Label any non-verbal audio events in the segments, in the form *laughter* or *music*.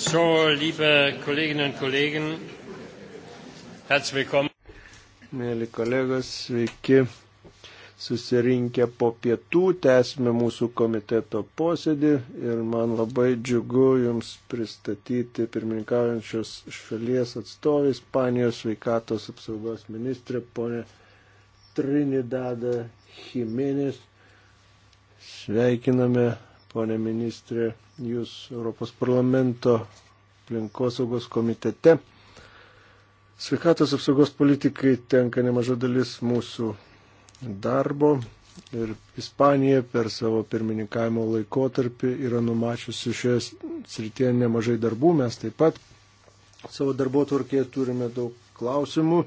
So, liebe Kolleginnen und Kollegen, herzlich willkommen. Mėly kolegos, sveiki. Susirinkę po pietų tęsime mūsų komiteto posėdį ir man labai džiugu Jums pristatyti pirmininkaujančios šalies atstovę Ispanijos sveikatos apsaugos ministrė ponė Trinidada Jimenez. Sveikiname ponė ministrė Jūs Europos parlamento aplinkosaugos komitete. Sveikatos apsaugos politikai tenka nemaža dalis mūsų darbo ir Ispanija per savo pirmininkavimo laikotarpį yra numačiusi šioje srityje nemažai darbų. Mes taip pat savo darbo tvarkėje turime daug klausimų.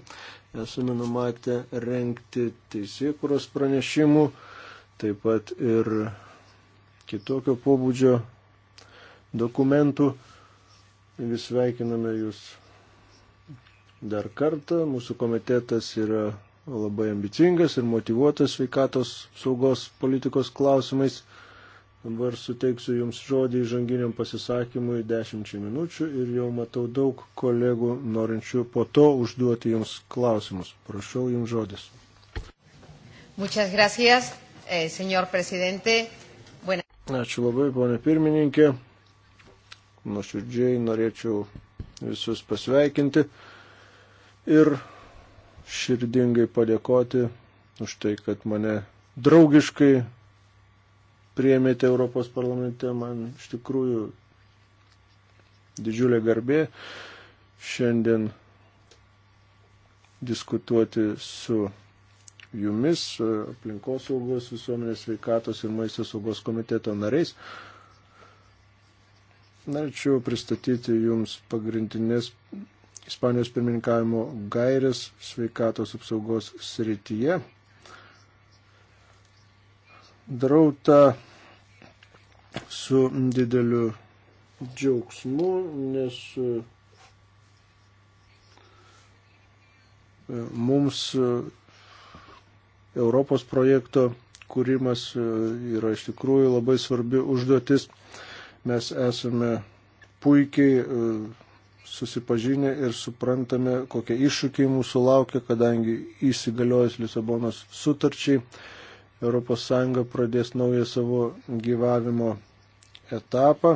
Esame numatę renkti teisėkuros pranešimų, taip pat ir kitokio pobūdžio dokumentų. Vis sveikiname Jūs dar kartą. Mūsų komitetas yra labai ambicingas ir motivuotas sveikatos saugos politikos klausimais. Dabar suteiksiu Jums žodį įžanginiam pasisakymui 10 minučių ir jau matau daug kolegų norinčių po to užduoti Jums klausimus. Prašau Jums žodis. Muchas gracias, eh, señor presidente. Buena... Ačiū labai, ponė pirmininkė nuoširdžiai norėčiau visus pasveikinti ir širdingai padėkoti už tai, kad mane draugiškai priemėte Europos parlamente. Man iš tikrųjų didžiulė garbė šiandien diskutuoti su jumis, aplinkosaugos, visuomenės sveikatos ir maisto saugos komiteto nariais. Norėčiau pristatyti Jums pagrindinės Ispanijos pirmininkavimo gairės sveikatos apsaugos srityje. Darau tą su dideliu džiaugsmu, nes e, mums e, Europos projekto kūrimas e, yra iš tikrųjų labai svarbi užduotis Mes esame puikiai e, susipažinę ir suprantame, kokie iššūkiai mūsų laukia, kadangi įsigaliojus Lisabonos sutarčiai ES pradės naują savo gyvavimo etapą.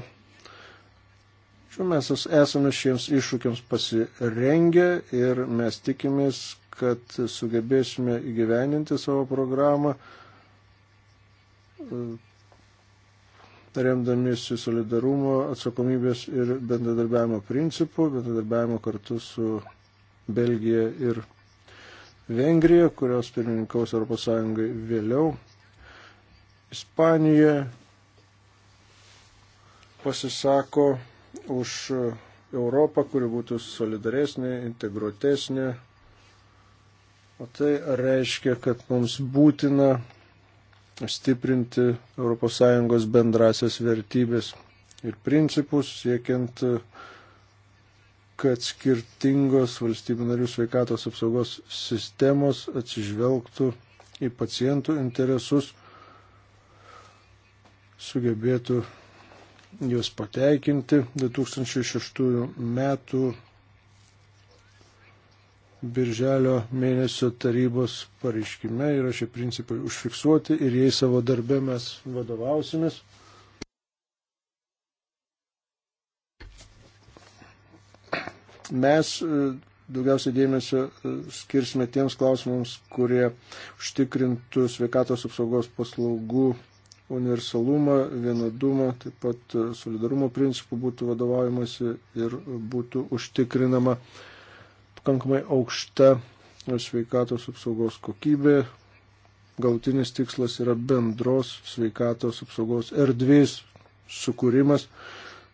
Šiuo mes esame šiems iššūkiams pasirengę ir mes tikimės, kad sugebėsime įgyveninti savo programą e, remdamiesi solidarumo, atsakomybės ir bendradarbiavimo principų, bendradarbiavimo kartu su Belgija ir Vengrija, kurios pirmininkaus ES vėliau, Ispanija pasisako už Europą, kuri būtų solidaresnė, integruotesnė. O tai reiškia, kad mums būtina stiprinti ES bendrasias vertybės ir principus, siekiant, kad skirtingos valstybių narių sveikatos apsaugos sistemos atsižvelgtų į pacientų interesus, sugebėtų juos pateikinti. 2006 metų Birželio mėnesio tarybos pareiškime yra šie principai užfiksuoti ir jais savo darbe mes vadovausimės. Mes e, daugiausiai dėmesio e, skirsime tiems klausimams, kurie užtikrintų sveikatos apsaugos paslaugų universalumą, vienodumą, taip pat e, solidarumo principų būtų vadovaujamasi ir būtų užtikrinama uh, pakankamai aukšta sveikatos apsaugos kokybė. Galutinis tikslas yra bendros sveikatos apsaugos erdvės sukūrimas.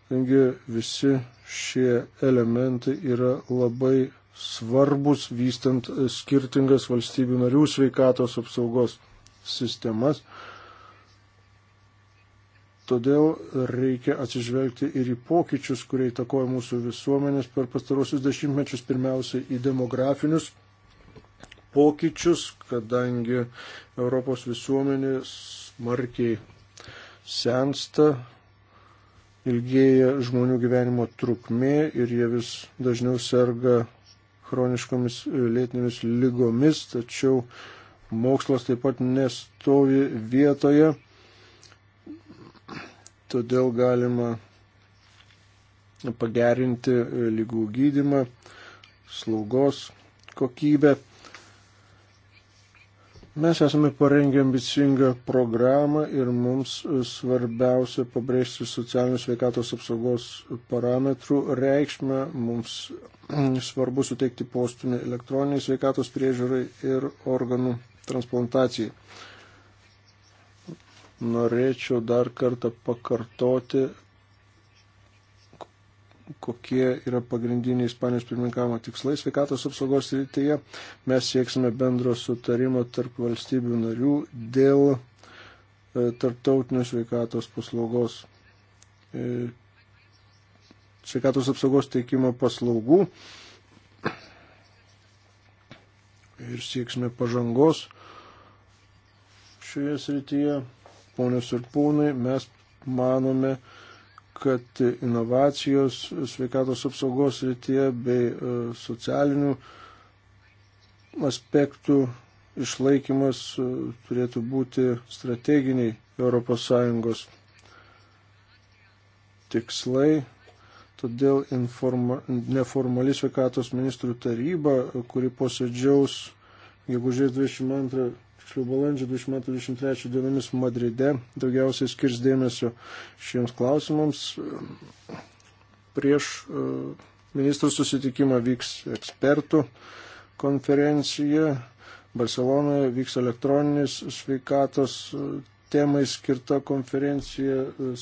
Taigi visi šie elementai yra labai svarbus vystant skirtingas valstybių narių sveikatos apsaugos sistemas. Todėl reikia atsižvelgti ir į pokyčius, kurie įtakoja mūsų visuomenės per pastarosius dešimtmečius, pirmiausiai į demografinius pokyčius, kadangi Europos visuomenė smarkiai sensta, ilgėja žmonių gyvenimo trukmė ir jie vis dažniau serga chroniškomis lėtinėmis lygomis, tačiau mokslas taip pat nestovi vietoje Todėl galima pagerinti e, lygų gydimą, slaugos kokybę. Mes esame parengę ambicingą programą ir mums e, svarbiausia pabrėžti socialinių sveikatos apsaugos parametrų reikšmę. Mums mm, svarbu suteikti postumį elektroniniai sveikatos priežiūrai ir organų transplantacijai norėčiau dar kartą pakartoti, kokie yra pagrindiniai Ispanijos pirmininkavimo tikslai sveikatos apsaugos rytyje. Mes sieksime bendro sutarimo tarp valstybių narių dėl e, tarptautinio sveikatos paslaugos, e, sveikatos apsaugos teikimo paslaugų ir sieksime pažangos šioje srityje ponios ir pūnai, mes manome, kad inovacijos sveikatos apsaugos rytyje bei e, socialinių aspektų išlaikymas e, turėtų būti strateginiai ES tikslai. Todėl informa, neformali sveikatos ministrų taryba, kuri posėdžiaus gegužės 22 tiksliau balandžio 23 dienomis Madride, daugiausiai skirs dėmesio šiems klausimams. Prieš e, ministrų susitikimą vyks ekspertų konferencija, Barcelonoje vyks elektroninis sveikatos e, temai skirta konferencija e,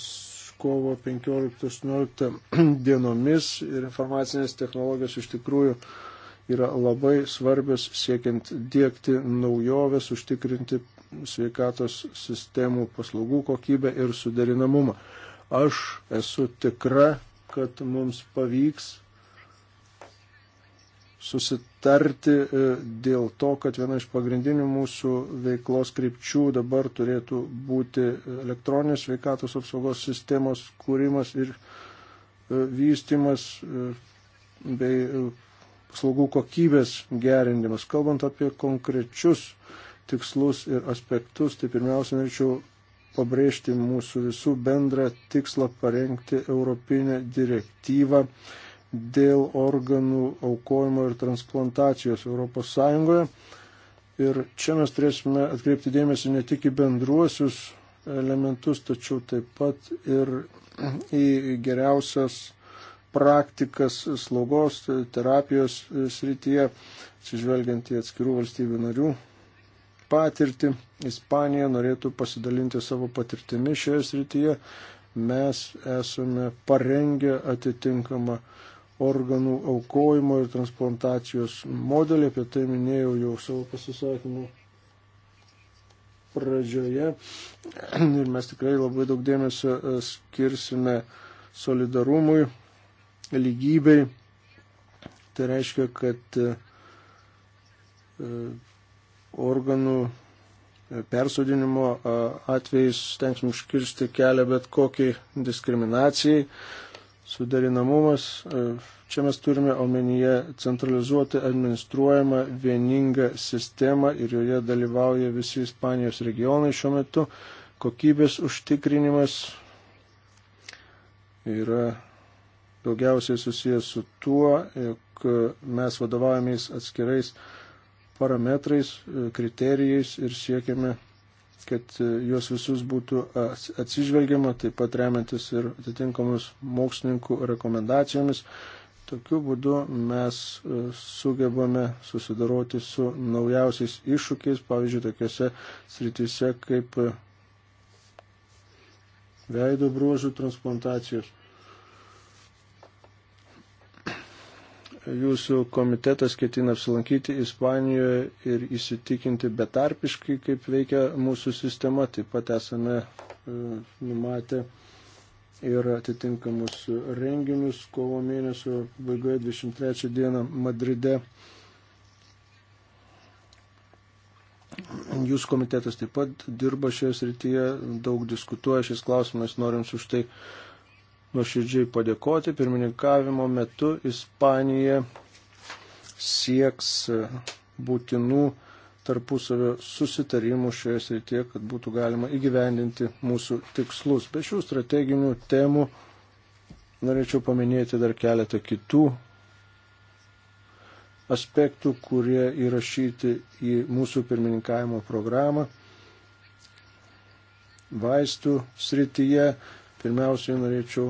kovo 15-18 *clears throat* dienomis ir informacinės technologijos iš tikrųjų yra labai svarbios siekiant dėkti naujoves, užtikrinti sveikatos sistemų paslaugų kokybę ir suderinamumą. Aš esu tikra, kad mums pavyks susitarti e, dėl to, kad viena iš pagrindinių mūsų veiklos krypčių dabar turėtų būti elektroninės veikatos apsaugos sistemos kūrimas ir e, vystimas e, bei paslaugų kokybės gerinimas. Kalbant apie konkrečius tikslus ir aspektus, tai pirmiausia, norėčiau pabrėžti mūsų visų bendrą tikslą parengti Europinę direktyvą dėl organų aukojimo ir transplantacijos ES. Ir čia mes turėsime atkreipti dėmesį ne tik į bendruosius elementus, tačiau taip pat ir į geriausias praktikas slaugos terapijos srityje, atsižvelgiant į atskirų valstybių narių patirtį. Ispanija norėtų pasidalinti savo patirtimi šioje srityje. Mes esame parengę atitinkamą organų aukojimo ir transplantacijos modelį, apie tai minėjau jau savo pasisakymu pradžioje. Ir mes tikrai labai daug dėmesio skirsime solidarumui lygybei. Tai reiškia, kad e, organų persodinimo atvejais tenksim užkirsti kelią bet kokiai diskriminacijai. Sudarinamumas, e, čia mes turime omenyje centralizuoti administruojamą vieningą sistemą ir joje dalyvauja visi Ispanijos regionai šiuo metu. Kokybės užtikrinimas yra daugiausiai susijęs su tuo, jog mes vadovaujamės atskirais parametrais, kriterijais ir siekiame, kad juos visus būtų atsižvelgiama, taip pat remiantis ir atitinkamus mokslininkų rekomendacijomis. Tokiu būdu mes e, sugebame susidaroti su naujausiais iššūkiais, pavyzdžiui, tokiuose srityse kaip veido bruožų transplantacijos. jūsų komitetas ketina apsilankyti Ispanijoje ir įsitikinti betarpiškai, kaip veikia mūsų sistema. Taip pat esame e, numatę ir atitinkamus renginius kovo mėnesio baigoje 23 dieną Madride. Jūsų komitetas taip pat dirba šioje srityje, daug diskutuoja šiais klausimais, norim už tai nuoširdžiai padėkoti. Pirmininkavimo metu Ispanija sieks e, būtinų tarpusavio susitarimų šioje srityje, kad būtų galima įgyvendinti mūsų tikslus. Be šių strateginių temų norėčiau paminėti dar keletą kitų aspektų, kurie įrašyti į mūsų pirmininkavimo programą. Vaistų srityje Pirmiausiai norėčiau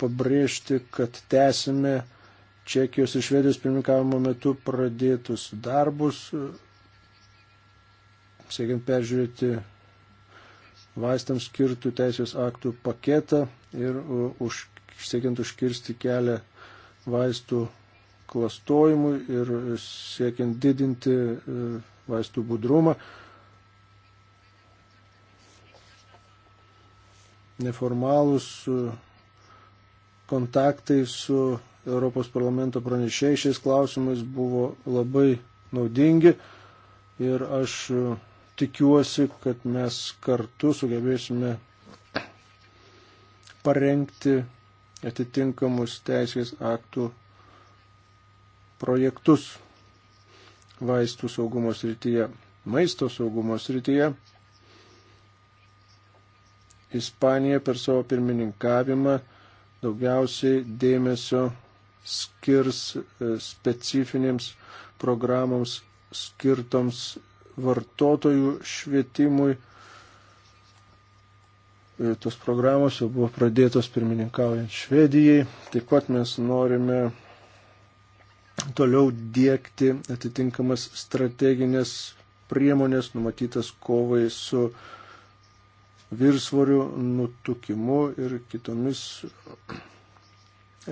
pabrėžti, kad tęsime Čekijos ir Švedijos pirmininkavimo metu pradėtus darbus, siekiant peržiūrėti vaistams skirtų teisės aktų paketą ir už, siekiant užkirsti kelią vaistų klastojimui ir siekiant didinti e, vaistų budrumą. neformalūs e, kontaktai su Europos parlamento pranešėjai šiais klausimais buvo labai naudingi ir aš e, tikiuosi, kad mes kartu sugebėsime parengti atitinkamus teisės aktų projektus vaistų saugumo srityje, maisto saugumo srityje. Ispanija per savo pirmininkavimą daugiausiai dėmesio skirs e, specifinėms programoms skirtoms vartotojų švietimui. Ir e, tos programos jau buvo pradėtos pirmininkaujant Švedijai. Taip pat mes norime toliau dėkti atitinkamas strateginės priemonės numatytas kovai su uh, virsvorių, nutukimu ir kitomis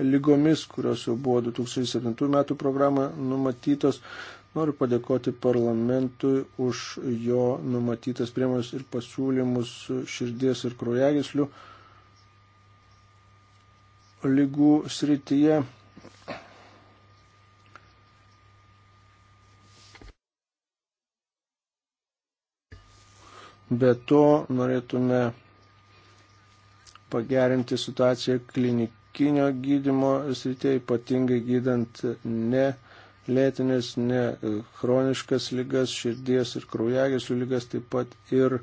lygomis, kurios jau buvo 2007 metų programą numatytos. Noriu padėkoti parlamentui už jo numatytas priemonės ir pasiūlymus širdies ir kraujagyslių lygų srityje. Be to norėtume pagerinti situaciją klinikinio gydimo srityje, ypatingai gydant ne lėtinės, ne chroniškas lygas, širdies ir kraujagėslių lygas, taip pat ir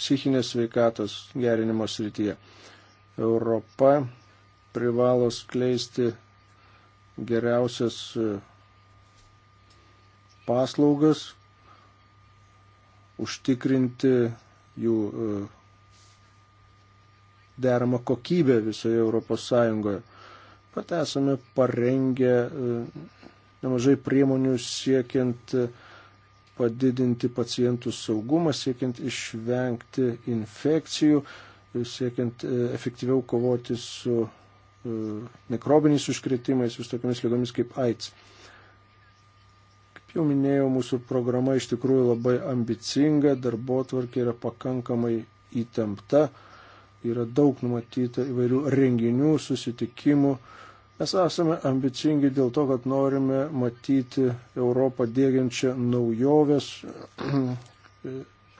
psichinės sveikatos gerinimo srityje. Europa privalo skleisti geriausias e, paslaugas, užtikrinti jų e, deramą kokybę visoje Europos Sąjungoje. Pat esame parengę e, nemažai priemonių siekiant e, padidinti pacientų saugumą, siekiant išvengti infekcijų, siekiant efektyviau kovoti su mikrobiniais užkretimais, vis tokiamis lygomis kaip AIDS. Jau minėjau, mūsų programa iš tikrųjų labai ambicinga, darbo tvarkė yra pakankamai įtempta, yra daug numatyta įvairių renginių, susitikimų. Mes esame ambicingi dėl to, kad norime matyti Europą dėgiančią naujoves, *clears throat*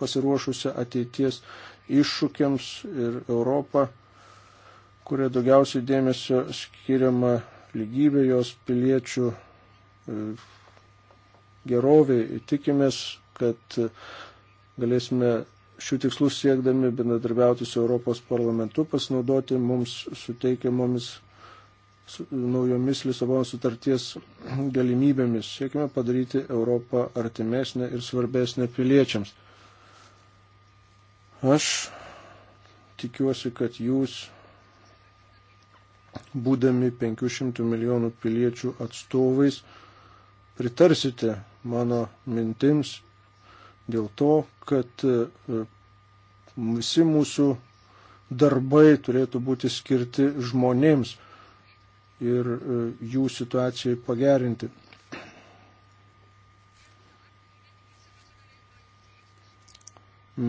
pasiruošusią ateities iššūkiams ir Europą, kurie daugiausiai dėmesio skiriama lygybė jos piliečių geroviai. Tikimės, kad galėsime šių tikslų siekdami bendradarbiauti su Europos parlamentu, pasinaudoti mums suteikiamomis su, naujomis Lisabonos sutarties galimybėmis. Siekime padaryti Europą artimesnę ir svarbesnę piliečiams. Aš tikiuosi, kad jūs, būdami 500 milijonų piliečių atstovais, pritarsite mano mintims dėl to, kad e, visi mūsų darbai turėtų būti skirti žmonėms ir e, jų situacijai pagerinti.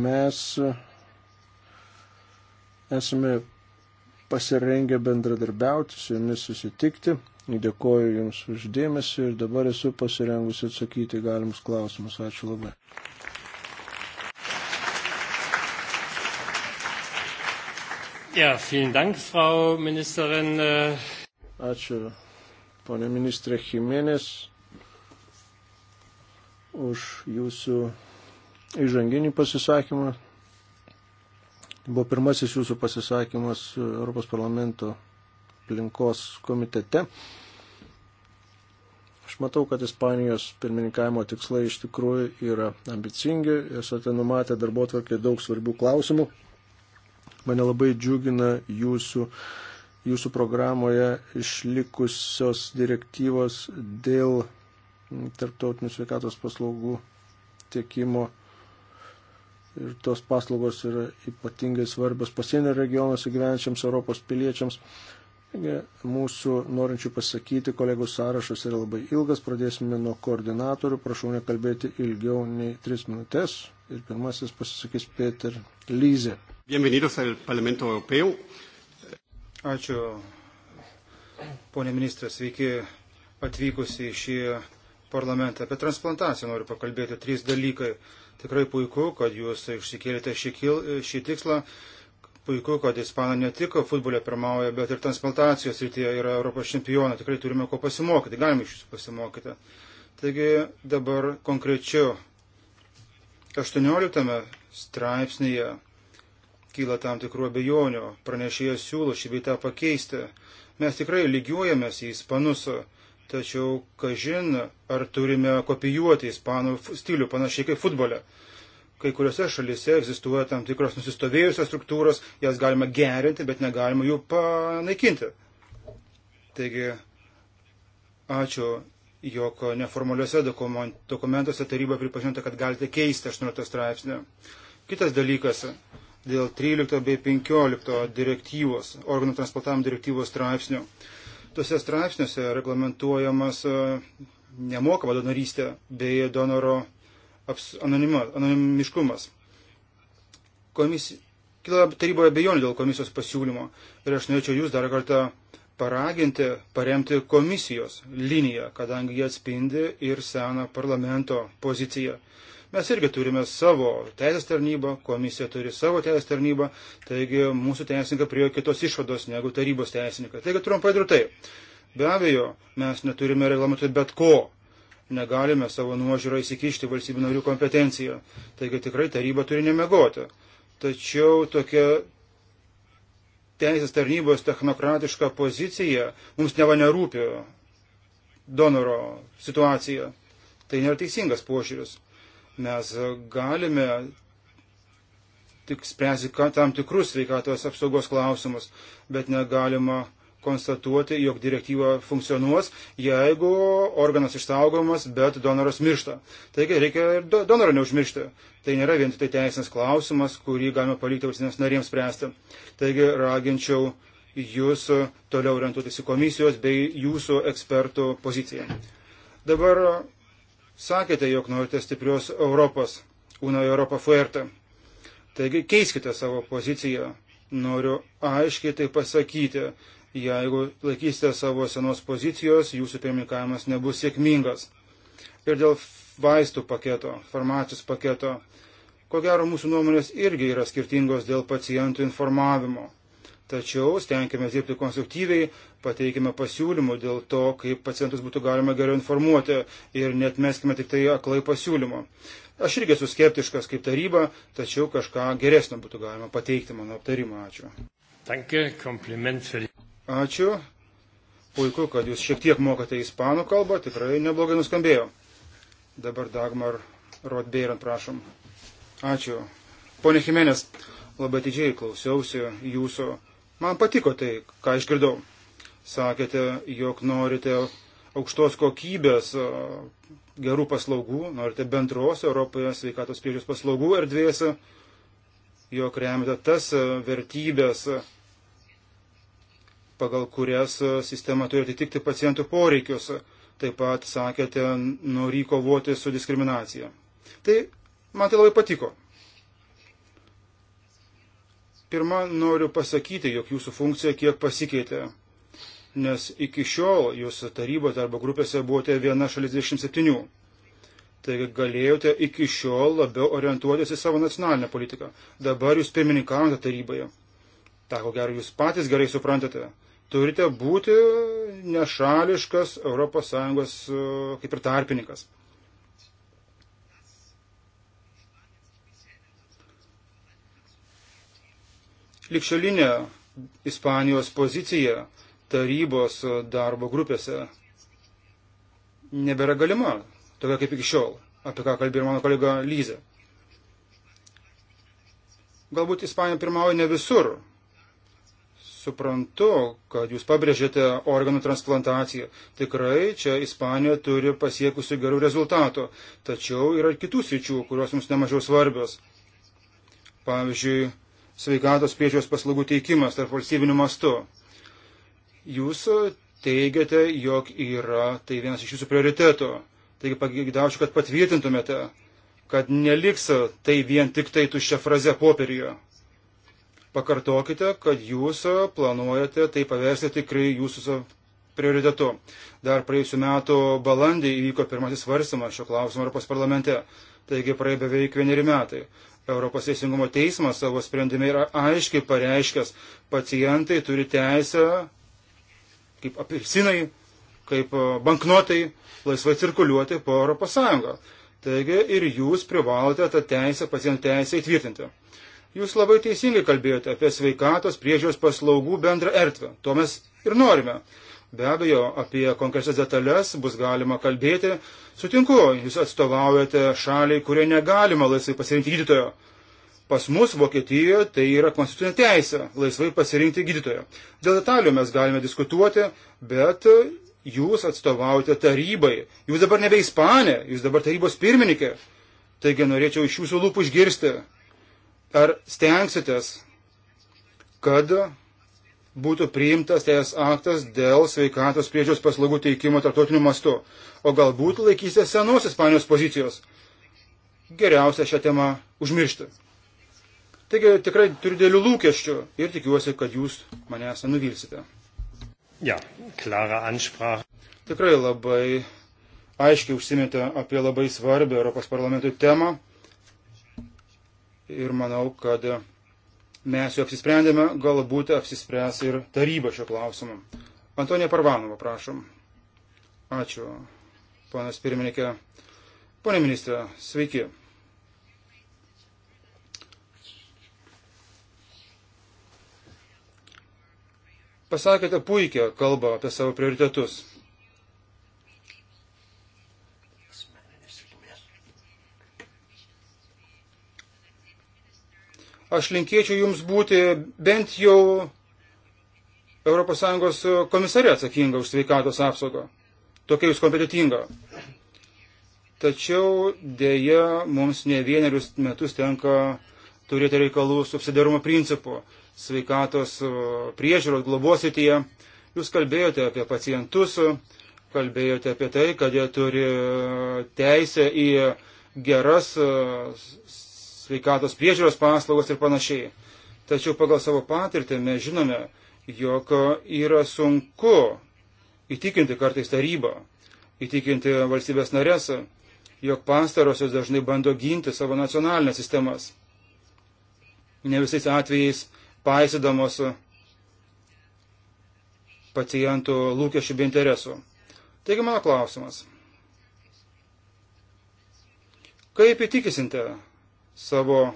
Mes e, esame pasirengę bendradarbiauti, su jumis susitikti. Dėkuoju Jums uždėmesi ir dabar esu pasirengusi atsakyti galimus klausimus. Ačiū labai. Ja, vielen Dank, Frau Ministerin. Äh. Ačiū, ponė ministrė Jimenez, už Jūsų įžanginį pasisakymą. Buvo pirmasis Jūsų pasisakymas Europos parlamento aplinkos komitete. Aš matau, kad Ispanijos pirmininkavimo tikslai iš tikrųjų yra ambicingi. Esate numatę darbo tvarkė daug svarbių klausimų. Mane labai džiugina jūsų, jūsų programoje išlikusios direktyvos dėl tarptautinių sveikatos paslaugų tiekimo ir tos paslaugos yra ypatingai svarbios pasienio regionuose gyvenčiams Europos piliečiams. Mūsų norinčių pasakyti kolegų sąrašas yra labai ilgas. Pradėsime nuo koordinatorių. Prašau nekalbėti ilgiau nei 3 minutės. Ir pirmasis pasisakys Peter Lyze. Bienvenidos al Parlamento Europeo. Ačiū, ponė ministras. Sveiki atvykusi į šį parlamentą. Apie transplantaciją noriu pakalbėti. Trys dalykai. Tikrai puiku, kad jūs išsikėlėte šį, šį tikslą puiku, kad Ispanai ne tik futbole pirmauja, bet ir transplantacijos rytyje yra Europos čempionai. Tikrai turime ko pasimokyti, galime iš jūsų pasimokyti. Taigi dabar konkrečiu 18 straipsnėje kyla tam tikrų abejonių, pranešėjas siūlo šį beitą pakeisti. Mes tikrai lygiuojamės į ispanus, tačiau kažin, ar turime kopijuoti ispanų stilių panašiai kaip futbole kai kuriuose šalise egzistuoja tam tikros nusistovėjusios struktūros, jas galima gerinti, bet negalima jų panaikinti. Taigi, ačiū, jog neformaliuose dokumentuose taryba pripažinta, kad galite keisti 18 straipsnį. Kitas dalykas dėl 13 bei 15 direktyvos, organų transportavimo direktyvos straipsnių. Tuose straipsniuose reglamentuojamas e, nemokama donorystė bei donoro anonima, anonimiškumas. Komisija, kila taryboje bejonių dėl komisijos pasiūlymo ir aš norėčiau jūs dar kartą paraginti, paremti komisijos liniją, kadangi jie atspindi ir seną parlamento poziciją. Mes irgi turime savo teisės tarnybą, komisija turi savo teisės tarnybą, taigi mūsų teisininkai priejo kitos išvados negu tarybos teisininkai. Taigi trumpai drūtai. Be abejo, mes neturime reglamentuoti bet ko, negalime savo nuožiūrą įsikišti valstybių narių kompetenciją. Taigi tikrai taryba turi nemegoti. Tačiau tokia teisės tarnybos technokratiška pozicija mums neva nerūpi donoro situacija. Tai nėra teisingas požiūris. Mes galime tik spręsti tam tikrus sveikatos apsaugos klausimus, bet negalima konstatuoti, jog direktyva funkcionuos, jeigu organas išsaugomas, bet donoras miršta. Taigi reikia ir donorą neužmiršti. Tai nėra vien tai teisinis klausimas, kurį galima palikti valstybės narėms spręsti. Taigi raginčiau jūs toliau orientuotis į komisijos bei jūsų ekspertų poziciją. Dabar sakėte, jog norite stiprios Europos, Una Europa Fuerte. Taigi keiskite savo poziciją. Noriu aiškiai tai pasakyti. Jeigu laikysite savo senos pozicijos, jūsų pirmininkavimas nebus sėkmingas. Ir dėl vaistų paketo, farmacijos paketo, ko gero mūsų nuomonės irgi yra skirtingos dėl pacientų informavimo. Tačiau stengiamės dirbti konstruktyviai, pateikime pasiūlymų dėl to, kaip pacientus būtų galima geriau informuoti ir net meskime tik tai aklai pasiūlymo. Aš irgi esu skeptiškas kaip taryba, tačiau kažką geresnio būtų galima pateikti mano aptarimą. Ačiū. Danke, kompliment für die. Ačiū. Puiku, kad jūs šiek tiek mokate ispanų kalbą, tikrai neblogai nuskambėjo. Dabar Dagmar Rodbeirant prašom. Ačiū. Pone Jimenez, labai didžiai klausiausi jūsų. Man patiko tai, ką išgirdau. Sakėte, jog norite aukštos kokybės gerų paslaugų, norite bendros Europoje sveikatos priežiūros paslaugų erdvėse, jog remite tas vertybės, pagal kurias e, sistema turi atitikti pacientų poreikius. Taip pat sakėte, norį nu, kovoti su diskriminacija. Tai man tai labai patiko. Pirma, noriu pasakyti, jog jūsų funkcija kiek pasikeitė, nes iki šiol jūs taryboje arba grupėse buvote viena šalis 27. Taigi galėjote iki šiol labiau orientuotis į savo nacionalinę politiką. Dabar jūs pirmininkavote taryboje. Ta, ko gero, jūs patys gerai suprantate turite būti nešališkas ES e, kaip ir tarpininkas. Likšalinė Ispanijos pozicija tarybos darbo grupėse nebėra galima, tokia kaip iki šiol, apie ką kalbėjo mano kolega Lyze. Galbūt Ispanija pirmauja ne visur, suprantu, kad jūs pabrėžėte organų transplantaciją. Tikrai čia Ispanija turi pasiekusių gerų rezultatų, tačiau yra ir kitų sričių, kurios mums nemažiau svarbios. Pavyzdžiui, sveikatos priežiūros paslaugų teikimas tarp valstybinių mastų. Jūs teigiate, jog yra tai vienas iš jūsų prioritetų. Taigi pagėdaučiu, kad patvirtintumėte, kad neliks tai vien tik tai tuščia fraze popieriuje pakartokite, kad jūs e, planuojate tai paversti tikrai jūsų e, prioritetu. Dar praėjusiu metu balandį įvyko pirmasis svarstymas šio klausimo Europos parlamente, taigi praėjo beveik vieneri metai. Europos Teisingumo teismas savo sprendime yra aiškiai pareiškęs, pacientai turi teisę, kaip apelsinai, kaip e, banknotai, laisvai cirkuliuoti po Europos Sąjungą. Taigi ir jūs privalote tą teisę, pacientų teisę įtvirtinti. Jūs labai teisingai kalbėjote apie sveikatos priežiūros paslaugų bendrą erdvę. To mes ir norime. Be abejo, apie konkrečias detalės bus galima kalbėti. Sutinku, jūs atstovaujate šaliai, kurie negalima laisvai pasirinkti gydytojo. Pas mus Vokietijoje tai yra konstitucinė teisė laisvai pasirinkti gydytojo. Dėl detalių mes galime diskutuoti, bet jūs atstovaujate tarybai. Jūs dabar nebe Ispanė, jūs dabar tarybos pirmininkė. Taigi norėčiau iš jūsų lūpų išgirsti, Ar stengsitės, kad būtų priimtas teisės aktas dėl sveikatos priežiūros paslaugų teikimo tarptautiniu mastu? O galbūt laikysite senos Ispanijos pozicijos? Geriausia šią temą užmiršti. Taigi tikrai turiu dėlių lūkesčių ir tikiuosi, kad jūs manęs nenuvilsite. Ja, klara ansprache. Tikrai labai aiškiai užsimėte apie labai svarbią Europos parlamentui temą ir manau, kad mes jau apsisprendėme, galbūt apsispręs ir taryba šio klausimu. Antonija Parvanova, prašom. Ačiū, ponas pirmininkė. Pone ministrė, sveiki. Pasakėte puikią kalbą apie savo prioritetus. Aš linkėčiau jums būti bent jau ES komisarė atsakinga už sveikatos apsaugą. Tokia jūs kompetitinga. Tačiau dėja mums ne vienerius metus tenka turėti reikalų subsidiarumo principu sveikatos priežiūros globos įtyje. Jūs kalbėjote apie pacientus, kalbėjote apie tai, kad jie turi e, teisę į geras e, sveikatos priežiūros paslaugos ir panašiai. Tačiau pagal savo patirtį mes žinome, jog yra sunku įtikinti kartais tarybą, įtikinti valstybės narės, jog pastarosios dažnai bando ginti savo nacionalinės sistemas. Ne visais atvejais paisydamos pacientų lūkesčių bei interesų. Taigi mano klausimas. Kaip įtikisinte savo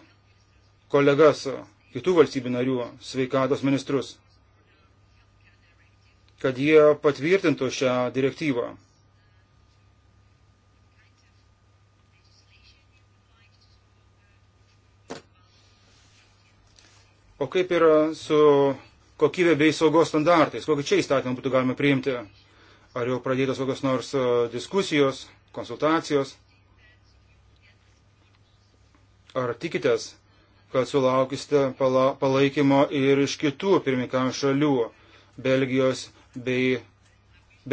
kolegas, kitų valstybių narių sveikatos ministrus, kad jie patvirtintų šią direktyvą. O kaip yra su kokybė bei saugos standartais? Kokį čia įstatymą būtų galima priimti? Ar jau pradėtos kokios nors e, diskusijos, konsultacijos? Ar tikitės, kad sulaukysite pala, palaikymo ir iš kitų pirmininkam šalių - Belgijos bei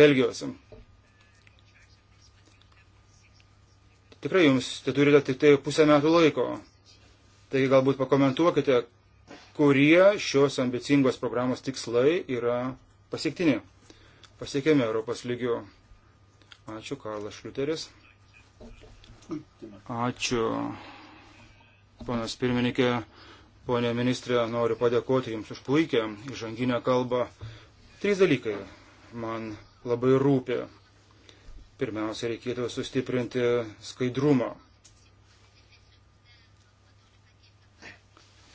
Belgijos? Tikrai jums tai turite tik tai pusę metų laiko. Tai galbūt pakomentuokite, kurie šios ambicingos programos tikslai yra pasiektini, pasiekiami Europos lygių. Ačiū, Karlas Šliuteris. Ačiū. Panas pirmininkė, ponė ministrė, noriu padėkoti Jums už puikią įžanginę kalbą. Trys dalykai man labai rūpė. Pirmiausia, reikėtų sustiprinti skaidrumą.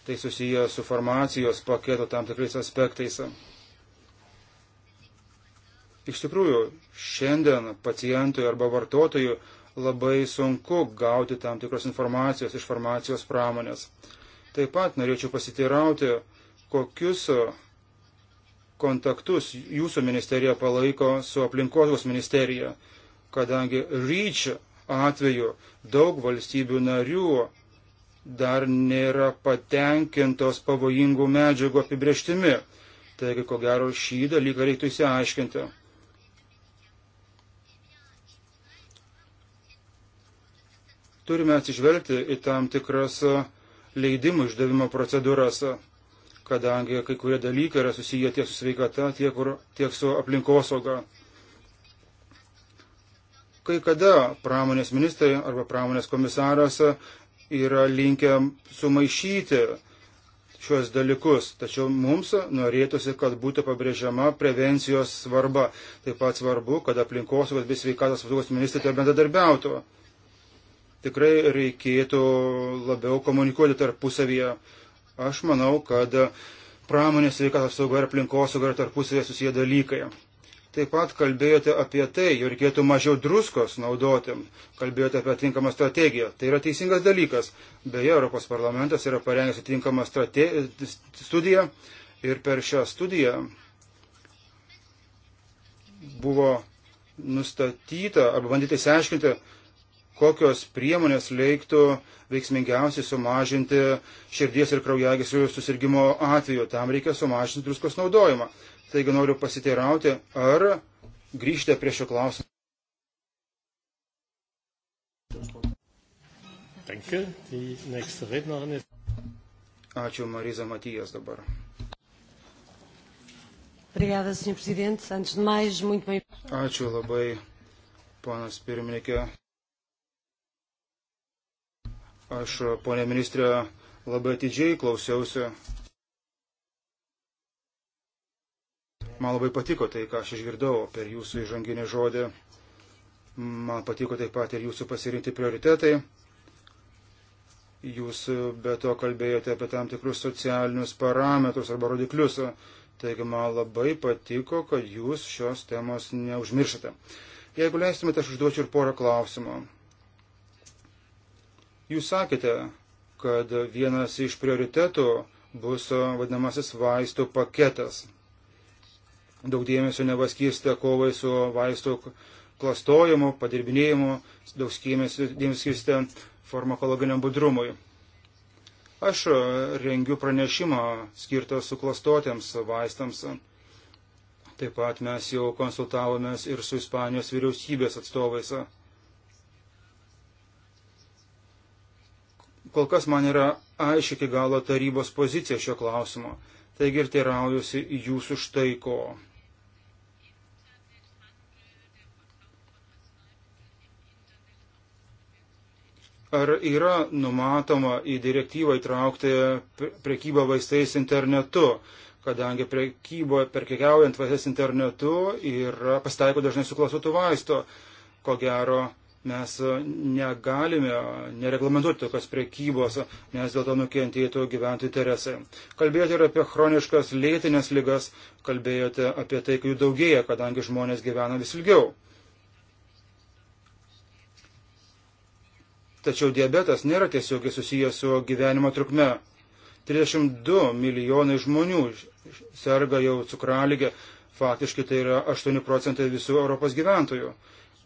Tai susiję su formacijos paketo tam tikrais aspektais. Iš tikrųjų, šiandien pacientui arba vartotojui labai sunku gauti tam tikros informacijos iš farmacijos pramonės. Taip pat norėčiau pasiteirauti, kokius kontaktus jūsų ministerija palaiko su aplinkosaugos ministerija, kadangi REACH atveju daug valstybių narių dar nėra patenkintos pavojingų medžiagų apibrieštimi. Taigi, ko gero, šį dalyką reiktų įsiaiškinti. turime atsižvelgti į tam tikras e, leidimų išdavimo procedūras, e, kadangi kai kurie dalykai yra susiję tiek su sveikata, tiek, kur, tiek su aplinkosauga. Kai kada pramonės ministrai arba pramonės komisaras e, yra linkę sumaišyti šios dalykus, tačiau mums norėtųsi, kad būtų pabrėžiama prevencijos svarba. Taip pat svarbu, kad aplinkosaugos bei sveikatos apsaugos ministrai bendradarbiautų. Tai tikrai reikėtų labiau komunikuoti tarpusavyje. Aš manau, kad pramonės sveikatos sauga ir aplinkos sauga yra tarpusavyje susiję dalykai. Taip pat kalbėjote apie tai, jau reikėtų mažiau druskos naudoti, kalbėjote apie atinkamą strategiją. Tai yra teisingas dalykas. Beje, Europos parlamentas yra parengęs atinkamą strate... studiją ir per šią studiją buvo nustatyta arba bandyti įsiaiškinti, kokios priemonės leiktų veiksmingiausiai sumažinti širdies ir kraujagyslių susirgymo atveju. Tam reikia sumažinti druskos naudojimą. Taigi noriu pasiteirauti, ar grįžtė prie šio klausimo. Ačiū Mariza Matijas dabar. Ačiū labai, ponas pirmininkė. Aš, ponė ministrė, labai atidžiai klausiausi. Man labai patiko tai, ką aš išgirdau per jūsų įžanginį žodį. Man patiko taip pat ir jūsų pasirinkti prioritetai. Jūs be to kalbėjote apie tam tikrus socialinius parametrus arba rodiklius. Taigi man labai patiko, kad jūs šios temos neužmiršate. Jeigu leistumėte, aš užduočiau ir porą klausimų. Jūs sakėte, kad vienas iš prioritetų bus vadinamasis vaistų paketas. Daug dėmesio nebaskirstė kovai su vaistų klastojimu, padirbinėjimu, daug dėmesio skirstė farmakologiniam budrumui. Aš rengiu pranešimą skirtą suklastotėms vaistams. Taip pat mes jau konsultavomės ir su Ispanijos vyriausybės atstovais. Kol kas man yra aiški iki galo tarybos pozicija šio klausimo, taigi ir teiraujusi jūsų štai ko. Ar yra numatoma į direktyvą įtraukti prekybą vaistais internetu, kadangi prekyboje perkekiaujant vaistais internetu ir pasitaiko dažnai suklasuotų vaisto, ko gero Mes e, negalime nereglamentuoti tokios priekybos, nes dėl to nukentėtų gyventojų interesai. Kalbėjote ir apie chroniškas lėtinės lygas, kalbėjote apie tai, kad jų daugėja, kadangi žmonės gyvena vis ilgiau. Tačiau diabetas nėra tiesiogiai susijęs su gyvenimo trukme. 32 milijonai žmonių serga jau cukraligė, faktiškai tai yra 8 procentai visų Europos gyventojų.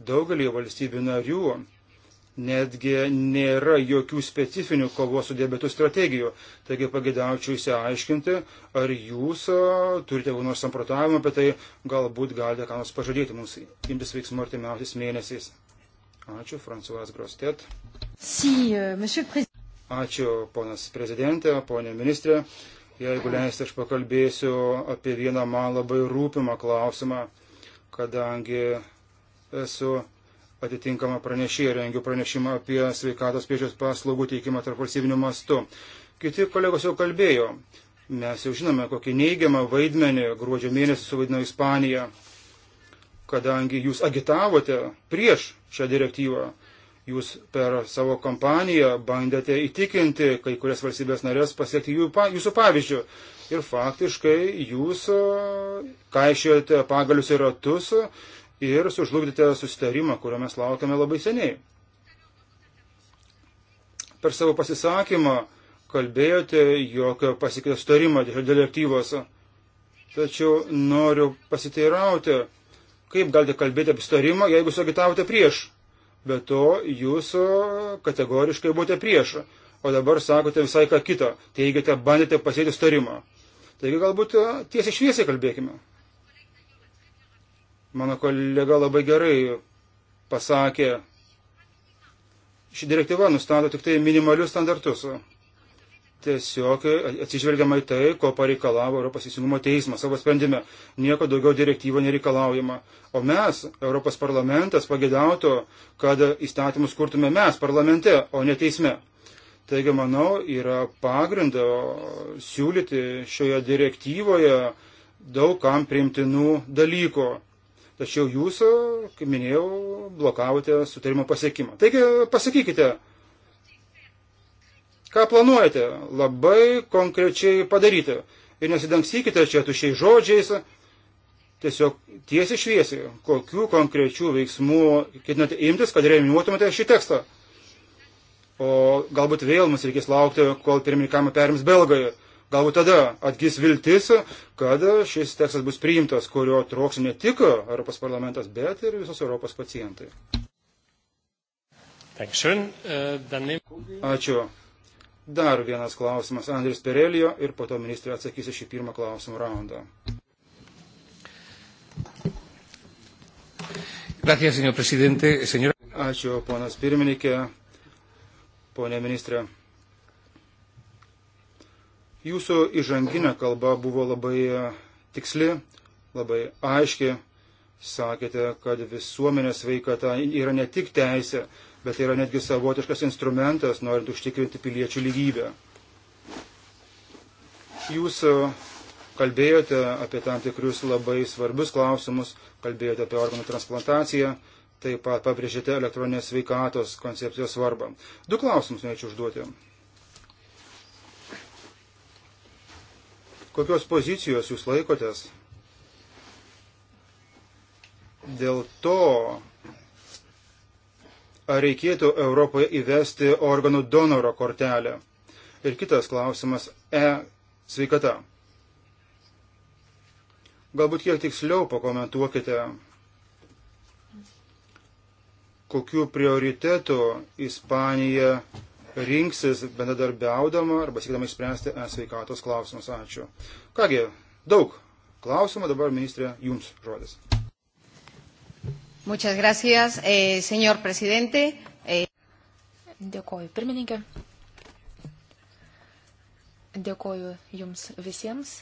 Daugelį valstybių narių netgi nėra jokių specifinių kovos su diabetu strategijų. Taigi pagėdaučiau įsiaiškinti, ar jūs turite kokį nors samprotavimą apie tai, galbūt galite ką nors pažadėti mums imtis veiksmų artimiausiais mėnesiais. Ačiū, Fransuas Grostet. Si, uh, Ačiū, ponas prezidentė, ponė ministrė. Jeigu leisite, aš pakalbėsiu apie vieną man labai rūpimą klausimą, kadangi esu atitinkama pranešėja, rengiu pranešimą apie sveikatos priežiūros paslaugų teikimą tarp valstybinių mastų. Kiti kolegos jau kalbėjo. Mes jau žinome, kokį neigiamą vaidmenį gruodžio mėnesį suvaidino Ispanija, kadangi jūs agitavote prieš šią direktyvą. Jūs per savo kampaniją bandėte įtikinti kai kurias valstybės narės pasiekti jų, jūsų pavyzdžių. Ir faktiškai jūs kaišėjote pagalius ir ratus ir sužlugdėte susitarimą, kurio mes laukiame labai seniai. Per savo pasisakymą kalbėjote, jog pasikeitė sutarimą dėl direktyvos. Tačiau noriu pasiteirauti, kaip galite kalbėti apie sutarimą, jeigu suagitavote prieš. Be to, jūs kategoriškai buvote prieš, o dabar sakote visai ką kitą. Teigiate, bandėte pasėti sutarimą. Taigi galbūt tiesiai šviesiai kalbėkime. Mano kolega labai gerai pasakė, ši direktyva nustato tik tai minimalius standartus. Tiesiog atsižvelgiama į tai, ko pareikalavo Europos įsingumo teismas savo sprendime. Nieko daugiau direktyvo nereikalaujama. O mes, Europos parlamentas, pagėdauto, kad įstatymus kurtume mes parlamente, o ne teisme. Taigi, manau, yra pagrindo siūlyti šioje direktyvoje daug kam priimtinų dalykų. Tačiau jūs, kaip minėjau, blokavote sutarimo pasiekimą. Taigi pasakykite, ką planuojate labai konkrečiai padaryti. Ir nesidangstykite čia tušiai žodžiais, tiesiog tiesiai šviesiai, kokių konkrečių veiksmų ketinate imtis, kad remiuotumėte šį tekstą. O galbūt vėl mums reikės laukti, kol pirmininkavimą perims Belgai. Galbūt tada atgis viltis, kad šis tekstas bus priimtas, kurio troks ne tik Europos parlamentas, bet ir visos Europos pacientai. Uh, Ačiū. Dar vienas klausimas Andris Perelio ir po to ministrė atsakys į šį pirmą klausimų raundą. Gracias, señor presidente. Señora... Ačiū, ponas pirmininkė, ponė ministrė. Jūsų įžanginė kalba buvo labai e, tiksli, labai aiški. Sakėte, kad visuomenės veikata yra ne tik teisė, bet tai yra netgi savotiškas instrumentas, norint užtikrinti piliečių lygybę. Jūs e, kalbėjote apie tam tikrus labai svarbius klausimus, kalbėjote apie organų transplantaciją, taip pat pabrėžėte elektroninės sveikatos koncepcijos svarbą. Du klausimus norėčiau užduoti. Kokios pozicijos jūs laikotės dėl to, ar reikėtų Europoje įvesti organų donoro kortelę? Ir kitas klausimas - e sveikata. Galbūt kiek tiksliau pakomentuokite, kokiu prioritetu Ispanija rinksis bendradarbiaudama arba siekdama išspręsti e-sveikatos klausimus. Ačiū. Kągi, daug klausimų dabar, ministrė, jums žodis. Muchas gracias, eh, señor presidente. Eh. Dėkoju, pirmininkė. Dėkoju jums visiems,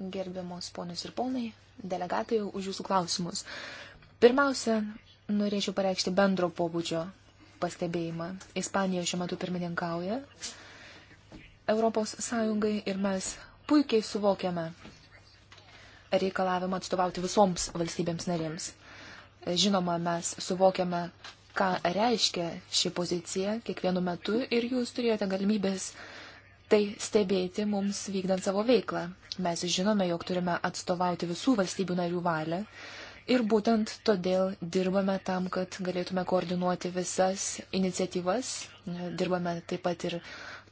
gerbiamos ponius ir ponai, delegatai, už jūsų klausimus. Pirmiausia, norėčiau pareikšti bendro pobūdžio pastebėjimą. Ispanija šiuo metu pirmininkauja Europos Sąjungai ir mes puikiai suvokiame reikalavimą atstovauti visoms valstybėms narėms. Žinoma, mes suvokiame, ką reiškia ši pozicija kiekvienu metu ir jūs turėjote galimybės tai stebėti mums vykdant savo veiklą. Mes žinome, jog turime atstovauti visų valstybių narių valią Ir būtent todėl dirbame tam, kad galėtume koordinuoti visas iniciatyvas. Dirbame taip pat ir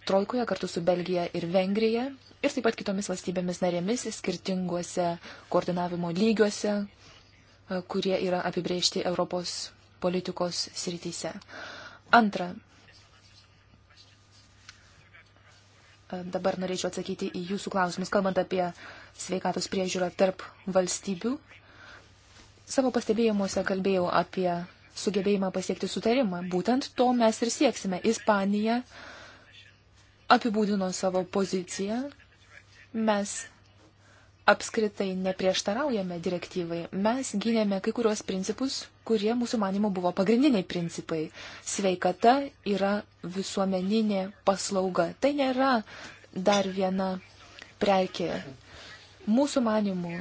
Trojkoje kartu su Belgija ir Vengrija ir taip pat kitomis valstybėmis narėmis skirtinguose koordinavimo lygiuose, kurie yra apibriežti Europos politikos srityse. Antra, dabar norėčiau atsakyti į jūsų klausimus, kalbant apie sveikatos priežiūrą tarp valstybių Savo pastebėjimuose kalbėjau apie sugebėjimą pasiekti sutarimą. Būtent to mes ir sieksime. Ispanija apibūdino savo poziciją. Mes apskritai neprieštaraujame direktyvai. Mes gynėme kai kurios principus, kurie mūsų manimo buvo pagrindiniai principai. Sveikata yra visuomeninė paslauga. Tai nėra dar viena prekė. Mūsų manimų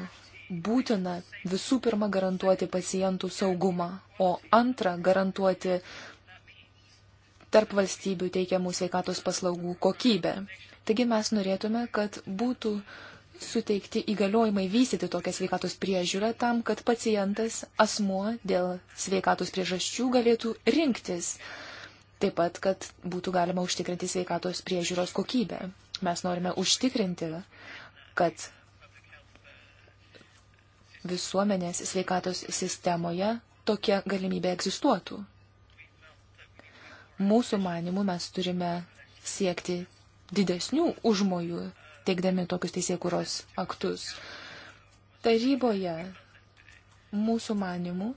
būtina visų pirma garantuoti pacientų saugumą, o antra garantuoti tarp valstybių teikiamų sveikatos paslaugų kokybę. Taigi mes norėtume, kad būtų suteikti įgaliojimai vystyti tokią sveikatos priežiūrą tam, kad pacientas, asmuo dėl sveikatos priežasčių galėtų rinktis. Taip pat, kad būtų galima užtikrinti sveikatos priežiūros kokybę. Mes norime užtikrinti, kad visuomenės sveikatos sistemoje tokia galimybė egzistuotų. Mūsų manimų mes turime siekti didesnių užmojų, teikdami tokius teisėkuros aktus. Taryboje mūsų manimų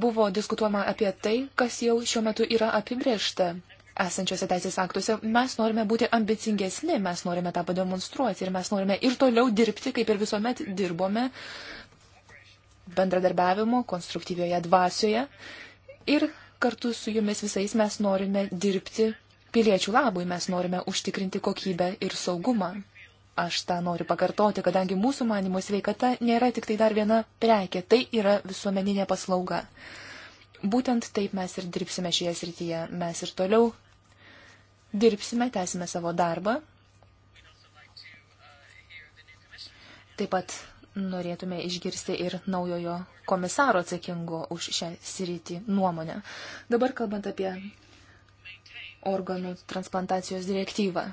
buvo diskutuojama apie tai, kas jau šiuo metu yra apibriešta esančiose teisės aktuose, mes norime būti ambicingesni, mes norime tą pademonstruoti ir mes norime ir toliau dirbti, kaip ir visuomet dirbome, bendradarbiavimo, konstruktyvioje dvasioje ir kartu su jumis visais mes norime dirbti piliečių labui, mes norime užtikrinti kokybę ir saugumą. Aš tą noriu pakartoti, kadangi mūsų manimo sveikata nėra tik tai dar viena prekė, tai yra visuomeninė paslauga. Būtent taip mes ir dirbsime šioje srityje. Mes ir toliau dirbsime, tęsime savo darbą. Taip pat norėtume išgirsti ir naujojo komisaro atsakingo už šią sritį nuomonę. Dabar kalbant apie organų transplantacijos direktyvą.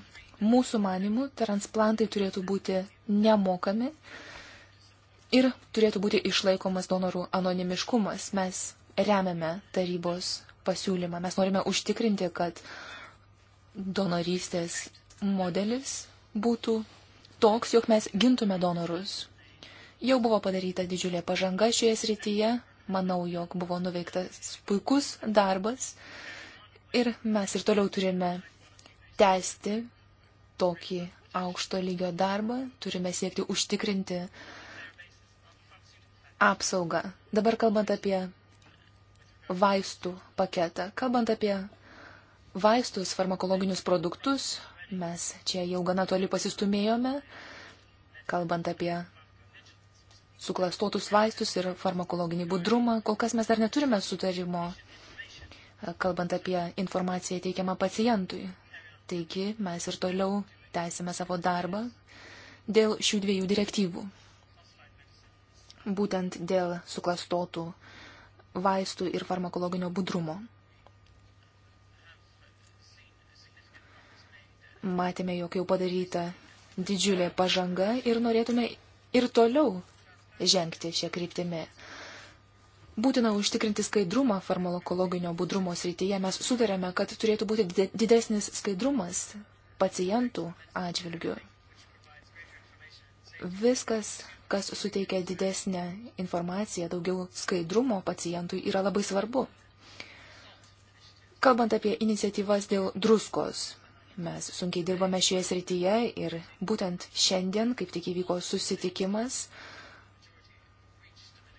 Mūsų manimų transplantai turėtų būti nemokami ir turėtų būti išlaikomas donorų anonimiškumas. Mes remiame tarybos pasiūlymą. Mes norime užtikrinti, kad uh, donorystės modelis būtų toks, jog mes gintume donorus. Jau buvo padaryta didžiulė pažanga šioje srityje, manau, jog buvo nuveiktas puikus darbas ir mes ir toliau turime tęsti tokį aukšto lygio darbą, turime siekti užtikrinti apsaugą. Dabar kalbant apie vaistų paketą, kalbant apie vaistus, farmakologinius produktus, mes čia jau gana toli pasistumėjome, kalbant apie suklastotus vaistus ir farmakologinį budrumą. Kol kas mes dar neturime sutarimo, kalbant apie informaciją teikiamą pacientui. Taigi mes ir toliau tęsime savo darbą dėl šių dviejų direktyvų. Būtent dėl suklastotų vaistų ir farmakologinio budrumo. Matėme, jog jau padaryta didžiulė pažanga ir norėtume ir toliau žengti šią kryptimį. Būtina užtikrinti skaidrumą farmakologinio budrumo srityje. Mes sutarėme, kad turėtų būti didesnis skaidrumas pacientų atžvilgių. Viskas, kas suteikia didesnę informaciją, daugiau skaidrumo pacientui yra labai svarbu. Kalbant apie iniciatyvas dėl druskos, Mes sunkiai dirbame šioje srityje ir būtent šiandien, kaip tik įvyko susitikimas,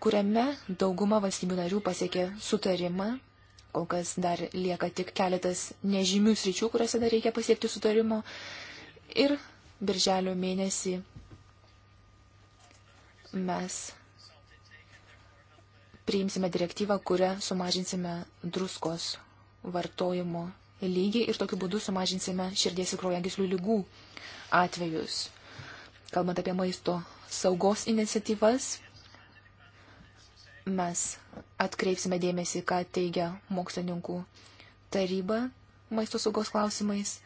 kuriame dauguma valstybių narių pasiekė sutarimą. Kol kas dar lieka tik keletas nežymių sričių, kuriuose dar reikia pasiekti sutarimo. Ir birželio mėnesį mes priimsime direktyvą, kurią sumažinsime druskos vartojimo lygį ir tokiu būdu sumažinsime širdies ir kraujagyslių lygų atvejus. Kalbant apie maisto saugos iniciatyvas, mes atkreipsime dėmesį, ką teigia mokslininkų taryba maisto saugos klausimais,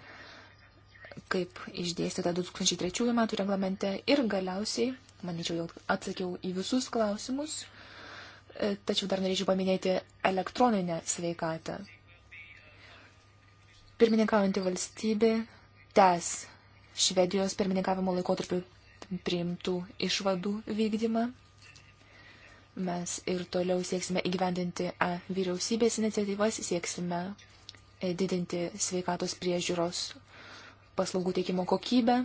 kaip išdėstyta 2003 metų reglamente ir galiausiai, manyčiau, jau atsakiau į visus klausimus, tačiau dar norėčiau paminėti elektroninę sveikatą. Pirmininkaujantį valstybę tęs Švedijos pirmininkavimo laikotarpiu priimtų išvadų vykdymą. Mes ir toliau sieksime įgyvendinti A vyriausybės iniciatyvas, sieksime e, didinti sveikatos priežiūros paslaugų teikimo kokybę.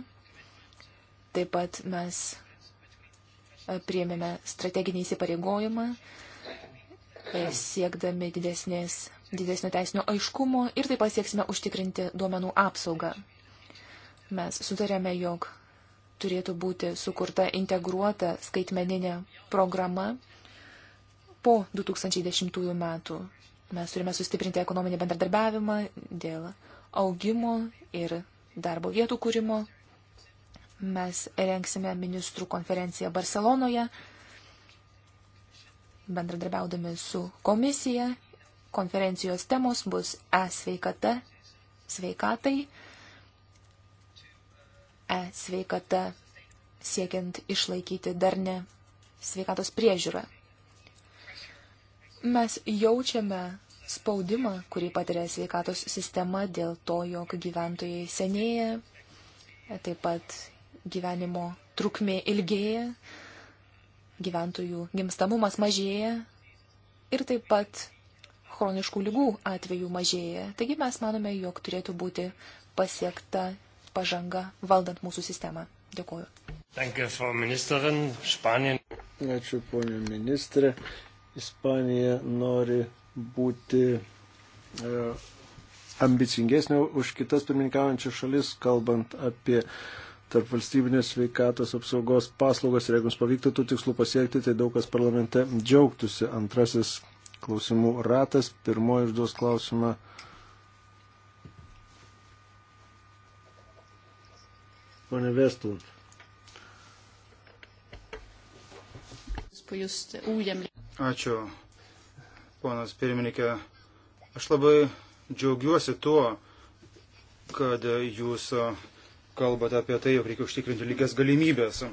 Taip pat mes e, priėmėme strateginį įsipareigojimą, e, siekdami didesnės didesnio teisinio aiškumo ir taip pasieksime užtikrinti duomenų apsaugą. Mes sutarėme, jog turėtų būti sukurta integruota skaitmeninė programa po 2010 metų. Mes turime sustiprinti ekonominį bendradarbiavimą dėl augimo ir darbo vietų kūrimo. Mes rengsime ministrų konferenciją Barcelonoje, bendradarbiaudami su komisija Konferencijos temos bus e-sveikata, sveikatai, e-sveikata siekiant išlaikyti darnę sveikatos priežiūrą. Mes jaučiame spaudimą, kurį patiria sveikatos sistema dėl to, jog gyventojai senėja, taip pat gyvenimo trukmė ilgėja, gyventojų gimstamumas mažėja ir taip pat chroniškų lygų atvejų mažėja. Taigi mes manome, jog turėtų būti pasiekta pažanga valdant mūsų sistemą. Dėkuoju. Danke, Frau Ministerin. Spanien. Ačiū, ponė ministrė. Ispanija nori būti e, ambicingesnė už kitas pirmininkaujančias šalis, kalbant apie tarp valstybinės sveikatos apsaugos paslaugos ir jeigu jums pavyktų tų tikslų pasiekti, tai daug kas parlamente džiaugtųsi. Antrasis klausimų ratas. Pirmoji užduos klausimą. Pane Vestlund. Ačiū, ponas pirmininkė. Aš labai džiaugiuosi tuo, kad jūs kalbate apie tai, jog reikia užtikrinti lygias galimybės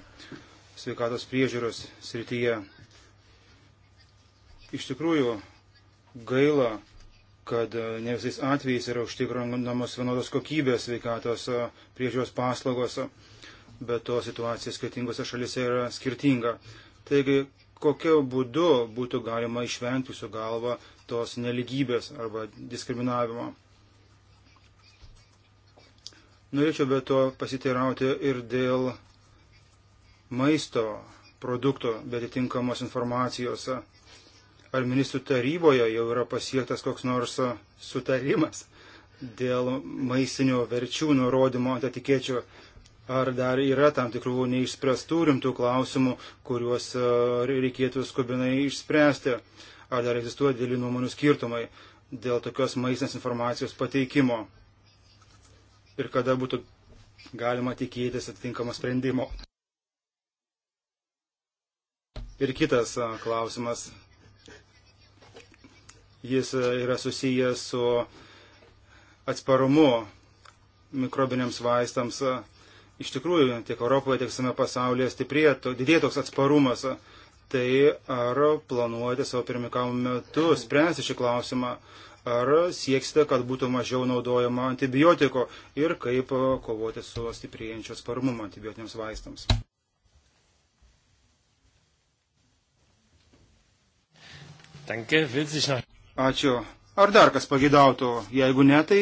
sveikatos priežiūros srityje. Iš tikrųjų gaila, kad e, ne visais atvejais yra užtikrinamos vienodos kokybės sveikatos e, priežiūros paslaugos, e, bet to situacija skirtingose šalise yra skirtinga. Taigi, kokiu būdu būtų galima išvengti su galva tos neligybės arba diskriminavimo. Norėčiau be to pasiteirauti ir dėl maisto produkto, bet atitinkamos informacijos ar ministrų taryboje jau yra pasiektas koks nors sutarimas dėl maistinio verčių nurodymo ant etikėčių, ar dar yra tam tikrų neišspręstų rimtų klausimų, kuriuos e, reikėtų skubinai išspręsti, ar dar egzistuoja dėlį nuomonių skirtumai dėl tokios maistinės informacijos pateikimo ir kada būtų galima tikėtis atitinkamo sprendimo. Ir kitas e, klausimas Jis e, yra susijęs su atsparumu mikrobiniams vaistams. E, iš tikrųjų, tiek Europoje, tiek visame pasaulyje stiprėtų, didėtų toks atsparumas. E, tai ar planuojate savo pirmikavimo metu spręsti šį klausimą, ar sieksite, kad būtų mažiau naudojama antibiotiko ir kaip kovoti su stiprėjančio atsparumu antibiotiniams vaistams. Danke, will sich noch. Ačiū. Ar dar kas pagidautų? Jeigu ne, tai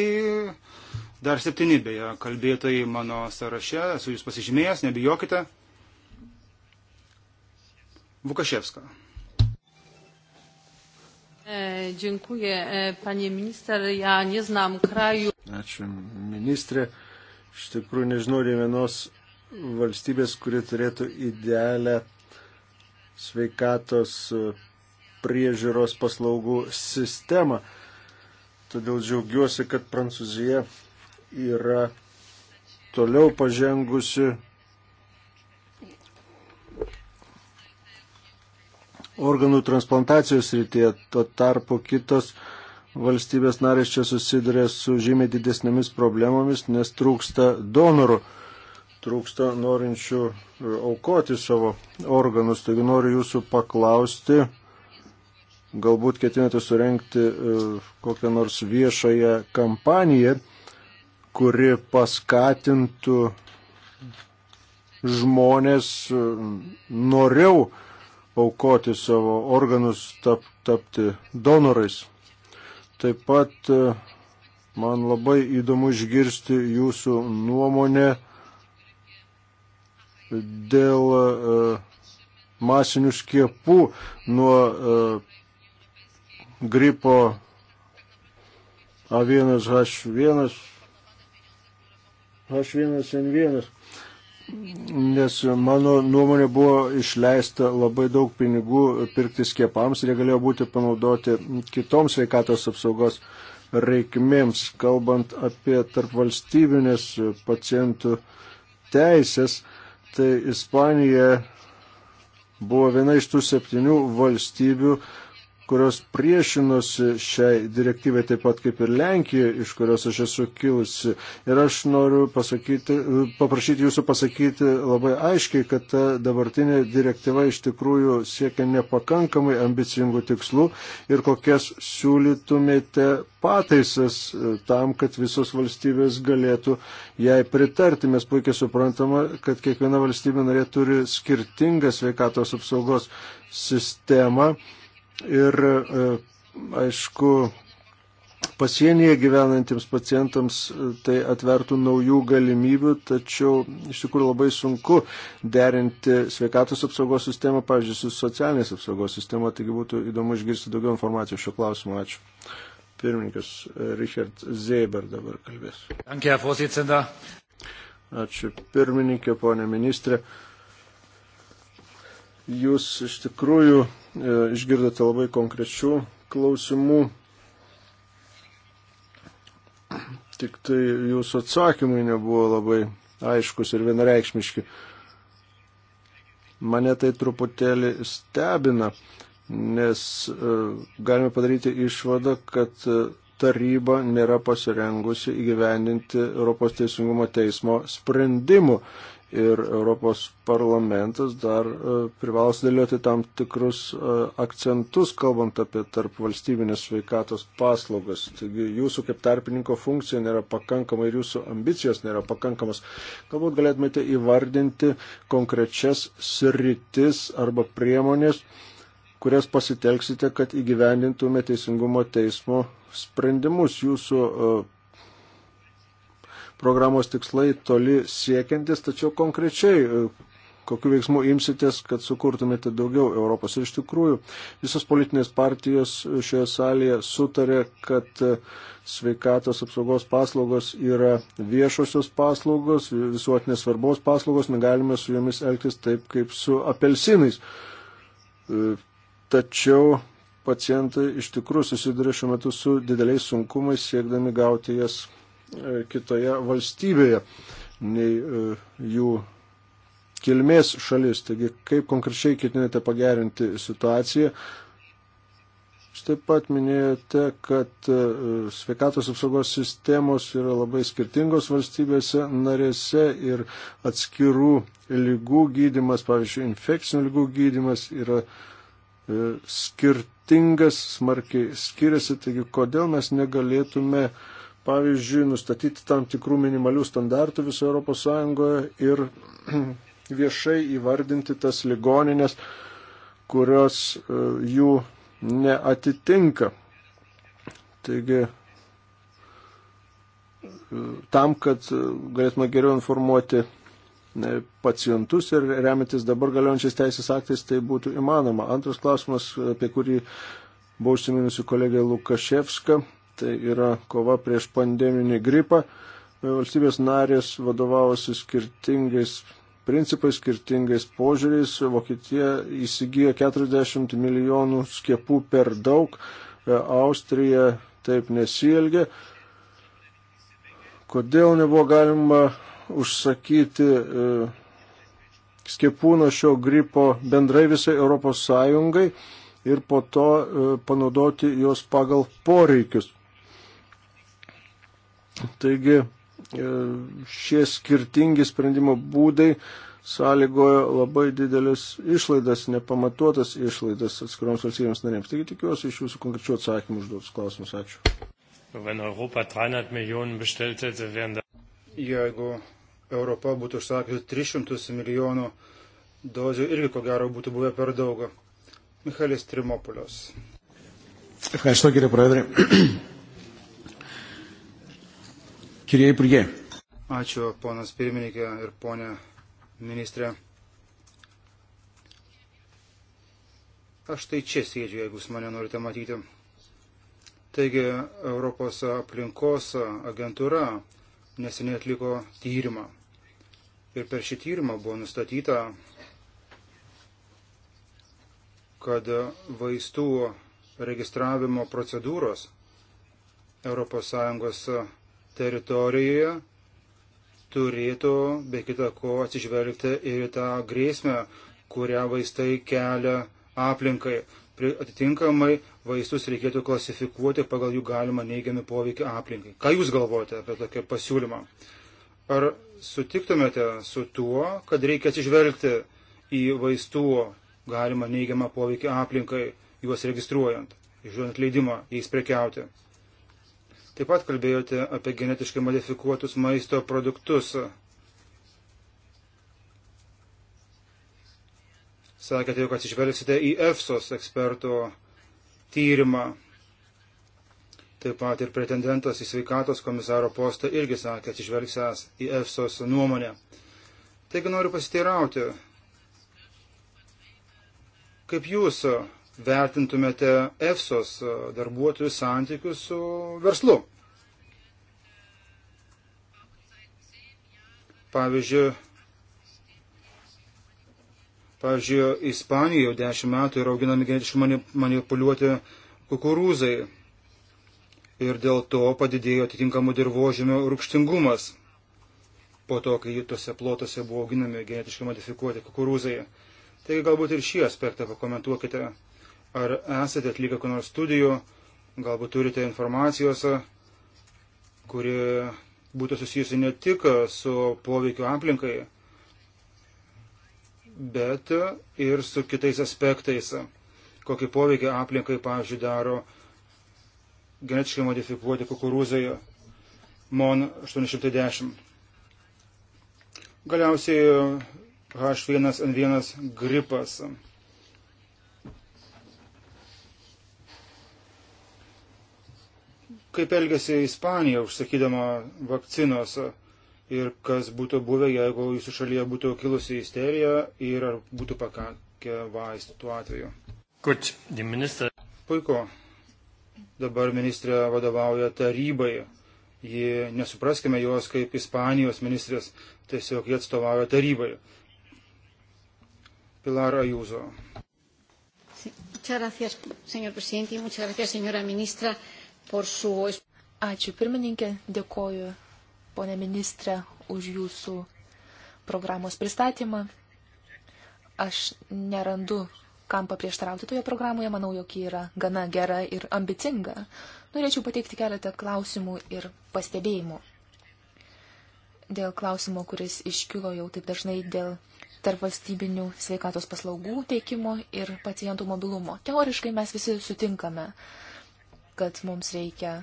dar septyni beje kalbėtojai mano sąraše. Esu jūs pasižymėjęs, nebijokite. Vukaševska. E, dziękuję, e, panie minister. Ja nie znam kraju. Ačiū, ministrė. Iš tikrųjų nežinau nei vienos valstybės, kuri turėtų idealią sveikatos priežiūros paslaugų sistemą. Todėl džiaugiuosi, kad Prancūzija yra toliau pažengusi organų transplantacijos rytėje. Tuo tarpu kitos valstybės narės čia susiduria su žymiai didesnėmis problemomis, nes trūksta donorų, trūksta norinčių aukoti savo organus. Taigi noriu jūsų paklausti, galbūt ketinate surenkti e, kokią nors viešąją kampaniją, kuri paskatintų žmonės e, noriau aukoti savo organus, tap, tapti donorais. Taip pat e, man labai įdomu išgirsti jūsų nuomonę dėl masinių skiepų nuo gripo A1H1, H1N1, nes mano nuomonė buvo išleista labai daug pinigų pirkti skiepams ir jie galėjo būti panaudoti kitoms sveikatos apsaugos reikmėms, kalbant apie tarpvalstybinės pacientų teisės, tai Ispanija buvo viena iš tų septynių valstybių, kurios priešinosi šiai direktyvai taip pat kaip ir Lenkija, iš kurios aš esu kilusi. Ir aš noriu pasakyti, paprašyti jūsų pasakyti labai aiškiai, kad ta dabartinė direktyva iš tikrųjų siekia nepakankamai ambicingų tikslų ir kokias siūlytumėte pataisas e, tam, kad visos valstybės galėtų jai pritarti. Mes puikiai suprantama, kad kiekviena valstybė narė turi skirtingą sveikatos apsaugos sistemą ir, e, aišku, pasienyje gyvenantiems pacientams e, tai atvertų naujų galimybių, tačiau iš tikrųjų labai sunku derinti sveikatos apsaugos sistemą, pavyzdžiui, su socialinės apsaugos sistema, taigi būtų įdomu išgirsti daugiau informacijos šio klausimu. Ačiū. Pirmininkas e, Richard Zeber dabar kalbės. Ačiū pirmininkė, ponė ministrė. Jūs iš tikrųjų E, išgirdote labai konkrečių klausimų. Tik tai jūsų atsakymai nebuvo labai aiškus ir vienareikšmiški. Mane tai truputėlį stebina, nes e, galime padaryti išvadą, kad e, taryba nėra pasirengusi įgyvendinti Europos Teisingumo teismo sprendimų ir Europos parlamentas dar e, privalo sudėlioti tam tikrus e, akcentus, kalbant apie tarp valstybinės sveikatos paslaugas. Taigi jūsų kaip tarpininko funkcija nėra pakankama ir jūsų ambicijos nėra pakankamas. Galbūt galėtumėte įvardinti konkrečias sritis arba priemonės, kurias pasitelksite, kad įgyvendintume teisingumo teismo sprendimus. Jūsų e, programos tikslai toli siekiantis, tačiau konkrečiai e, kokiu veiksmu imsitės, kad sukurtumėte daugiau Europos. Ir iš tikrųjų, visos politinės partijos šioje salėje sutarė, kad e, sveikatos apsaugos paslaugos yra viešosios paslaugos, visuotinės svarbos paslaugos, negalime su jomis elgtis taip, kaip su apelsinais. E, tačiau pacientai iš tikrųjų susiduria šiuo metu su dideliais sunkumais siekdami gauti jas E, kitoje valstybėje nei e, jų kilmės šalis. Taigi, kaip konkrečiai ketinate pagerinti situaciją? Jūs taip pat minėjote, kad e, sveikatos apsaugos sistemos yra labai skirtingos valstybėse narėse ir atskirų lygų gydimas, pavyzdžiui, infekcinių lygų gydimas yra skirtingas, smarkiai skiriasi. Taigi, kodėl mes negalėtume uh, pavyzdžiui, nustatyti tam tikrų minimalių standartų visoje Europos Sąjungoje ir *clears throat* viešai įvardinti tas ligoninės, kurios e, jų neatitinka. Taigi, e, tam, kad e, galėtume geriau informuoti pacientus ir remiantis dabar galiojančiais teisės aktais, tai būtų įmanoma. Antras klausimas, apie kurį buvo užsiminusi kolegė Lukaševska, tai yra kova prieš pandeminį gripą. Valstybės narės vadovavosi skirtingais principais, skirtingais požiūriais. Vokietija įsigijo 40 milijonų skiepų per daug, Austrija taip nesielgė. Kodėl nebuvo galima užsakyti e, skiepų nuo šio gripo bendrai visai Europos Sąjungai ir po to e, panaudoti juos pagal poreikius. Taigi e, šie skirtingi sprendimo būdai sąlygojo labai didelis išlaidas, nepamatuotas išlaidas atskiroms valstybėms narėms. Taigi tikiuosi iš jūsų konkrečių atsakymų užduotus klausimus. Ačiū. Jeigu Europa būtų užsakiusi 300 milijonų dozių, irgi ko gero būtų buvę per daug. Michalis Trimopolios. Ευχαριστώ κύριε Πρόεδρε. Kirie Purgė. Ačiū, ponas pirmininkė ir ponė ministrė. Aš tai čia sėdžiu, jeigu jūs mane norite matyti. Taigi, Europos aplinkos agentūra neseniai atliko tyrimą. Ir per šį tyrimą buvo nustatyta, kad vaistų registravimo procedūros ES teritorijoje turėtų be kita ko atsižvelgti ir tą grėsmę, kurią vaistai kelia aplinkai. Atitinkamai vaistus reikėtų klasifikuoti pagal jų galimą neigiamį poveikį aplinkai. Ką Jūs galvojate apie tokį pasiūlymą? Ar sutiktumėte su tuo, kad reikia atsižvelgti į vaistų galimą neigiamą poveikį aplinkai, juos registruojant, išduodant leidimą jais prekiauti? Taip pat kalbėjote apie genetiškai modifikuotus maisto produktus. Sakėte, jog atsižvelgsite į EFSOS eksperto tyrimą. Taip pat ir pretendentas į sveikatos komisaro postą irgi sakė, atsižvelgsęs į EFSOS nuomonę. Taigi noriu pasiteirauti, kaip jūs vertintumėte EFSOS e, darbuotojų santykius su verslu? Pavyzdžiui, pavyzdžiui, Ispanijoje jau dešimt metų yra auginami genetiškai manipuliuoti kukurūzai ir dėl to padidėjo atitinkamų dirbožėmio rūkštingumas po to, kai tose plotose buvo auginami genetiškai modifikuoti kukurūzai. Taigi galbūt ir šį aspektą pakomentuokite. Ar esate atlikę kokių nors studijų, galbūt turite informacijos, kuri būtų susijusi ne tik su poveikiu aplinkai, bet ir su kitais aspektais, kokį poveikį aplinkai, pavyzdžiui, daro genetiškai modifikuoti kukurūzai MON 810. Galiausiai H1N1 gripas. kaip elgėsi Ispanija užsakydama vakcinos ir kas būtų buvę, jeigu jūsų šalyje būtų kilusi isterija ir ar būtų pakakę vaistų tuo atveju. Kuč, ministrė. Puiku. Dabar ministrė vadovauja tarybai. Ji nesupraskime juos kaip Ispanijos ministrės, tiesiog jie atstovauja tarybai. Pilar Ajuzo. Sí. Muchas gracias, señor presidente, y muchas gracias, señora ministra. Ačiū pirmininkė, dėkoju ponė ministrė už jūsų programos pristatymą. Aš nerandu, kam paprieštarauti toje programoje, manau, jog ji yra gana gera ir ambicinga. Norėčiau pateikti keletą klausimų ir pastebėjimų. Dėl klausimo, kuris iškilo jau taip dažnai dėl tarp valstybinių sveikatos paslaugų teikimo ir pacientų mobilumo. Teoriškai mes visi sutinkame, kad mums reikia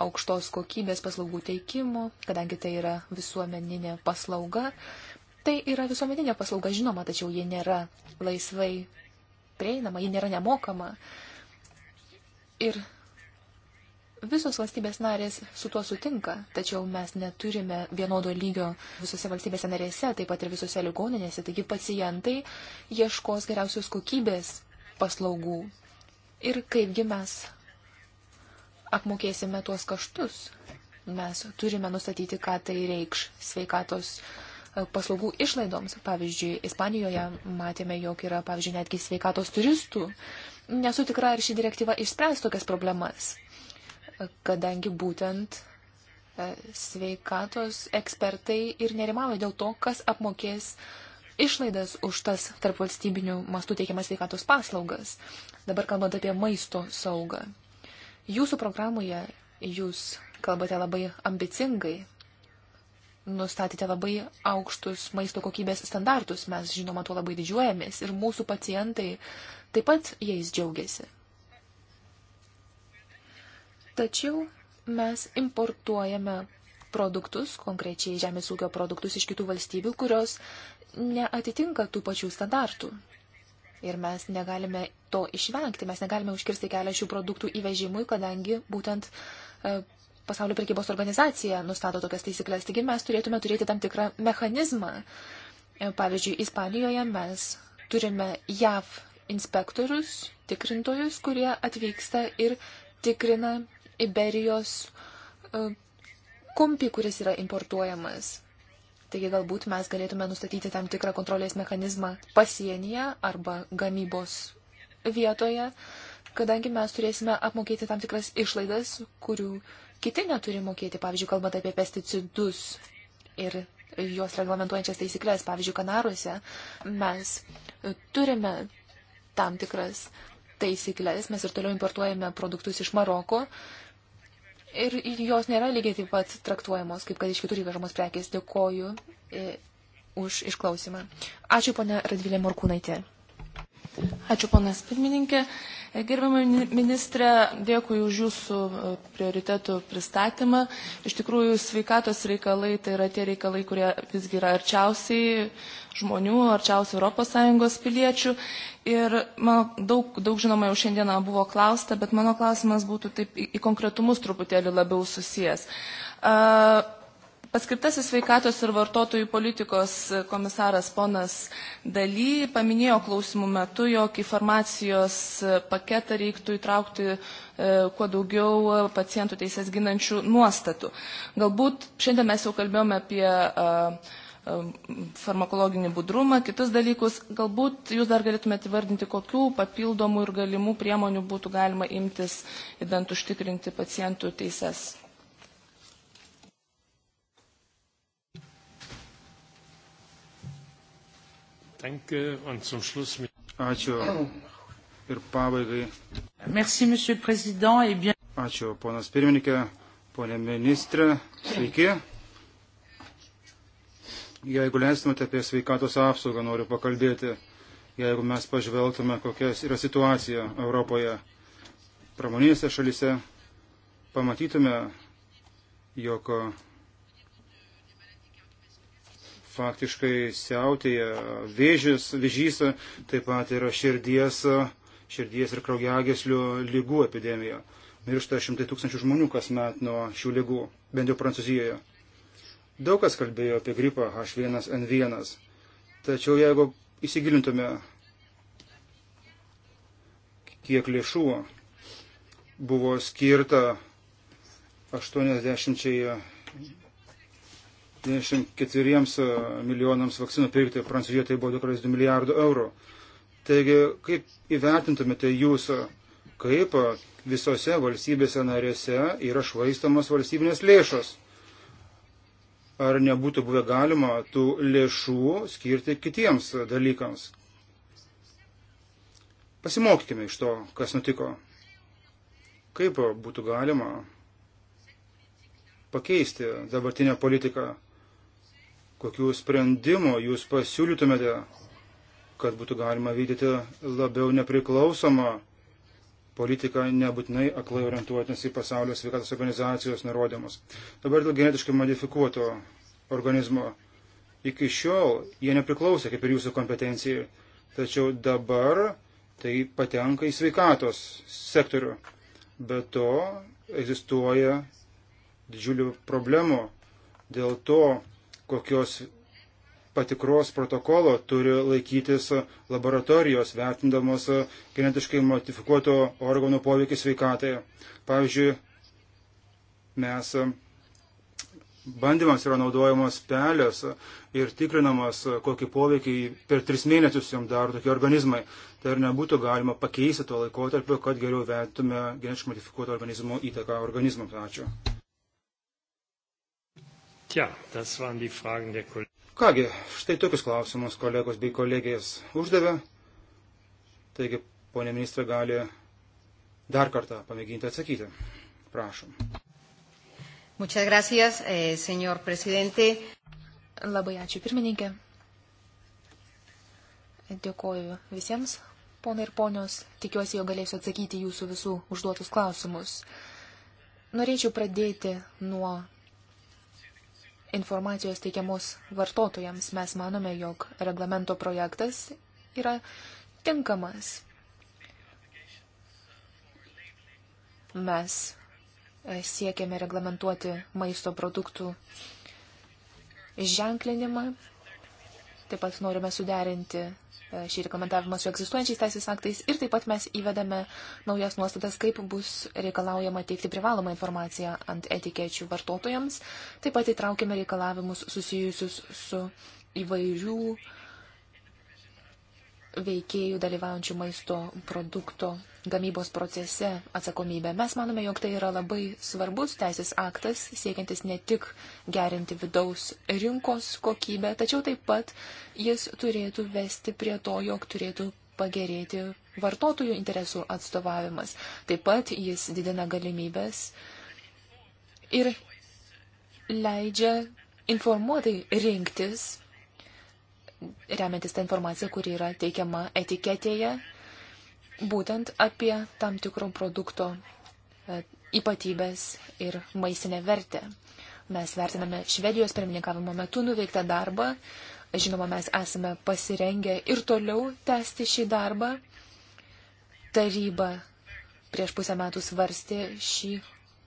aukštos kokybės paslaugų teikimo, kadangi tai yra visuomeninė paslauga. Tai yra visuomeninė paslauga, žinoma, tačiau ji nėra laisvai prieinama, ji nėra nemokama. Ir visos valstybės narės su tuo sutinka, tačiau mes neturime vienodo lygio visose valstybėse narėse, taip pat ir visose ligoninėse, taigi pacientai ieškos geriausios kokybės paslaugų. Ir kaipgi mes apmokėsime tuos kaštus. Mes turime nustatyti, ką tai reikš sveikatos e, paslaugų išlaidoms. Pavyzdžiui, Ispanijoje matėme, jog yra, pavyzdžiui, netgi sveikatos turistų. Nesu tikra, ar ši direktyva išspręs tokias problemas, e, kadangi būtent e, sveikatos ekspertai ir nerimauja dėl to, kas apmokės išlaidas už tas tarp valstybinių mastų teikiamas sveikatos paslaugas. Dabar kalbant apie maisto saugą. Jūsų programoje jūs kalbate labai ambicingai, nustatėte labai aukštus maisto kokybės standartus, mes žinoma tuo labai didžiuojamės ir mūsų pacientai taip pat jais džiaugiasi. Tačiau mes importuojame produktus, konkrečiai žemės ūkio produktus iš kitų valstybių, kurios neatitinka tų pačių standartų. Ir mes negalime to išvengti, mes negalime užkirsti kelią šių produktų įvežimui, kadangi būtent e, pasaulio prekybos organizacija nustato tokias taisyklės. Taigi mes turėtume turėti tam tikrą mechanizmą. E, pavyzdžiui, Ispanijoje mes turime JAV inspektorius, tikrintojus, kurie atvyksta ir tikrina Iberijos e, kumpį, kuris yra importuojamas. Taigi galbūt mes galėtume nustatyti tam tikrą kontrolės mechanizmą pasienyje arba gamybos vietoje, kadangi mes turėsime apmokėti tam tikras išlaidas, kurių kiti neturi mokėti, pavyzdžiui, kalbant apie pesticidus ir juos reglamentuojančias taisyklės, pavyzdžiui, Kanaruose, mes turime tam tikras taisyklės, mes ir toliau importuojame produktus iš Maroko Ir jos nėra lygiai taip pat traktuojamos, kaip kad iš kitur įvežamos prekės. Dėkoju e, už išklausimą. Ačiū, ponia Radvilė Morkūnaitė. Ačiū, ponas pirmininkė. E, Gerbiamą ministrę, dėkui už jūsų e, prioritetų pristatymą. Iš tikrųjų, sveikatos reikalai tai yra tie reikalai, kurie visgi yra arčiausiai žmonių, arčiausiai ES piliečių. Ir man daug, daug žinoma jau šiandieną buvo klausta, bet mano klausimas būtų taip į konkretumus truputėlį labiau susijęs. Uh, Paskirtasis sveikatos ir vartotojų politikos komisaras ponas Daly paminėjo klausimų metu, jog į farmacijos paketą reiktų įtraukti e, kuo daugiau pacientų teisės ginančių nuostatų. Galbūt šiandien mes jau kalbėjome apie e, e, farmakologinį budrumą, kitus dalykus. Galbūt jūs dar galėtumėte vardinti, kokių papildomų ir galimų priemonių būtų galima imtis, įdant užtikrinti pacientų teises. Ačiū. Ir pabaigai. Merci, monsieur le président. Et bien... Ačiū, ponas pirmininkė, ponė ministrė. Sveiki. Jeigu leistumėte apie sveikatos apsaugą, noriu pakalbėti. Jeigu mes pažvelgtume, kokia yra situacija Europoje, pramoninėse šalise, pamatytume, jog faktiškai siautėja vėžis, vėžys, taip pat yra širdies, širdies ir kraujagėslių lygų epidemija. Miršta šimtai tūkstančių žmonių kasmet nuo šių lygų, bent jau Prancūzijoje. Daug kas kalbėjo apie gripą H1N1, tačiau jeigu įsigilintume, kiek lėšų buvo skirta 80 74 e, milijonams vakcinų pirkti, Prancūzijoje tai buvo 2,2 milijardų eurų. Taigi, kaip įvertintumėte jūs, e, kaip e, visose valstybėse narėse yra švaistamos valstybinės lėšos? Ar nebūtų buvę galima tų lėšų skirti kitiems dalykams? Pasimokykime iš to, kas nutiko. Kaip būtų galima pakeisti dabartinę politiką kokių sprendimų jūs pasiūlytumėte, kad būtų galima vykdyti labiau nepriklausomą politiką, nebūtinai aklai orientuotis į pasaulio sveikatos organizacijos nurodymus. Dabar dėl genetiškai modifikuoto organizmo. Iki šiol jie nepriklausė kaip ir jūsų kompetencijai, tačiau dabar tai patenka į sveikatos sektorių. Be to egzistuoja didžiulių problemų dėl to, kokios patikros protokolo turi laikytis laboratorijos vertindamos genetiškai modifikuoto organų poveikį sveikatai. Pavyzdžiui, mes e, bandymams yra naudojamos pelės ir tikrinamas, kokį poveikį per tris mėnesius jom daro tokie organizmai. Tai ar nebūtų galima pakeisti to laikotarpio, kad geriau vertume genetiškai modifikuoto organizmo įtaką organizmams. Ačiū. Tja, das waren die Fragen der Kollegen. Kągi, štai tokius klausimus kolegos bei kolegijas uždavė. Taigi, ponė ministrė gali dar kartą pamėginti atsakyti. Prašom. Muchas gracias, eh, señor presidente. Labai ačiū pirmininkė. Dėkoju visiems, ponai ir ponios. Tikiuosi, jau galėsiu atsakyti jūsų visų užduotus klausimus. Norėčiau pradėti nuo informacijos teikiamos vartotojams. Mes manome, jog reglamento projektas yra tinkamas. Mes e, siekiame reglamentuoti maisto produktų ženklinimą. Taip pat norime suderinti E, šį reglamentavimą su egzistuojančiais teisės aktais ir taip pat mes įvedame naujas nuostatas, kaip bus reikalaujama teikti privalomą informaciją ant etikečių vartotojams. Taip pat įtraukime reikalavimus susijusius su įvairių uh, veikėjų dalyvaujančių maisto produkto gamybos procese atsakomybę. Mes manome, jog tai yra labai svarbus teisės aktas, siekiantis ne tik gerinti vidaus rinkos kokybę, tačiau taip pat jis turėtų vesti prie to, jog turėtų pagerėti vartotojų interesų atstovavimas. Taip pat jis didina galimybės ir leidžia informuotai rinktis remiantis tą informaciją, kuri yra teikiama etiketėje, būtent apie tam tikro produkto e, ypatybės ir maistinę vertę. Mes vertiname Švedijos pirmininkavimo metu nuveiktą darbą. Žinoma, mes esame pasirengę ir toliau tęsti šį darbą. Taryba prieš pusę metų svarstė šį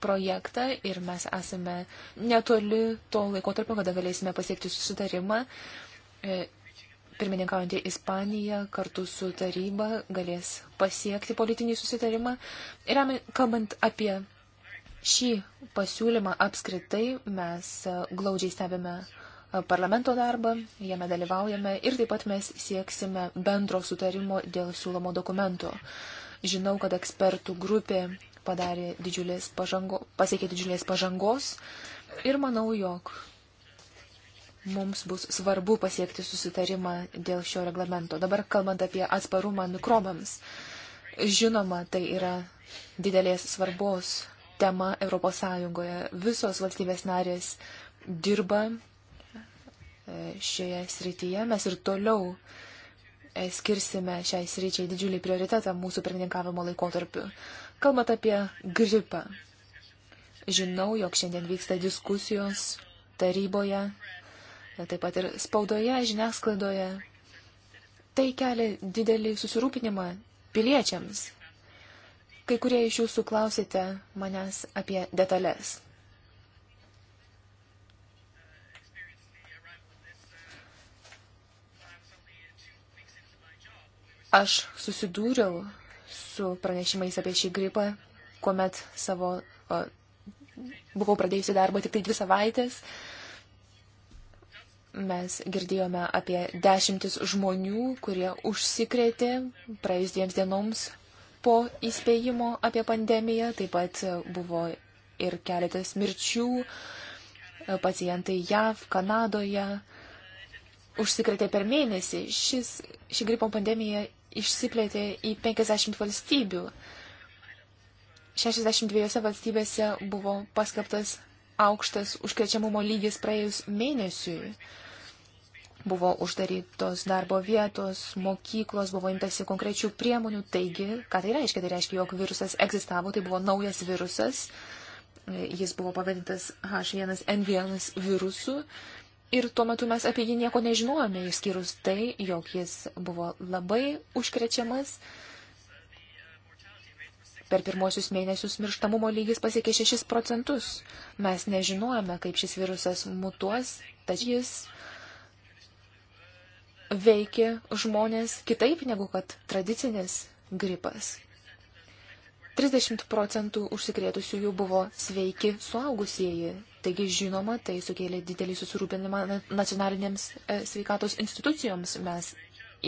projektą ir mes esame netoli to laikotarpio, kada galėsime pasiekti susitarimą. E, pirmininkaujantį Ispaniją kartu su taryba galės pasiekti politinį susitarimą. Ir kalbant apie šį pasiūlymą apskritai, mes e, glaudžiai stebime e, parlamento darbą, jame dalyvaujame ir taip pat mes sieksime bendro sutarimo dėl siūlomo dokumento. Žinau, kad ekspertų grupė padarė didžiulės pažango, pasiekė didžiulės pažangos ir manau, jog mums bus svarbu pasiekti susitarimą dėl šio reglamento. Dabar kalbant apie atsparumą mikrobams. Žinoma, tai yra didelės svarbos tema ES. Visos valstybės narės dirba e, šioje srityje. Mes ir toliau e, skirsime šiai sričiai didžiulį prioritetą mūsų pirmininkavimo laikotarpiu. Kalbant apie gripą. Žinau, jog šiandien vyksta diskusijos taryboje taip pat ir spaudoje, žiniasklaidoje. Tai kelia didelį susirūpinimą piliečiams. Kai kurie iš jūsų klausėte manęs apie detalės. Aš susidūriau su pranešimais apie šį gripą, kuomet savo o, buvau pradėjusi darbą tik tai dvi savaitės. Uh, Mes girdėjome apie dešimtis žmonių, kurie užsikrėtė praėjus dviems dienoms po įspėjimo apie pandemiją. Taip pat buvo ir keletas mirčių. Pacientai JAV, Kanadoje užsikrėtė per mėnesį. Šis, ši gripo pandemija išsiplėtė į 50 valstybių. 62 valstybėse buvo paskaptas aukštas užkrečiamumo lygis praėjus mėnesiui. Buvo uždarytos darbo vietos, mokyklos, buvo imtasi konkrečių priemonių. Taigi, ką tai reiškia? Tai reiškia, jog virusas egzistavo, tai buvo naujas virusas. Jis buvo pavadintas H1N1 virusu. Ir tuo metu mes apie jį nieko nežinojome, išskyrus tai, jog jis buvo labai užkrečiamas. Uh, Per pirmosius mėnesius mirštamumo lygis pasiekė 6 procentus. Mes nežinojame, kaip šis virusas mutuos, tačiau jis veikia žmonės kitaip negu kad tradicinis gripas. 30 procentų užsikrėtusiųjų buvo sveiki suaugusieji, taigi žinoma, tai sukėlė didelį susirūpinimą nacionalinėms e, sveikatos institucijoms. Mes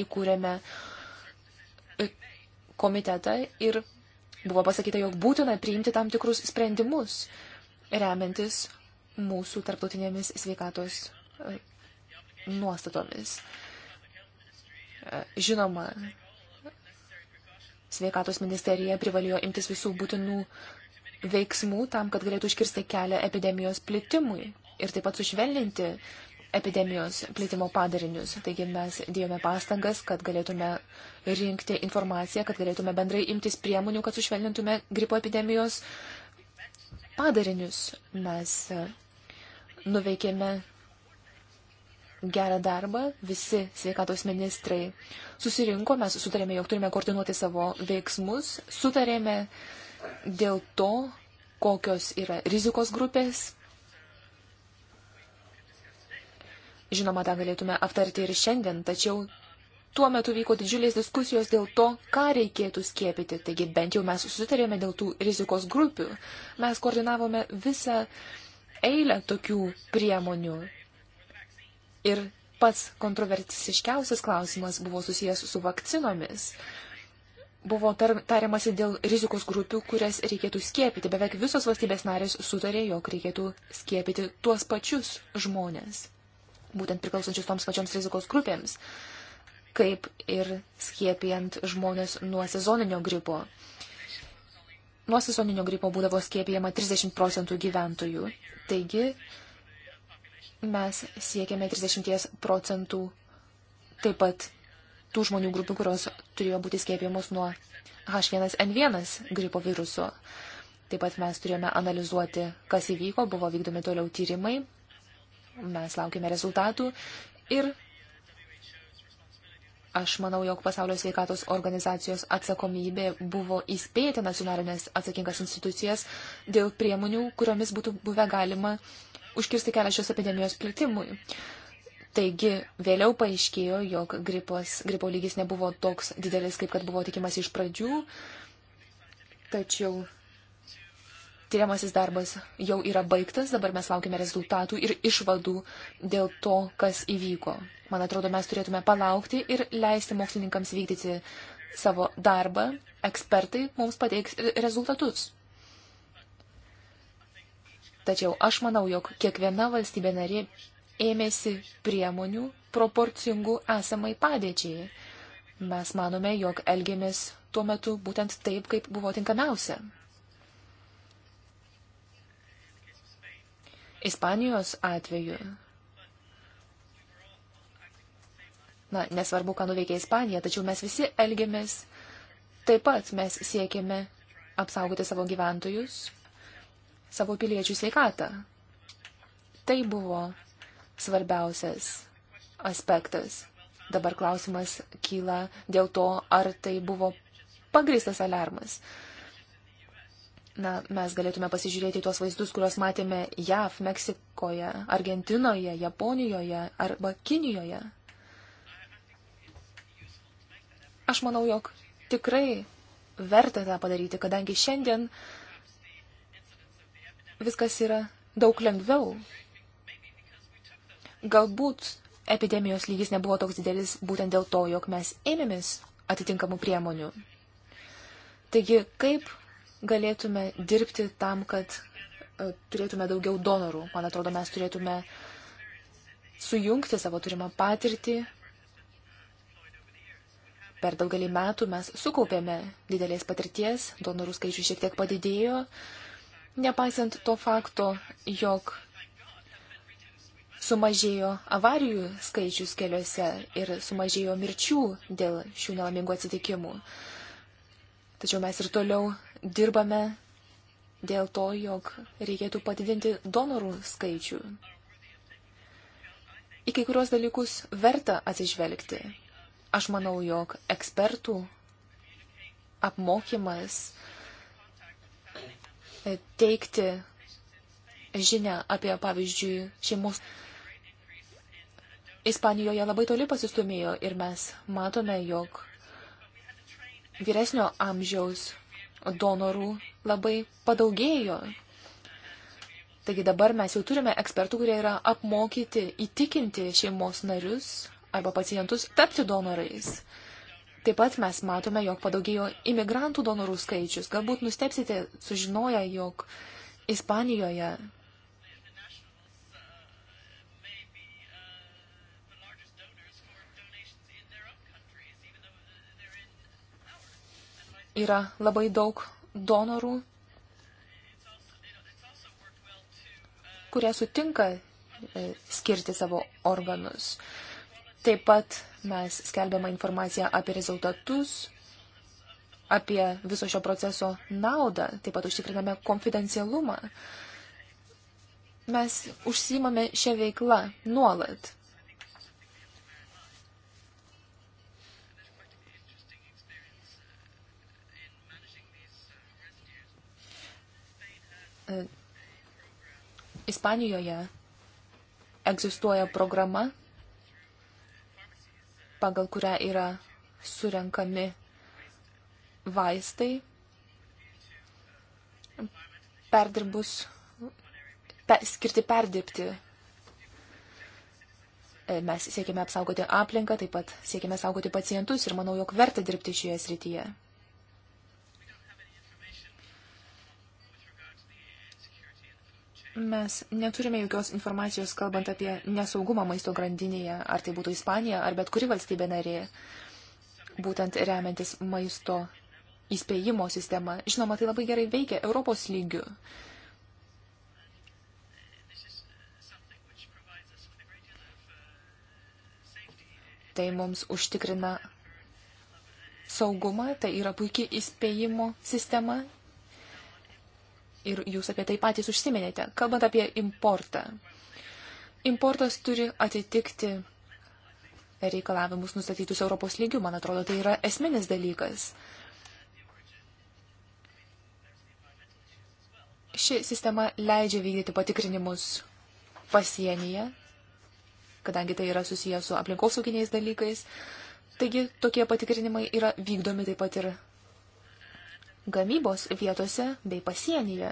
įkūrėme e, komitetą ir Buvo pasakyta, jog būtina priimti tam tikrus sprendimus, remiantis mūsų tarptautinėmis sveikatos e, nuostatomis. E, žinoma, sveikatos ministerija privalėjo imtis visų būtinų veiksmų tam, kad galėtų iškirsti kelią epidemijos plitimui ir taip pat sušvelninti epidemijos plėtimo padarinius. Taigi mes dėjome pastangas, kad galėtume rinkti informaciją, kad galėtume bendrai imtis priemonių, kad sušvelnintume gripo epidemijos padarinius. Mes e, nuveikėme gerą darbą, visi sveikatos ministrai susirinko, mes sutarėme, jog turime koordinuoti savo veiksmus, sutarėme dėl to, kokios yra rizikos grupės, Žinoma, tą galėtume aptarti ir šiandien, tačiau tuo metu vyko didžiulės diskusijos dėl to, ką reikėtų skiepyti, taigi bent jau mes sutarėme dėl tų rizikos grupių. Mes koordinavome visą eilę tokių priemonių. Ir pats kontroversiškiausias klausimas buvo susijęs su vakcinomis. Buvo tar, tariamasi dėl rizikos grupių, kurias reikėtų skiepyti. Beveik visos valstybės narės sutarė, jog reikėtų skiepyti tuos pačius žmonės būtent priklausančius toms pačioms rizikos grupėms, kaip ir skiepijant žmonės nuo sezoninio gripo. Nuo sezoninio gripo būdavo skiepijama 30 procentų gyventojų, taigi mes siekiame 30 procentų taip pat tų žmonių grupių, kurios turėjo būti skiepijamos nuo H1N1 gripo viruso. Taip pat mes turėjome analizuoti, kas įvyko, buvo vykdomi toliau tyrimai, Mes laukime rezultatų ir aš manau, jog pasaulio sveikatos organizacijos atsakomybė buvo įspėti nacionalinės atsakingas institucijas dėl priemonių, kuriomis būtų buvę galima užkirsti kelią šios epidemijos plitimui. Taigi vėliau paaiškėjo, jog gripos, gripo lygis nebuvo toks didelis, kaip kad buvo tikimas iš pradžių, tačiau tyriamasis darbas jau yra baigtas, dabar mes laukime rezultatų ir išvadų dėl to, kas įvyko. Man atrodo, mes turėtume palaukti ir leisti mokslininkams vykdyti savo darbą, ekspertai mums pateiks rezultatus. Tačiau aš manau, jog kiekviena valstybė narė ėmėsi priemonių proporcingų esamai padėčiai. Mes manome, jog elgėmės tuo metu būtent taip, kaip buvo tinkamiausia. Ispanijos atveju. Na, nesvarbu, ką nuveikė Ispanija, tačiau mes visi elgiamės. Taip pat mes siekėme apsaugoti savo gyventojus, savo piliečių sveikatą. Tai buvo svarbiausias aspektas. Dabar klausimas kyla dėl to, ar tai buvo pagristas alarmas. Na, mes galėtume pasižiūrėti tuos vaizdus, kuriuos matėme JAV, Meksikoje, Argentinoje, Japonijoje arba Kinijoje. Aš manau, jog tikrai verta tą padaryti, kadangi šiandien viskas yra daug lengviau. Galbūt epidemijos lygis nebuvo toks didelis būtent dėl to, jog mes ėmėmės atitinkamų priemonių. Taigi, kaip galėtume dirbti tam, kad e, turėtume daugiau donorų. Man atrodo, mes turėtume sujungti savo turimą patirtį. Per daugelį metų mes sukaupėme didelės patirties, donorų skaičių šiek tiek padidėjo, nepaisant to fakto, jog sumažėjo avarijų skaičius keliuose ir sumažėjo mirčių dėl šių nelamingų atsitikimų. Tačiau mes ir toliau dirbame dėl to, jog reikėtų padidinti donorų skaičių. Į kai kurios dalykus verta atsižvelgti. Aš manau, jog ekspertų apmokymas e, teikti žinę apie, pavyzdžiui, šeimos. Ispanijoje labai toli pasistumėjo ir mes matome, jog vyresnio amžiaus donorų labai padaugėjo. Taigi dabar mes jau turime ekspertų, kurie yra apmokyti įtikinti šeimos narius arba pacientus tapti donorais. Taip pat mes matome, jog padaugėjo imigrantų donorų skaičius. Galbūt nustepsite sužinoję, jog Ispanijoje yra labai daug donorų, kurie sutinka e, skirti savo organus. Taip pat mes skelbiamą informaciją apie rezultatus, apie viso šio proceso naudą, taip pat užtikriname konfidencialumą. Mes užsimame šią veiklą nuolat. Ispanijoje egzistuoja programa, pagal kurią yra surenkami vaistai, perdirbus, pe, skirti perdirbti. E, mes siekime apsaugoti aplinką, taip pat siekime saugoti pacientus ir manau, jog verta dirbti šioje srityje. Mes neturime jokios informacijos, kalbant apie nesaugumą maisto grandinėje, ar tai būtų Ispanija, ar bet kuri valstybė narė, būtent remiantis maisto įspėjimo sistema. Žinoma, tai labai gerai veikia Europos lygių. Tai mums užtikrina saugumą, tai yra puikiai įspėjimo sistema ir jūs apie tai patys užsiminėte. Kalbant apie importą. Importas turi atitikti reikalavimus nustatytus Europos lygių. Man atrodo, tai yra esminis dalykas. Ši sistema leidžia vykdyti patikrinimus pasienyje, kadangi tai yra susijęs su aplinkosauginiais dalykais. Taigi tokie patikrinimai yra vykdomi taip pat ir gamybos vietose bei pasienyje.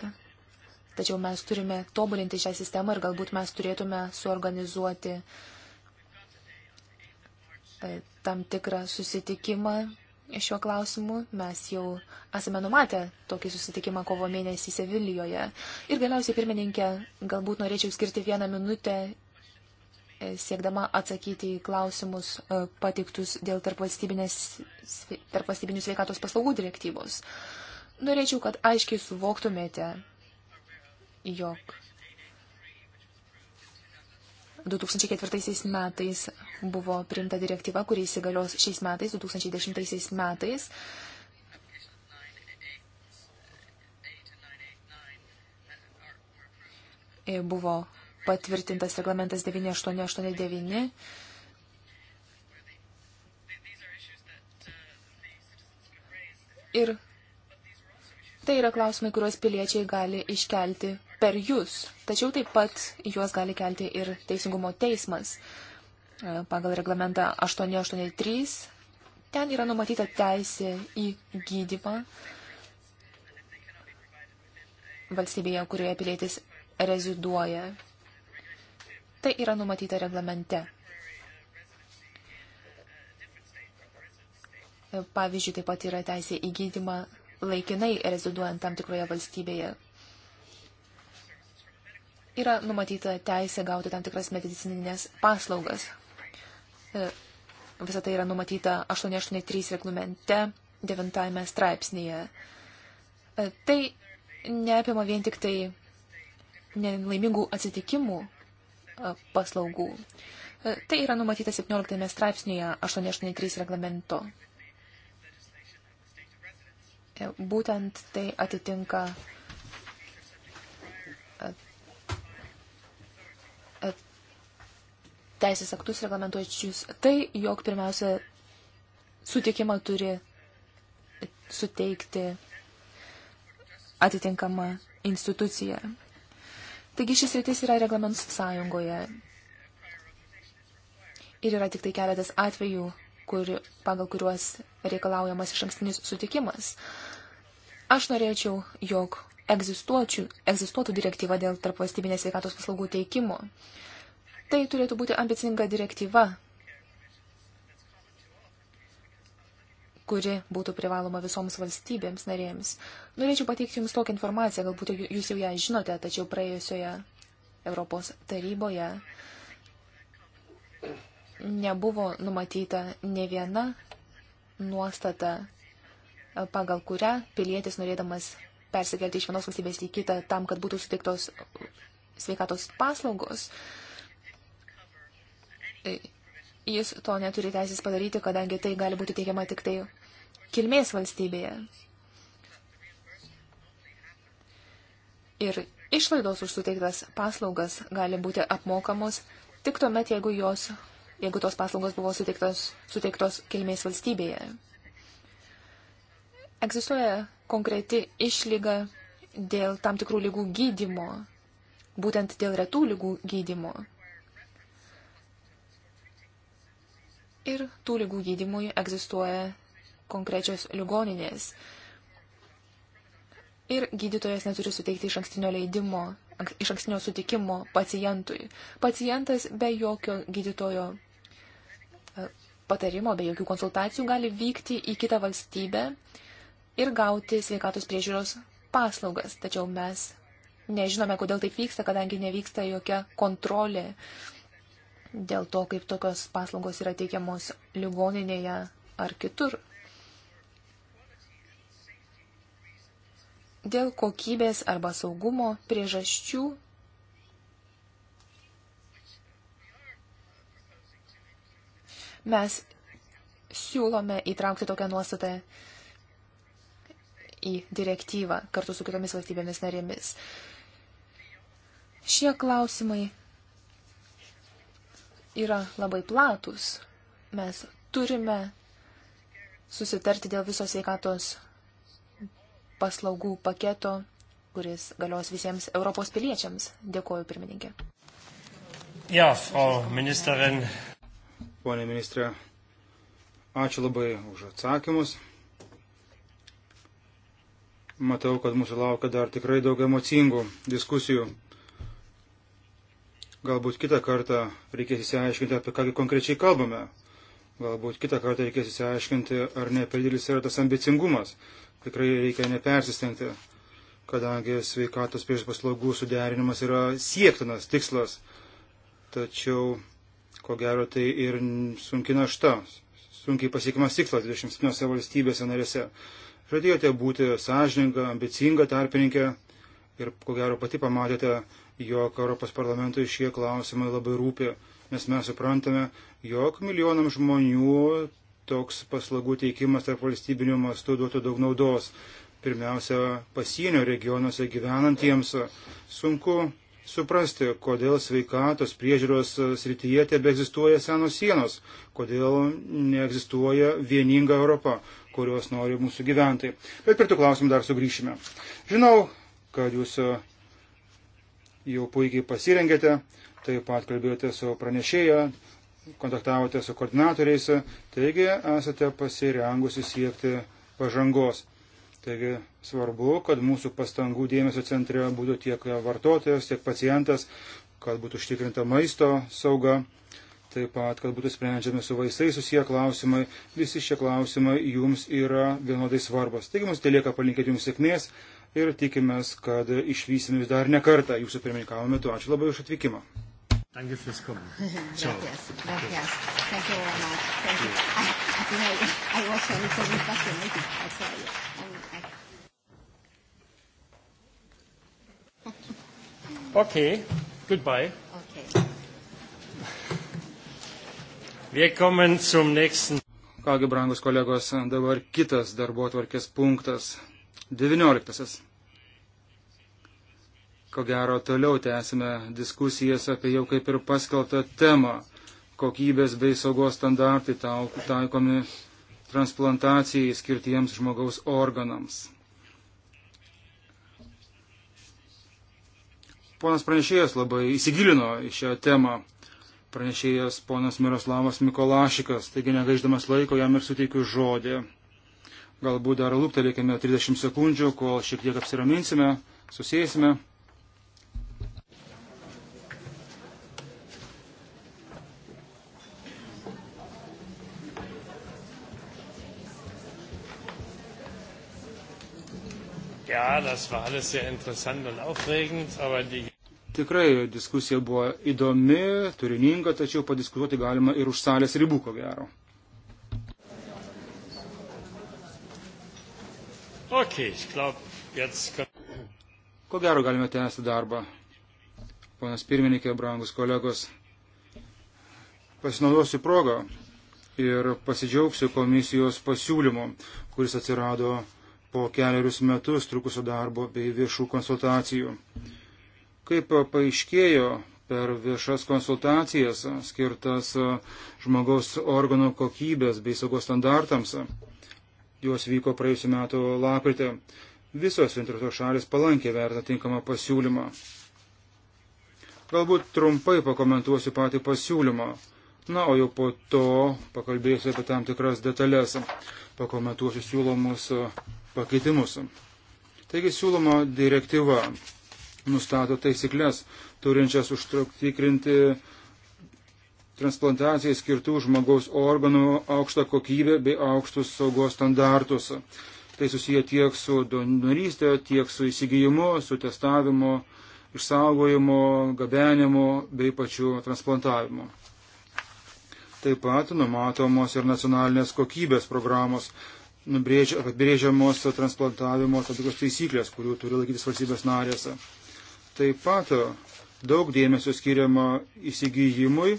Tačiau mes turime tobulinti šią sistemą ir galbūt mes turėtume suorganizuoti e, tam tikrą susitikimą šiuo klausimu. Mes jau esame numatę tokį susitikimą kovo mėnesį Sevilijoje. Ir galiausiai, pirmininkė, galbūt norėčiau skirti vieną minutę e, siekdama atsakyti į klausimus e, patiktus dėl tarpvalstybinių sveikatos paslaugų direktyvos. Norėčiau, kad aiškiai suvoktumėte, jog 2004 metais buvo priimta direktyva, kuriai įsigalios šiais metais, 2010 metais. Buvo patvirtintas reglamentas 9889. Ir Tai yra klausimai, kuriuos piliečiai gali iškelti per jūs, tačiau taip pat juos gali kelti ir Teisingumo teismas. E, pagal reglamentą 883 ten yra numatyta teisė į gydymą valstybėje, kurioje pilietis reziduoja. Tai yra numatyta reglamente. E, pavyzdžiui, taip pat yra teisė į gydymą laikinai reziduojant tam tikroje valstybėje. Yra numatyta teisė gauti tam tikras medicininės paslaugas. E, Visą tai yra numatyta 883 reglamente 9 straipsnėje. E, tai neapima vien tik tai nelaimingų atsitikimų e, paslaugų. Tai yra numatyta 17 straipsnėje 883 reglamento E, būtent tai atitinka e, e, teisės aktus reglamentuojančius tai, jog pirmiausia sutikimą turi suteikti atitinkama institucija. Taigi šis rytis yra reglamentų sąjungoje. Ir yra tik tai keletas atvejų, kuri, pagal kuriuos reikalaujamas iš ankstinis sutikimas. Aš norėčiau, jog egzistuotų direktyva dėl tarpvalstybinės sveikatos paslaugų teikimo. Tai turėtų būti ambicinga direktyva, kuri būtų privaloma visoms valstybėms narėms. Norėčiau pateikti Jums tokią informaciją, galbūt Jūs jau ją žinote, tačiau praėjusioje Europos taryboje nebuvo numatyta ne viena nuostata, e, pagal kurią pilietis norėdamas persikelti iš vienos valstybės į kitą tam, kad būtų suteiktos sveikatos paslaugos, e, jis to neturi teisės padaryti, kadangi tai gali būti teikiama tik tai kilmės valstybėje. Ir išlaidos už suteiktas paslaugas gali būti apmokamos tik tuomet, jeigu jos jeigu tos paslaugos buvo suteiktos, suteiktos kilmės valstybėje. Egzistuoja konkreti išlyga dėl tam tikrų lygų gydimo, būtent dėl retų lygų gydimo. Ir tų lygų gydimui egzistuoja konkrečios ligoninės. Ir gydytojas neturi suteikti iš ankstinio leidimo iš ankstinio sutikimo pacientui. Pacientas be jokio gydytojo e, patarimo, be jokių konsultacijų gali vykti į kitą valstybę ir gauti sveikatos priežiūros paslaugas. Tačiau mes nežinome, kodėl taip vyksta, kadangi nevyksta jokia kontrolė dėl to, kaip tokios paslaugos yra teikiamos ligoninėje ar kitur. dėl kokybės arba saugumo priežasčių mes siūlome įtraukti tokią nuostatą į direktyvą kartu su kitomis valstybėmis narėmis. Šie klausimai yra labai platus. Mes turime susitarti dėl visos sveikatos paslaugų paketo, kuris galios visiems Europos piliečiams. Dėkuoju, pirmininkė. Ja, Frau Ministerin. Pone ministrė, ačiū labai už atsakymus. Matau, kad mūsų laukia dar tikrai daug emocingų diskusijų. Galbūt kitą kartą reikės įsiaiškinti, apie ką konkrečiai kalbame. Galbūt kitą kartą reikės įsiaiškinti, ar ne per didelis yra tas ambicingumas, tikrai reikia nepersistengti, kadangi sveikatos priežiūros paslaugų suderinimas yra siektinas tikslas, tačiau ko gero tai ir sunki našta, sunkiai pasiekimas tikslas 27 valstybėse narėse. Žadėjote būti sąžininga, ambicinga tarpininkė ir ko gero pati pamatėte, jog Europos parlamentui šie klausimai labai rūpi, nes mes suprantame, jog milijonam žmonių toks paslaugų teikimas tarp valstybinių mastų duotų daug naudos. Pirmiausia, pasienio regionuose gyvenantiems sunku suprasti, kodėl sveikatos priežiūros srityje tebe egzistuoja senos sienos, kodėl neegzistuoja vieninga Europa, kurios nori mūsų gyventojai. Bet prie tų klausimų dar sugrįšime. Žinau, kad jūs jau puikiai pasirengėte, taip pat kalbėjote su pranešėja, kontaktavote su koordinatoriais, taigi esate pasirengusi siekti pažangos. Taigi svarbu, kad mūsų pastangų dėmesio centre būtų tiek vartotojas, tiek pacientas, kad būtų užtikrinta maisto sauga, taip pat, kad būtų sprendžiami su vaistais susiję klausimai. Visi šie klausimai jums yra vienodai svarbus. Taigi mums telieka palinkėti jums sėkmės ir tikimės, kad išvysime jūs dar ne kartą jūsų pirmininkavimo metu. Ačiū labai už atvykimą. Danke fürs Kommen. Ciao. Gracias. Gracias. Thank you very much. Thank you. I, I think I, I was a little bit fascinated. I saw you. And I... Okay. Goodbye. Okay. Wir kommen zum nächsten. Kągi, brangus kolegos, dabar kitas darbo atvarkės punktas. 19. Ko gero, toliau tęsime diskusijas apie jau kaip ir paskelbtą temą - kokybės bei saugos standartai taikomi transplantacijai skirtiems žmogaus organams. Ponas pranešėjas labai įsigilino į šią temą. Pranešėjas ponas Miroslavas Mikolašikas, taigi negaiždamas laiko jam ir suteikiu žodį. Galbūt dar lūptelėkime 30 sekundžių, kol šiek tiek apsiraminsime, susėsime. Ja, das war alles sehr interessant und aufregend, aber die. Tikrai diskusija buvo įdomi, turininga, tačiau padiskutuoti galima ir už salės ribų, ko gero. Okay, glaub, jetzt... Ko gero galime tęsti darbą. Ponas pirmininkė, brangus kolegos, pasinaudosiu progą ir pasidžiaugsiu komisijos pasiūlymu, kuris atsirado po keliarius metus trukusio darbo bei viešų konsultacijų. Kaip paaiškėjo per viešas konsultacijas skirtas žmogaus organų kokybės bei saugos standartams, jos vyko praėjusiu metu lapritę, visos interesuotos šalis palankiai vertina tinkamą pasiūlymą. Galbūt trumpai pakomentuosiu patį pasiūlymą. Na, o jau po to pakalbėsiu apie tam tikras detalės pakomentuosiu siūlomus e, pakeitimus. Taigi siūloma direktyva nustato taisyklės, turinčias užtikrinti transplantacijai skirtų žmogaus organų aukštą kokybę bei aukštus saugos standartus. Tai susiję tiek su donorystė, tiek su įsigijimu, su testavimu, išsaugojimu, gabenimu bei pačiu transplantavimu. Taip pat numatomos ir nacionalinės kokybės programos, apibrėžiamos transplantavimo tam tikros taisyklės, kurių turi laikytis valstybės narėse. Taip pat daug dėmesio skiriama įsigijimui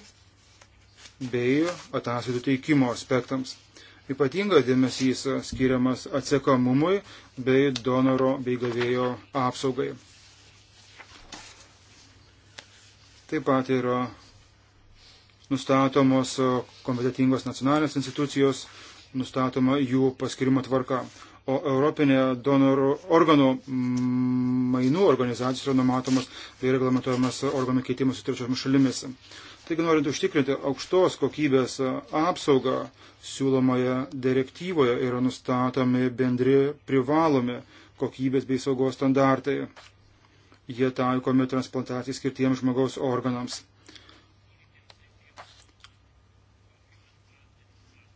bei ataskaitų teikimo aspektams. Ypatingas dėmesys skiriamas atsekamumui bei donoro bei gavėjo apsaugai. Taip pat yra nustatomos e, kompetitingos nacionalinės institucijos, nustatoma jų paskirimo tvarka. O Europinė donorų organų mm, mainų organizacijos yra numatomas bei tai reglamentojamas organų keitimas su trečiomis šalimis. Taigi, norint užtikrinti aukštos kokybės apsaugą, siūlomoje direktyvoje yra nustatomi bendri privalomi kokybės bei saugos standartai. Jie taikomi transplantacijai skirtiems žmogaus organams.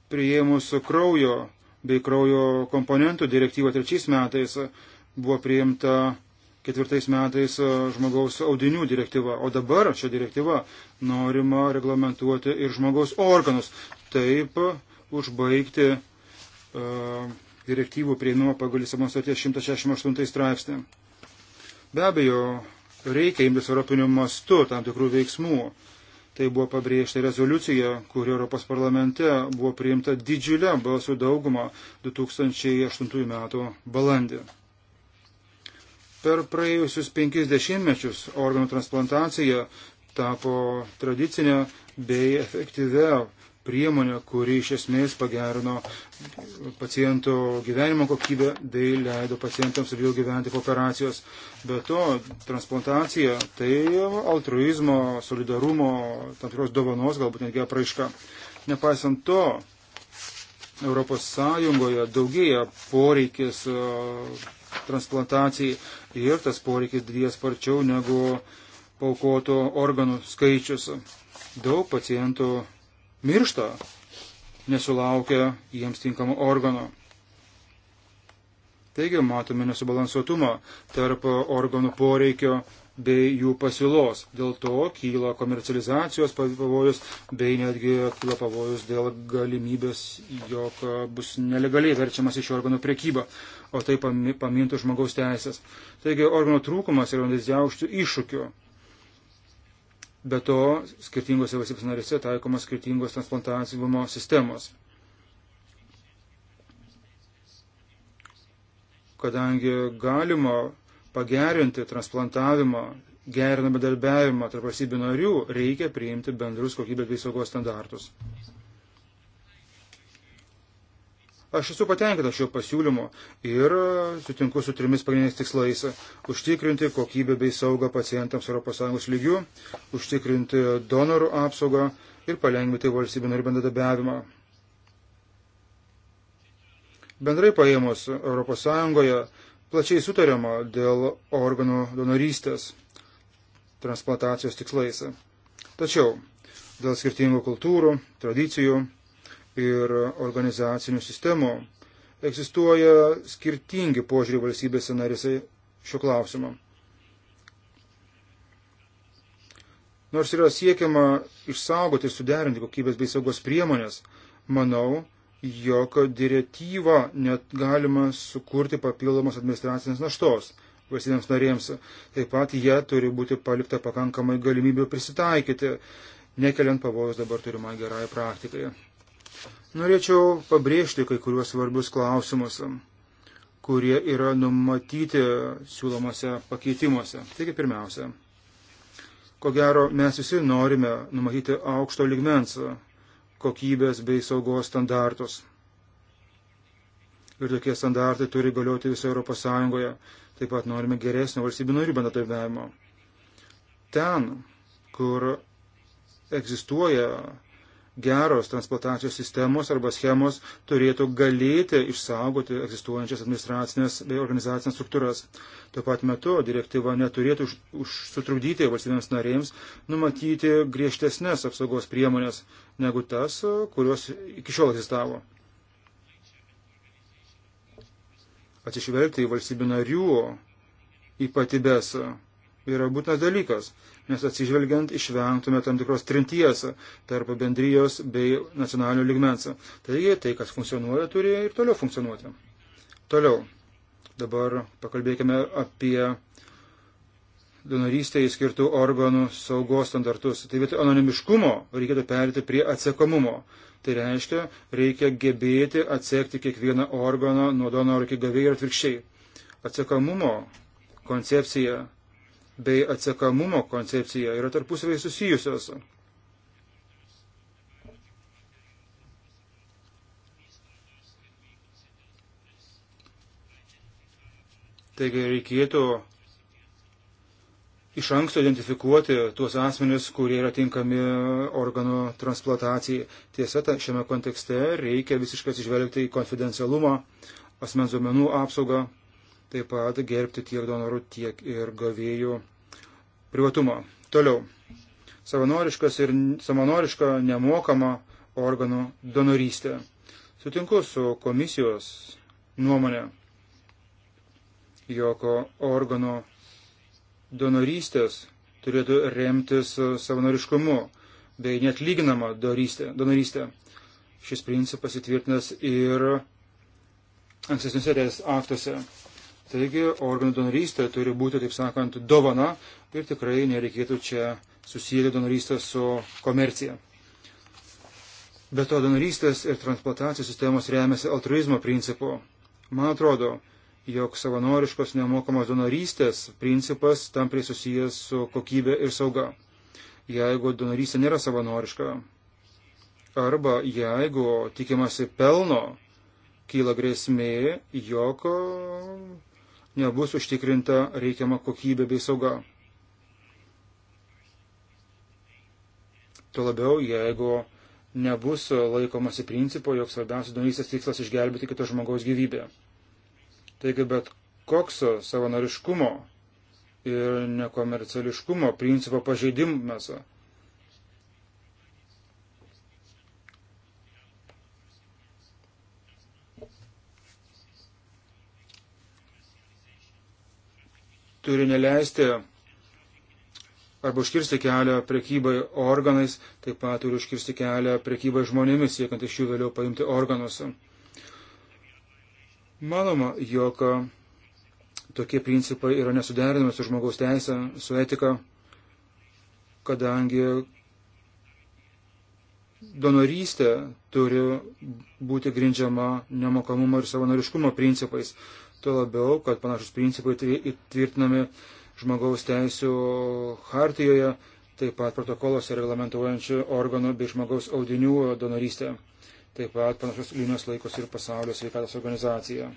prieimus kraujo bei kraujo komponentų direktyva trečiais metais buvo priimta ketvirtais metais e, žmogaus audinių direktyva, o dabar šią direktyvą norima reglamentuoti ir žmogaus organus. Taip užbaigti uh, direktyvų prieinumą pagal Lisabonos sutarties 168 straipsnį. Be abejo, reikia imtis europinių mastų tam tikrų veiksmų. Uh, Tai buvo pabrėžta rezoliucija, kuri Europos parlamente buvo priimta didžiulę balsų daugumą 2008 m. balandį. Per praėjusius penkis dešimtmečius organų transplantacija tapo tradicinė bei efektyvė priemonė, kuri iš esmės pagerino paciento gyvenimo kokybę bei leido pacientams ilgiau gyventi po operacijos. Be to, transplantacija tai altruizmo, solidarumo, tam tikros dovanos, galbūt netgi apraiška. Nepaisant to, Europos Sąjungoje daugėja poreikis e, transplantacijai ir tas poreikis didėja sparčiau negu paukoto organų skaičius. Daug pacientų miršta, nesulaukia jiems tinkamo organo. Taigi matome nesubalansuotumą tarp organų poreikio bei jų pasiūlos. Dėl to kyla komercializacijos pavojus bei netgi kyla pavojus dėl galimybės, jog bus nelegaliai verčiamas iš organų priekyba, o tai pamintų žmogaus teisės. Taigi organų trūkumas yra vienas didžiausių iššūkių Be to, skirtingose valstybės narėse taikomos skirtingos transplantacijimo sistemos. Kadangi galima pagerinti transplantavimą, gerinamą darbiavimą tarp valstybių narių, reikia priimti bendrus kokybės bei saugos standartus. Aš esu patenkintas šio pasiūlymo ir sutinku su trimis pagrindiniais tikslais - užtikrinti kokybę bei saugą pacientams ES lygių, užtikrinti donorų apsaugą ir palengvinti valstybių narių bendradabiavimą. Bendrai paėmus ES plačiai sutariama dėl organų donorystės transplantacijos tikslais. Tačiau dėl skirtingų kultūrų, tradicijų, ir organizacinių sistemų. Egzistuoja skirtingi požiūrį valstybėse narėse šiuo klausimu. Nors yra siekiama išsaugoti ir suderinti kokybės bei saugos priemonės, manau, jog direktyvą net galima sukurti papildomos administracinės naštos valstybėms narėms. Taip pat jie turi būti palikta pakankamai galimybių prisitaikyti, nekeliant pavojus dabar turimai gerai praktikai. Norėčiau pabrėžti kai kuriuos svarbius klausimus, kurie yra numatyti siūlomose pakeitimuose. Taigi pirmiausia, ko gero mes visi norime numatyti aukšto ligmens kokybės bei saugos standartus. Ir tokie standartai turi galioti visoje Europos Sąjungoje. Taip pat norime geresnio valstybių narių bendradarbiavimo. Ten, kur egzistuoja geros transplantacijos sistemos arba schemos turėtų galėti išsaugoti egzistuojančias administracinės bei organizacinės struktūras. Tuo pat metu direktyva neturėtų už, už sutrukdyti valstybėms narėms numatyti griežtesnės apsaugos priemonės negu tas, kurios iki šiol egzistavo. Atsižvelgti į valstybių narių ypatybės yra būtinas dalykas nes atsižvelgiant išvengtume tam tikros trinties tarp bendrijos bei nacionalinio ligmens. Taigi tai, kas funkcionuoja, turi ir toliau funkcionuoti. Toliau. Dabar pakalbėkime apie donorystėje skirtų organų saugos standartus. Tai vietoj anonimiškumo reikėtų perėti prie atsekomumo. Tai reiškia, reikia gebėti atsekti kiekvieną organą nuo donoro iki gavėjo ir atvirkščiai. Atsekomumo koncepcija bei atsekamumo koncepcija yra tarpusavai susijusios. Taigi reikėtų iš anksto identifikuoti tuos asmenis, kurie yra tinkami organų transplantacijai. Tiesa, ta, šiame kontekste reikia visiškai atsižvelgti į konfidencialumą, asmens duomenų apsaugą taip pat gerbti tiek donorų, tiek ir gavėjų privatumą. Toliau. Savanoriškas ir savanoriška nemokama organų donorystė. Sutinku su komisijos nuomonė, jog organų donorystės turėtų remtis savanoriškumu bei net lyginama dorystė, donorystė. Šis principas įtvirtinas ir ankstesniuose teisės aktuose. Taigi organų donorystė turi būti, taip sakant, dovana ir tikrai nereikėtų čia susijęti donorystę su komercija. Be to, donorystės ir transplantacijos sistemos remiasi altruizmo principu. Man atrodo, jog savanoriškos nemokamos donorystės principas tamprai susijęs su kokybė ir sauga. Jeigu donorystė nėra savanoriška, arba jeigu tikimasi pelno, kyla grėsmė, jog nebus užtikrinta reikiama kokybė bei sauga. Tuo labiau, jeigu nebus laikomasi principo, jog svarbiausias donorystės tikslas išgelbėti kito žmogaus gyvybę. Taigi bet koks savanoriškumo ir nekomerciališkumo principo pažeidimas turi neleisti arba užkirsti kelią prekybai organais, taip pat turi užkirsti kelią prekybai žmonėmis, siekiant iš jų vėliau paimti organus. Manoma, jog tokie principai yra nesuderinami su žmogaus teisė, su etika, kadangi donorystė turi būti grindžiama nemokamumo ir savanoriškumo principais. Tuo labiau, kad panašus principai įtvirtinami žmogaus teisų hartijoje, taip pat protokolose reglamentuojančių organų bei žmogaus audinių donorystę. Taip pat panašus linijos laikos ir pasaulio sveikatos organizacija.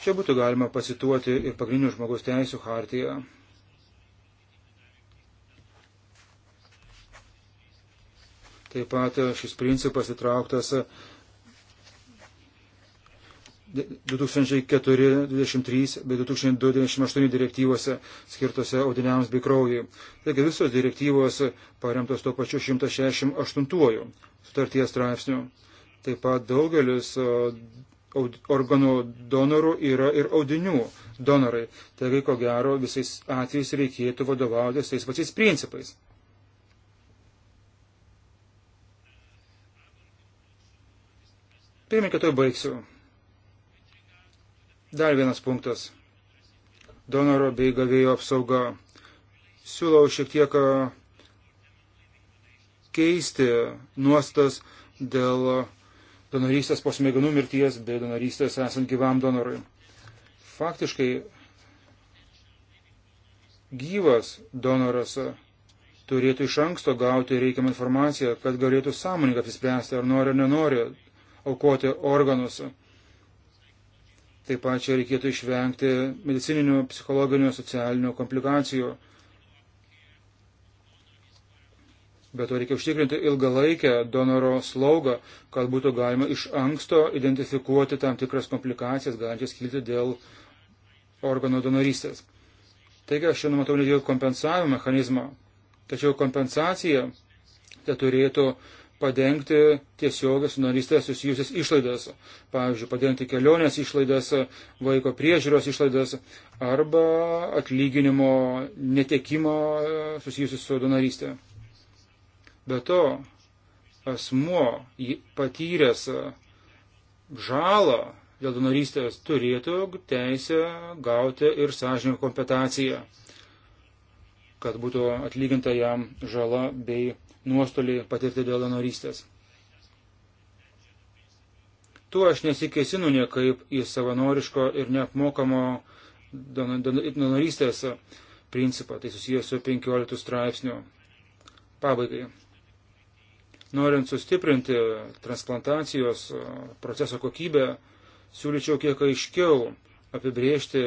Čia būtų galima pasituoti ir pagrindinių žmogaus teisų hartiją. Taip pat šis principas įtrauktas 2004-23 bei 2028 direktyvose skirtose audiniams bei kraujui. Taigi visos direktyvos paremtos tuo pačiu 168 sutarties straipsniu. Taip pat daugelis organų donorų yra ir audinių donorai. Taigi, ko gero, visais atvejais reikėtų vadovautis tais pačiais principais. Pirmininkai, to baigsiu. Dar vienas punktas. Donoro bei gavėjo apsauga. Siūlau šiek tiek keisti nuostas dėl donorystės po smegenų mirties bei donorystės esant gyvam donorui. Faktiškai gyvas donoras turėtų iš anksto gauti reikiamą informaciją, kad galėtų sąmoningai apsispręsti, ar nori ar nenori aukoti organus. Taip pat čia reikėtų išvengti medicininių, psichologinių, socialinių komplikacijų. Bet to reikia užtikrinti ilgalaikę donoro slaugą, kad būtų galima iš anksto identifikuoti tam tikras komplikacijas, galinčias kilti dėl organo donorystės. Taigi aš šiandien matau ne dėl kompensavimo mechanizmo, tačiau kompensacija tai turėtų padengti tiesiogės narystės susijusias išlaidas, pavyzdžiui, padengti kelionės išlaidas, vaiko priežiūros išlaidas arba atlyginimo netekimo e, susijusius su donorystė. Be to, asmuo patyręs žalą dėl donorystės turėtų teisę gauti ir sąžininką kompetaciją, kad būtų atlyginta jam žala bei nuostolį patirti dėl donorystės. Tuo aš nesikėsinu niekaip į savanoriško ir neapmokamo donorystės principą, tai susijęs su 15 straipsniu. Pabaigai. Norint sustiprinti transplantacijos proceso kokybę, siūlyčiau kiek aiškiau apibriežti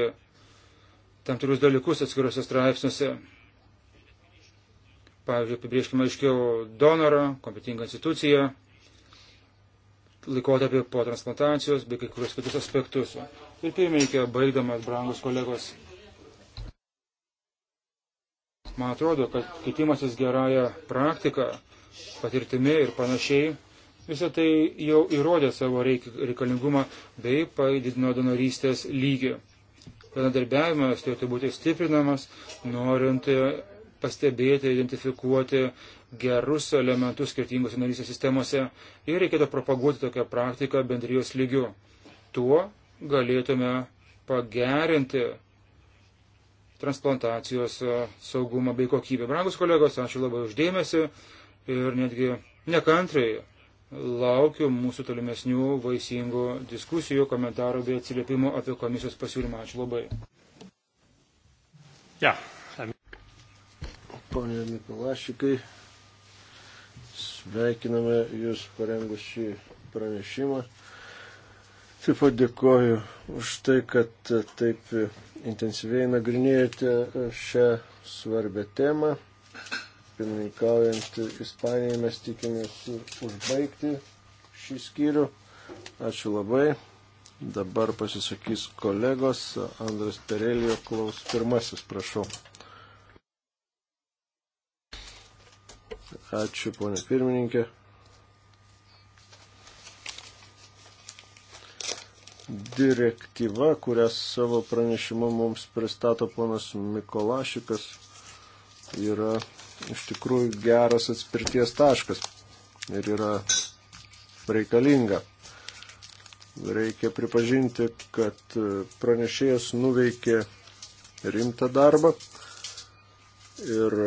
tam tikrus dalykus atskiruose straipsniuose Pavyzdžiui, apibrieškime aiškiau donorą, kompetingą instituciją, laikotarpį po transplantacijos bei kai kurios kitus aspektus. Ir pirmininkė, baigdamas, brangus kolegos, man atrodo, kad keitimasis gerąją praktiką, patirtimi ir panašiai, visą tai jau įrodė savo reik, reikalingumą bei padidino donorystės lygį. Vienadarbiavimas turėtų būti stiprinamas, norint pastebėti, identifikuoti gerus elementus skirtingose narysės sistemose ir reikėtų propaguoti tokią praktiką bendrijos lygiu. Tuo galėtume pagerinti transplantacijos e, saugumą bei kokybę. Brangus kolegos, ačiū labai uždėmesi ir netgi nekantrai laukiu mūsų tolimesnių vaisingų diskusijų, komentarų bei atsiliepimų apie komisijos pasiūlymą. Ačiū labai. Ja, Pone Mikulašikai, sveikiname Jūs parengus šį pranešimą. Taip pat dėkoju už tai, kad taip intensyviai nagrinėjote šią svarbę temą. Pirmininkaujant Ispanijai mes tikimės užbaigti šį skyrių. Ačiū labai. Dabar pasisakys kolegos Andras Perelio klaus pirmasis, prašau. Ačiū, ponė pirmininkė. Direktyva, kurią savo pranešimu mums pristato ponas Mikolašikas, yra iš tikrųjų geras atspirties taškas ir yra reikalinga. Reikia pripažinti, kad pranešėjas nuveikė rimtą darbą ir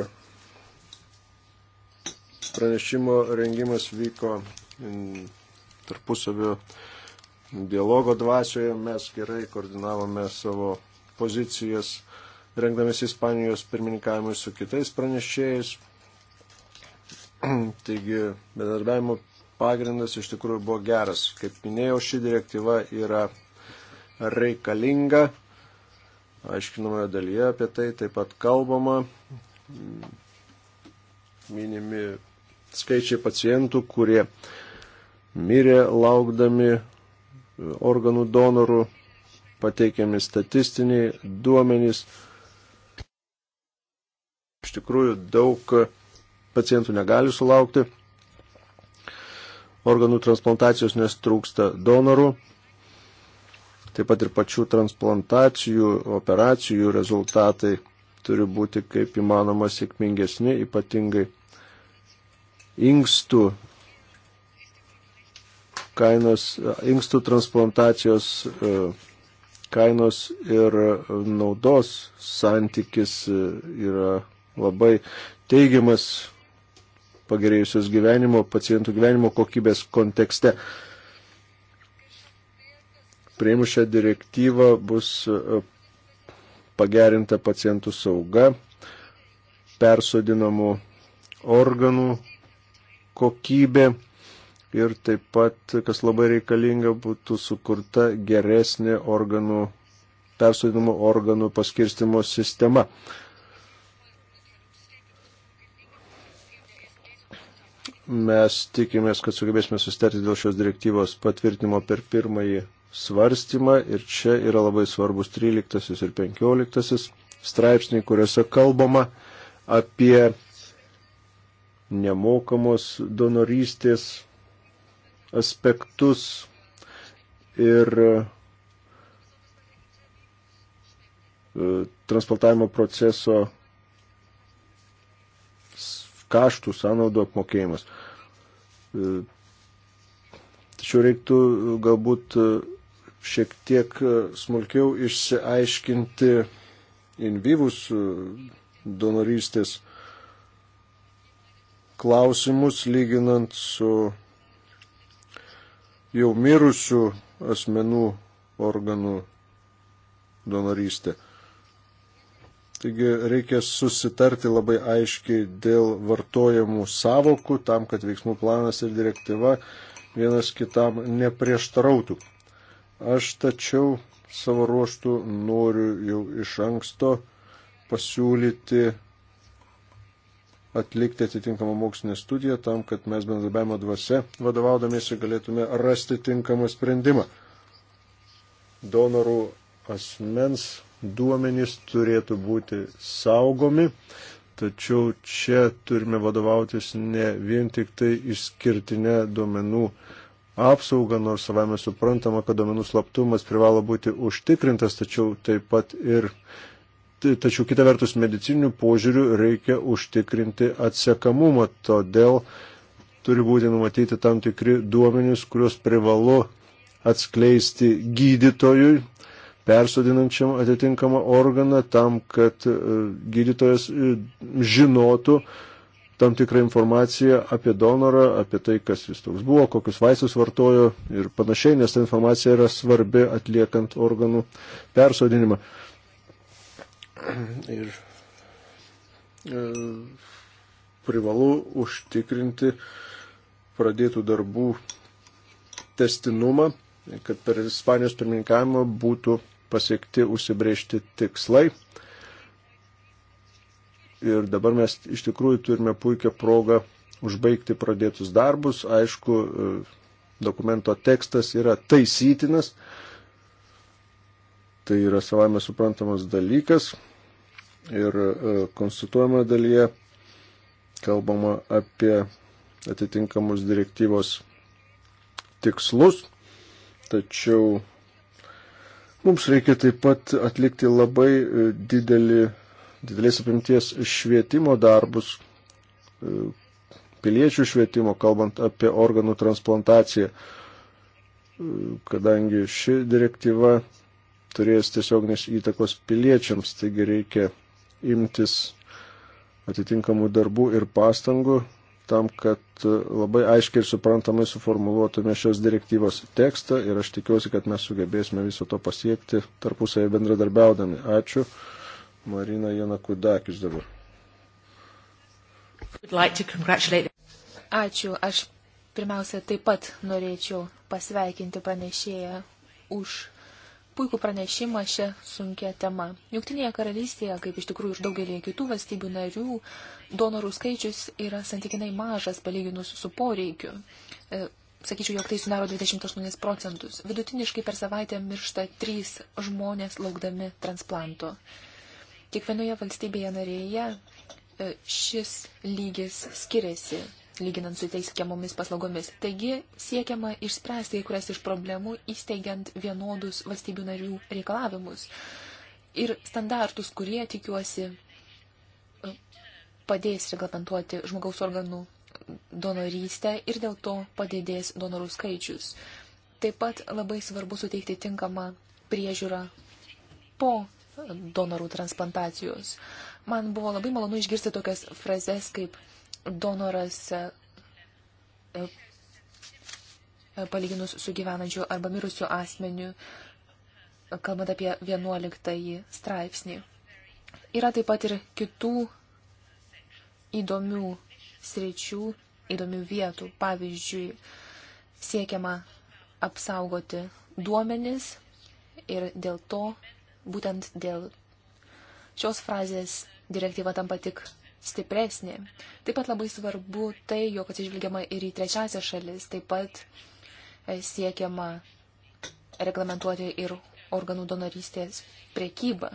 Pranešimo rengimas vyko mm, tarpusavio dialogo dvasioje, mes gerai koordinavome savo pozicijas, rengdamės Ispanijos pirmininkavimui su kitais pranešėjais. *clears throat* Taigi, bendarbiavimo pagrindas iš tikrųjų buvo geras. Kaip minėjau, ši direktyva yra reikalinga. Aiškinamojo dalyje apie tai taip pat kalbama. Minimi skaičiai pacientų, kurie mirė laukdami organų donorų, pateikiami statistiniai duomenys. Iš tikrųjų, daug pacientų negali sulaukti organų transplantacijos, nes trūksta donorų. Taip pat ir pačių transplantacijų, operacijų rezultatai turi būti kaip įmanoma sėkmingesni, ypatingai inkstų kainos, inkstų transplantacijos e, kainos ir naudos santykis e, yra labai teigiamas pagerėjusios gyvenimo, pacientų gyvenimo kokybės kontekste. Prieimus šią direktyvą bus e, pagerinta pacientų sauga, persodinamų organų kokybė ir taip pat, kas labai reikalinga, būtų sukurta geresnė organų, persodinimo organų paskirstimo sistema. Mes tikimės, kad sugebėsime sustarti dėl šios direktyvos patvirtinimo per pirmąjį svarstymą ir čia yra labai svarbus 13 ir 15 straipsniai, kuriuose kalbama apie nemokamos donorystės aspektus ir e, transplantavimo proceso kaštų sąnaudų apmokėjimas. E, tačiau reiktų e, galbūt šiek tiek smulkiau išsiaiškinti in vivus donorystės klausimus, lyginant su jau mirusių asmenų organų donorystė. Taigi reikia susitarti labai aiškiai dėl vartojamų savokų, tam, kad veiksmų planas ir direktyva vienas kitam neprieštarautų. Aš tačiau savo ruoštų noriu jau iš anksto pasiūlyti atlikti atitinkamą mokslinę studiją tam, kad mes bendradarbiavimo dvasia vadovaudomėsi galėtume rasti tinkamą sprendimą. Donorų asmens duomenys turėtų būti saugomi, tačiau čia turime vadovautis ne vien tik tai išskirtinę duomenų apsaugą, nors savame suprantama, kad duomenų slaptumas privalo būti užtikrintas, tačiau taip pat ir Tačiau kita vertus medicininių požiūrių reikia užtikrinti atsekamumą, todėl turi būti numatyti tam tikri duomenys, kuriuos privalu atskleisti gydytojui, persodinančiam atitinkamą organą, tam, kad e, gydytojas e, žinotų tam tikrą informaciją apie donorą, apie tai, kas jis toks buvo, kokius vaistus vartojo ir panašiai, nes ta informacija yra svarbi atliekant organų persodinimą. *clears throat* ir e, privalu užtikrinti pradėtų darbų testinumą, kad per Ispanijos pirmininkavimą būtų pasiekti užsibriežti tikslai. Ir dabar mes iš tikrųjų turime puikią progą užbaigti pradėtus darbus. Aišku, e, dokumento tekstas yra taisytinas, Tai yra savame suprantamas dalykas ir e, konstatuojama dalyje kalbama apie atitinkamus direktyvos tikslus, tačiau mums reikia taip pat atlikti labai e, didelį, didelės apimties švietimo darbus, e, piliečių švietimo, kalbant apie organų transplantaciją, kadangi ši direktyva turėjęs tiesiognės įtakos piliečiams, taigi reikia imtis atitinkamų darbų ir pastangų tam, kad labai aiškiai ir suprantamai suformuluotume šios direktyvos tekstą ir aš tikiuosi, kad mes sugebėsime viso to pasiekti tarpusavėje bendradarbiaudami. Ačiū. Marina Janakudakis dabar. Ačiū. Aš pirmiausia taip pat norėčiau pasveikinti pranešėją už puikų pranešimą šią sunkia tema. Jungtinėje karalystėje, kaip iš tikrųjų ir daugelėje kitų valstybių narių, donorų skaičius yra santykinai mažas palyginus su poreikiu. E, sakyčiau, jog tai sudaro 28 procentus. Vidutiniškai per savaitę miršta 3 žmonės laukdami transplanto. Kiekvienoje valstybėje narėje e, šis lygis skiriasi lyginant su teiskiamomis paslaugomis. Taigi siekiama išspręsti kai kurias iš problemų, įsteigiant vienodus valstybių narių reikalavimus ir standartus, kurie, tikiuosi, padės reglamentuoti žmogaus organų donorystę ir dėl to padidės donorų skaičius. Taip pat labai svarbu suteikti tinkamą priežiūrą po donorų transplantacijos. Man buvo labai malonu išgirsti tokias frazes kaip donoras e, e, palyginus su gyvenančiu arba mirusiu asmeniu, kalbant apie 11 straipsnį. Yra taip pat ir kitų įdomių sričių, įdomių vietų. Pavyzdžiui, siekiama apsaugoti duomenis ir dėl to, būtent dėl šios frazės direktyva tampa tik stipresnė. Taip pat labai svarbu tai, jog atsižvelgiama ir į trečiasią šalis, taip pat e, siekiama reglamentuoti ir organų donorystės prekybą.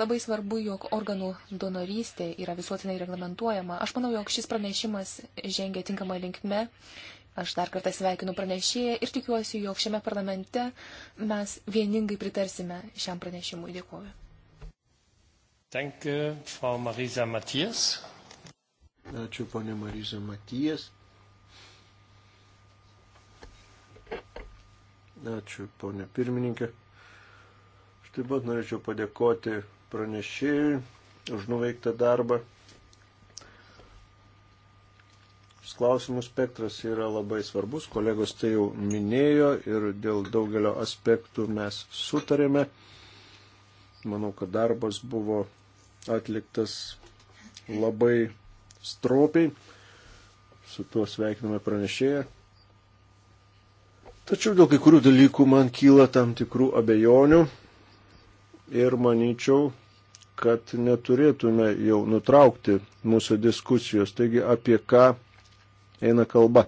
Labai svarbu, jog organų donorystė yra visuotinai reglamentuojama. Aš manau, jog šis pranešimas žengia tinkamą linkme. Aš dar kartą sveikinu pranešėją ir tikiuosi, jog šiame parlamente mes vieningai pritarsime šiam pranešimui. Dėkuoju. Danke, Frau Marisa Matijas. Ačiū, ponė Marisa Matijas. Ačiū, ponė pirmininkė. Aš taip pat norėčiau padėkoti pranešėjui už nuveiktą darbą. Klausimų spektras yra labai svarbus, kolegos tai jau minėjo ir dėl daugelio aspektų mes sutarėme. Manau, kad darbas buvo atliktas labai stropiai. Su tuo sveikiname pranešėją. Tačiau dėl kai kurių dalykų man kyla tam tikrų abejonių ir manyčiau, kad neturėtume jau nutraukti mūsų diskusijos. Taigi apie ką eina kalba.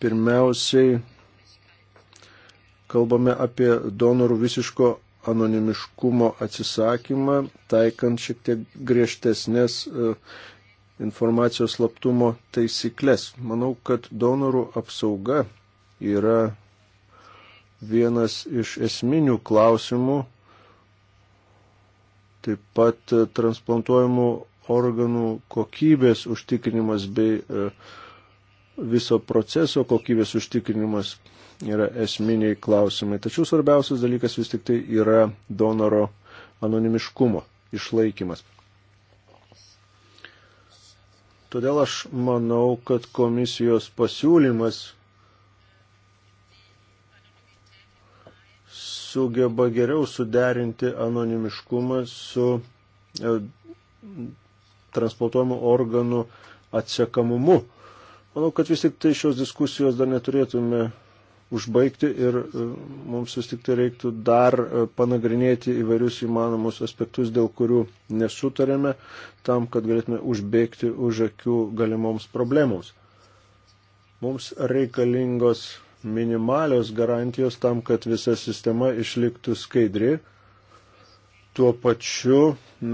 Pirmiausiai kalbame apie donorų visiško anonimiškumo atsisakymą, taikant šiek tiek griežtesnės e, informacijos slaptumo taisyklės. Manau, kad donorų apsauga yra vienas iš esminių klausimų, taip pat e, transplantuojamų organų kokybės užtikrinimas bei e, viso proceso kokybės užtikrinimas yra esminiai klausimai. Tačiau svarbiausias dalykas vis tik tai yra donoro anonimiškumo išlaikimas. Todėl aš manau, kad komisijos pasiūlymas sugeba geriau suderinti anonimiškumą su e, transportuojamų organų atsekamumu. Manau, kad vis tik tai šios diskusijos dar neturėtume užbaigti ir e, mums vis tik tai reiktų dar e, panagrinėti įvairius įmanomus aspektus, dėl kurių nesutarėme, tam, kad galėtume užbėgti už akių galimoms problemoms. Mums reikalingos minimalios garantijos tam, kad visa sistema išliktų skaidri. Tuo pačiu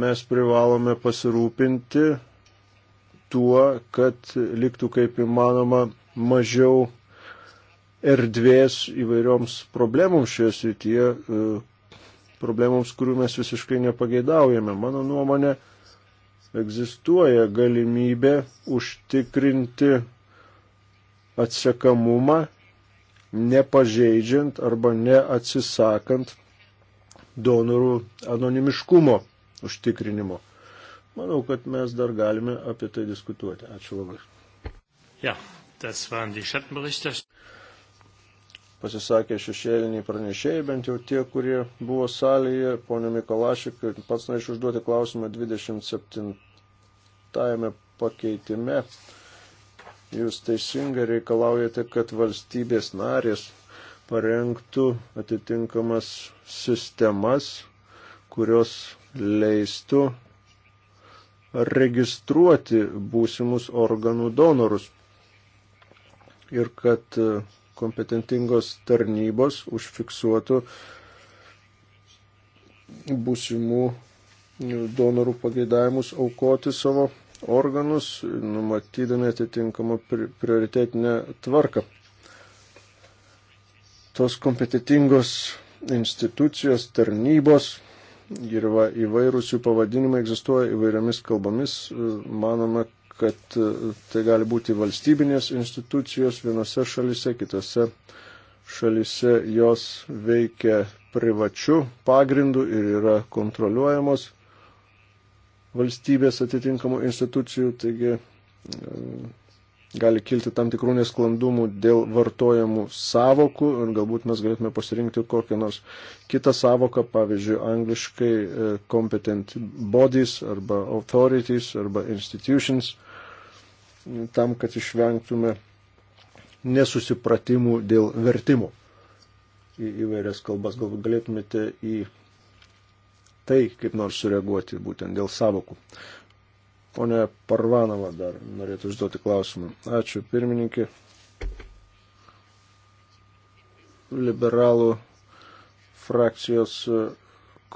mes privalome pasirūpinti tuo, kad liktų kaip įmanoma mažiau erdvės įvairioms problemoms šioje srityje, e, problemoms, kurių mes visiškai nepageidaujame. Mano nuomonė, egzistuoja galimybė užtikrinti atsekamumą, nepažeidžiant arba neatsisakant donorų anonimiškumo užtikrinimo. Manau, kad mes dar galime apie tai diskutuoti. Ačiū labai. Ja, das waren die Schattenberichter pasisakė šešėliniai pranešėjai, bent jau tie, kurie buvo salėje. Pone Mikolašik, pats norėčiau užduoti klausimą 27-ame pakeitime. Jūs teisingai reikalaujate, kad valstybės narės parengtų atitinkamas sistemas, kurios leistų registruoti būsimus organų donorus. Ir kad uh, kompetentingos tarnybos užfiksuotų būsimų donorų pageidavimus aukoti savo organus, numatydami atitinkamą prioritetinę tvarką. Tos kompetitingos institucijos, tarnybos ir va, įvairūs jų pavadinimai egzistuoja įvairiomis kalbomis. Manome, kad e, tai gali būti valstybinės institucijos vienose šalise, kitose šalise jos veikia privačių pagrindų ir yra kontroliuojamos valstybės atitinkamų institucijų, taigi e, gali kilti tam tikrų nesklandumų dėl vartojamų savokų ir galbūt mes galėtume pasirinkti kokią nors kitą savoką, pavyzdžiui, angliškai e, competent bodies arba authorities arba institutions tam, kad išvengtume nesusipratimų dėl vertimų į įvairias kalbas. Galbūt galėtumėte į tai kaip nors sureaguoti būtent dėl savokų. Pone Parvanova dar norėtų užduoti klausimą. Ačiū pirmininkė. Liberalų frakcijos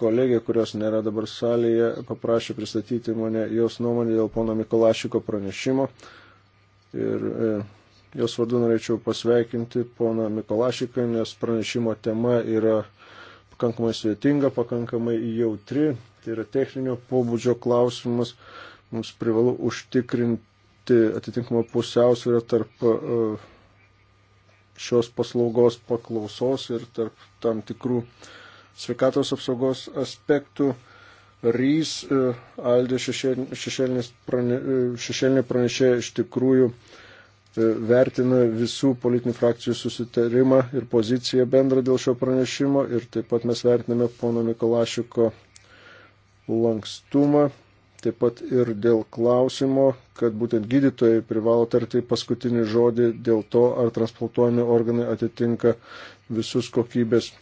kolegė, kurios nėra dabar salėje, paprašė pristatyti mane jos nuomonę dėl pono Mikolašiko pranešimo. Uh, Ir e, jos vardu norėčiau pasveikinti poną Mikolašiką, nes pranešimo tema yra pakankamai sveitinga, pakankamai jautri. Tai yra techninio pobūdžio klausimas. Mums privalu užtikrinti atitinkamą pusiausvyrą tarp e, šios paslaugos paklausos ir tarp tam tikrų sveikatos apsaugos aspektų Rys e, Aldė e, šešėlinė prane, pranešėja iš tikrųjų e, vertina visų politinių frakcijų susitarimą ir poziciją bendrą dėl šio pranešimo ir taip pat mes vertiname pono Mikolašiko lankstumą, taip pat ir dėl klausimo, kad būtent gydytojai privalo tarti paskutinį žodį dėl to, ar transplantuojami organai atitinka visus kokybės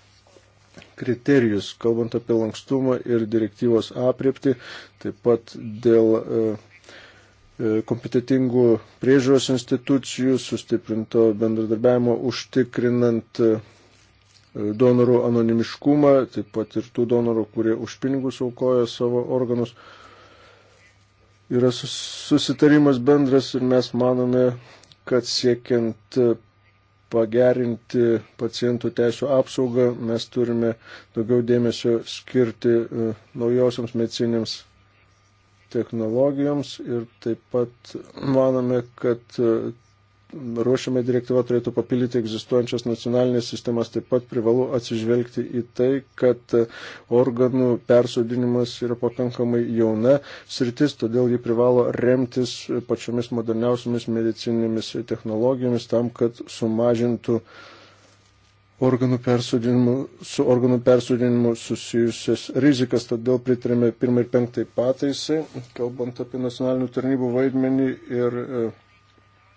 kriterijus, kalbant apie lankstumą ir direktyvos apriepti, taip pat dėl e, e, kompetitingų priežiūros institucijų, sustiprinto bendradarbiavimo, užtikrinant e, donorų anonimiškumą, taip pat ir tų donorų, kurie už pinigus aukoja savo organus. Yra susitarimas bendras ir mes manome, kad siekiant pagerinti pacientų teisų apsaugą, mes turime daugiau dėmesio skirti e, naujosiams medicinėms technologijoms ir taip pat manome, kad e, ruošiame direktyvą turėtų papildyti egzistuojančias nacionalinės sistemas, taip pat privalu atsižvelgti į tai, kad e, organų persodinimas yra pakankamai jauna sritis, todėl ji privalo remtis pačiomis moderniausiamis medicininėmis technologijomis tam, kad sumažintų organų persodinimu, su organų persodinimu susijusias rizikas, todėl pritarėme pirmai ir penktai pataisai, kalbant apie nacionalinių tarnybų vaidmenį ir e,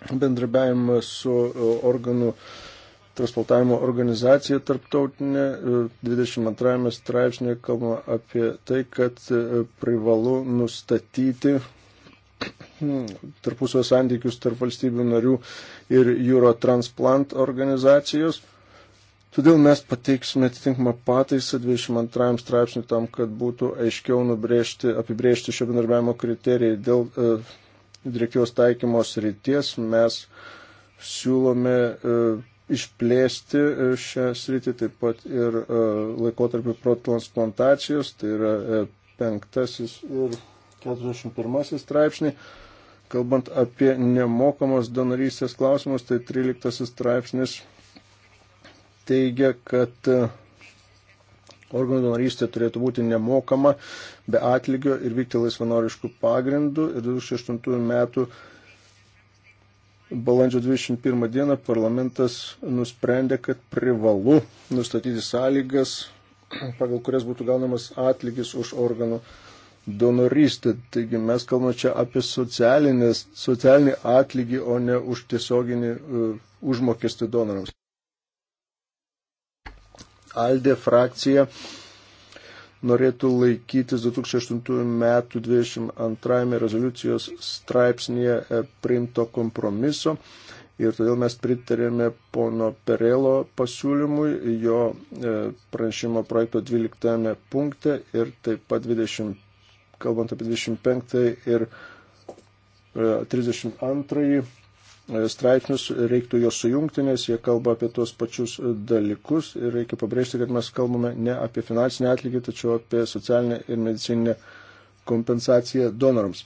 bendrabiavimą su e, organų transportavimo organizacija tarptautinė. 22 straipsnė kalba apie tai, kad e, privalu nustatyti tarpusio santykius tarp valstybių narių ir Eurotransplant organizacijos. Todėl mes pateiksime atitinkamą pataisą 22 straipsnių tam, kad būtų aiškiau nubrėžti, apibrėžti šio bendarbiavimo kriterijai dėl e, direktyvos taikymos ryties mes siūlome e, išplėsti e, šią sritį taip pat ir e, laikotarpį protransplantacijos, tai yra penktasis ir 41 straipsniai. Kalbant apie nemokamos donorystės klausimus, tai 13 straipsnis teigia, kad Organų donorystė turėtų būti nemokama, be atlygio ir vykti laisvanoriškų pagrindų. Ir 2008 metų balandžio 21 dieną parlamentas nusprendė, kad privalu nustatyti sąlygas, pagal kurias būtų gaunamas atlygis už organų donorystę. Taigi mes kalbame čia apie socialinį atlygį, o ne už tiesioginį uh, užmokestį donorams. Aldė frakcija norėtų laikytis 2008 metų 22 rezoliucijos straipsnėje e, priimto kompromiso ir todėl mes pritarėme pono Perelo pasiūlymui, jo e, pranešimo projekto 12 punkte ir taip pat 20, kalbant apie 25 ir 32 e, E, straipsnius, reiktų juos sujungti, nes jie kalba apie tuos pačius e, dalykus ir reikia pabrėžti, kad mes kalbame ne apie finansinį atlygį, tačiau apie socialinę ir medicininę kompensaciją donorams.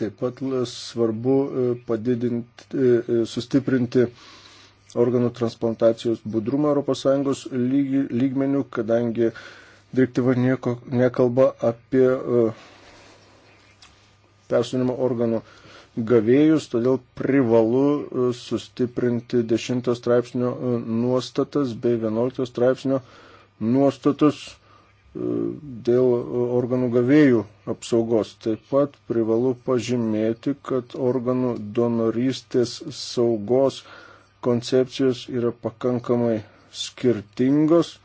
Taip pat svarbu e, padidinti, sustiprinti organų transplantacijos budrumą ES lyg, lygmenių, kadangi direktyva nieko nekalba apie uh, persunimo organų uh, gavėjus, todėl privalu e, sustiprinti 10 straipsnio e, nuostatas bei 11 straipsnio nuostatus e, dėl organų gavėjų apsaugos. Taip pat privalu pažymėti, kad organų donorystės saugos koncepcijos yra pakankamai skirtingos.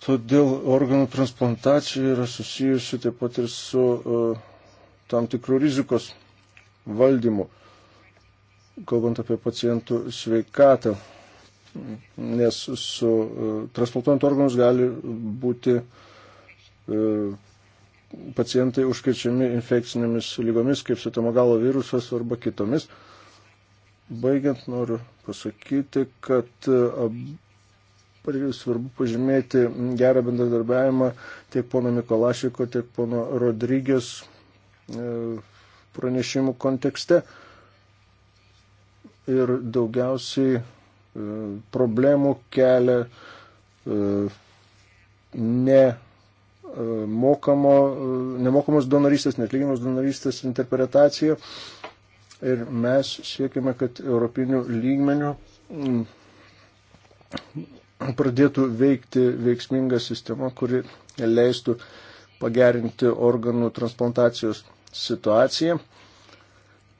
Todėl organų transplantacija yra susijusi taip pat ir su uh, tam tikrų rizikos valdymu, kalbant apie pacientų sveikatą. Nes su e, transplantuojant organus gali būti e, pacientai užkrečiami infekcinėmis lygomis, kaip sitomagalo virusas arba kitomis. Baigiant noriu pasakyti, kad e, svarbu pažymėti gerą bendradarbiavimą tiek pono Mikolašiko, tiek pono Rodrygės pranešimų kontekste. Ir daugiausiai e, problemų kelia e, ne e, mokamo, nemokamos donorystės, netlyginamos donorystės interpretacija. Ir mes siekime, kad europinių lygmenių mm, pradėtų veikti veiksminga sistema, kuri leistų pagerinti organų transplantacijos situaciją.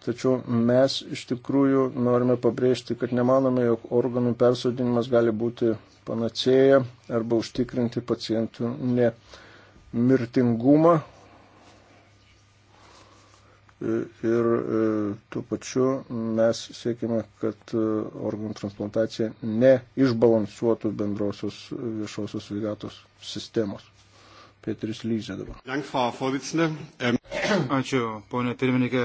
Tačiau mes iš tikrųjų norime pabrėžti, kad nemanome, jog organų persodinimas gali būti panacėja arba užtikrinti pacientų nemirtingumą. Ir e, tuo pačiu mes siekime, kad e, organų transplantacija neišbalansuotų bendrosios viešosios sveikatos sistemos. Petris Lyzė dabar. Ähm, *coughs* ačiū, ponė pirmininkė.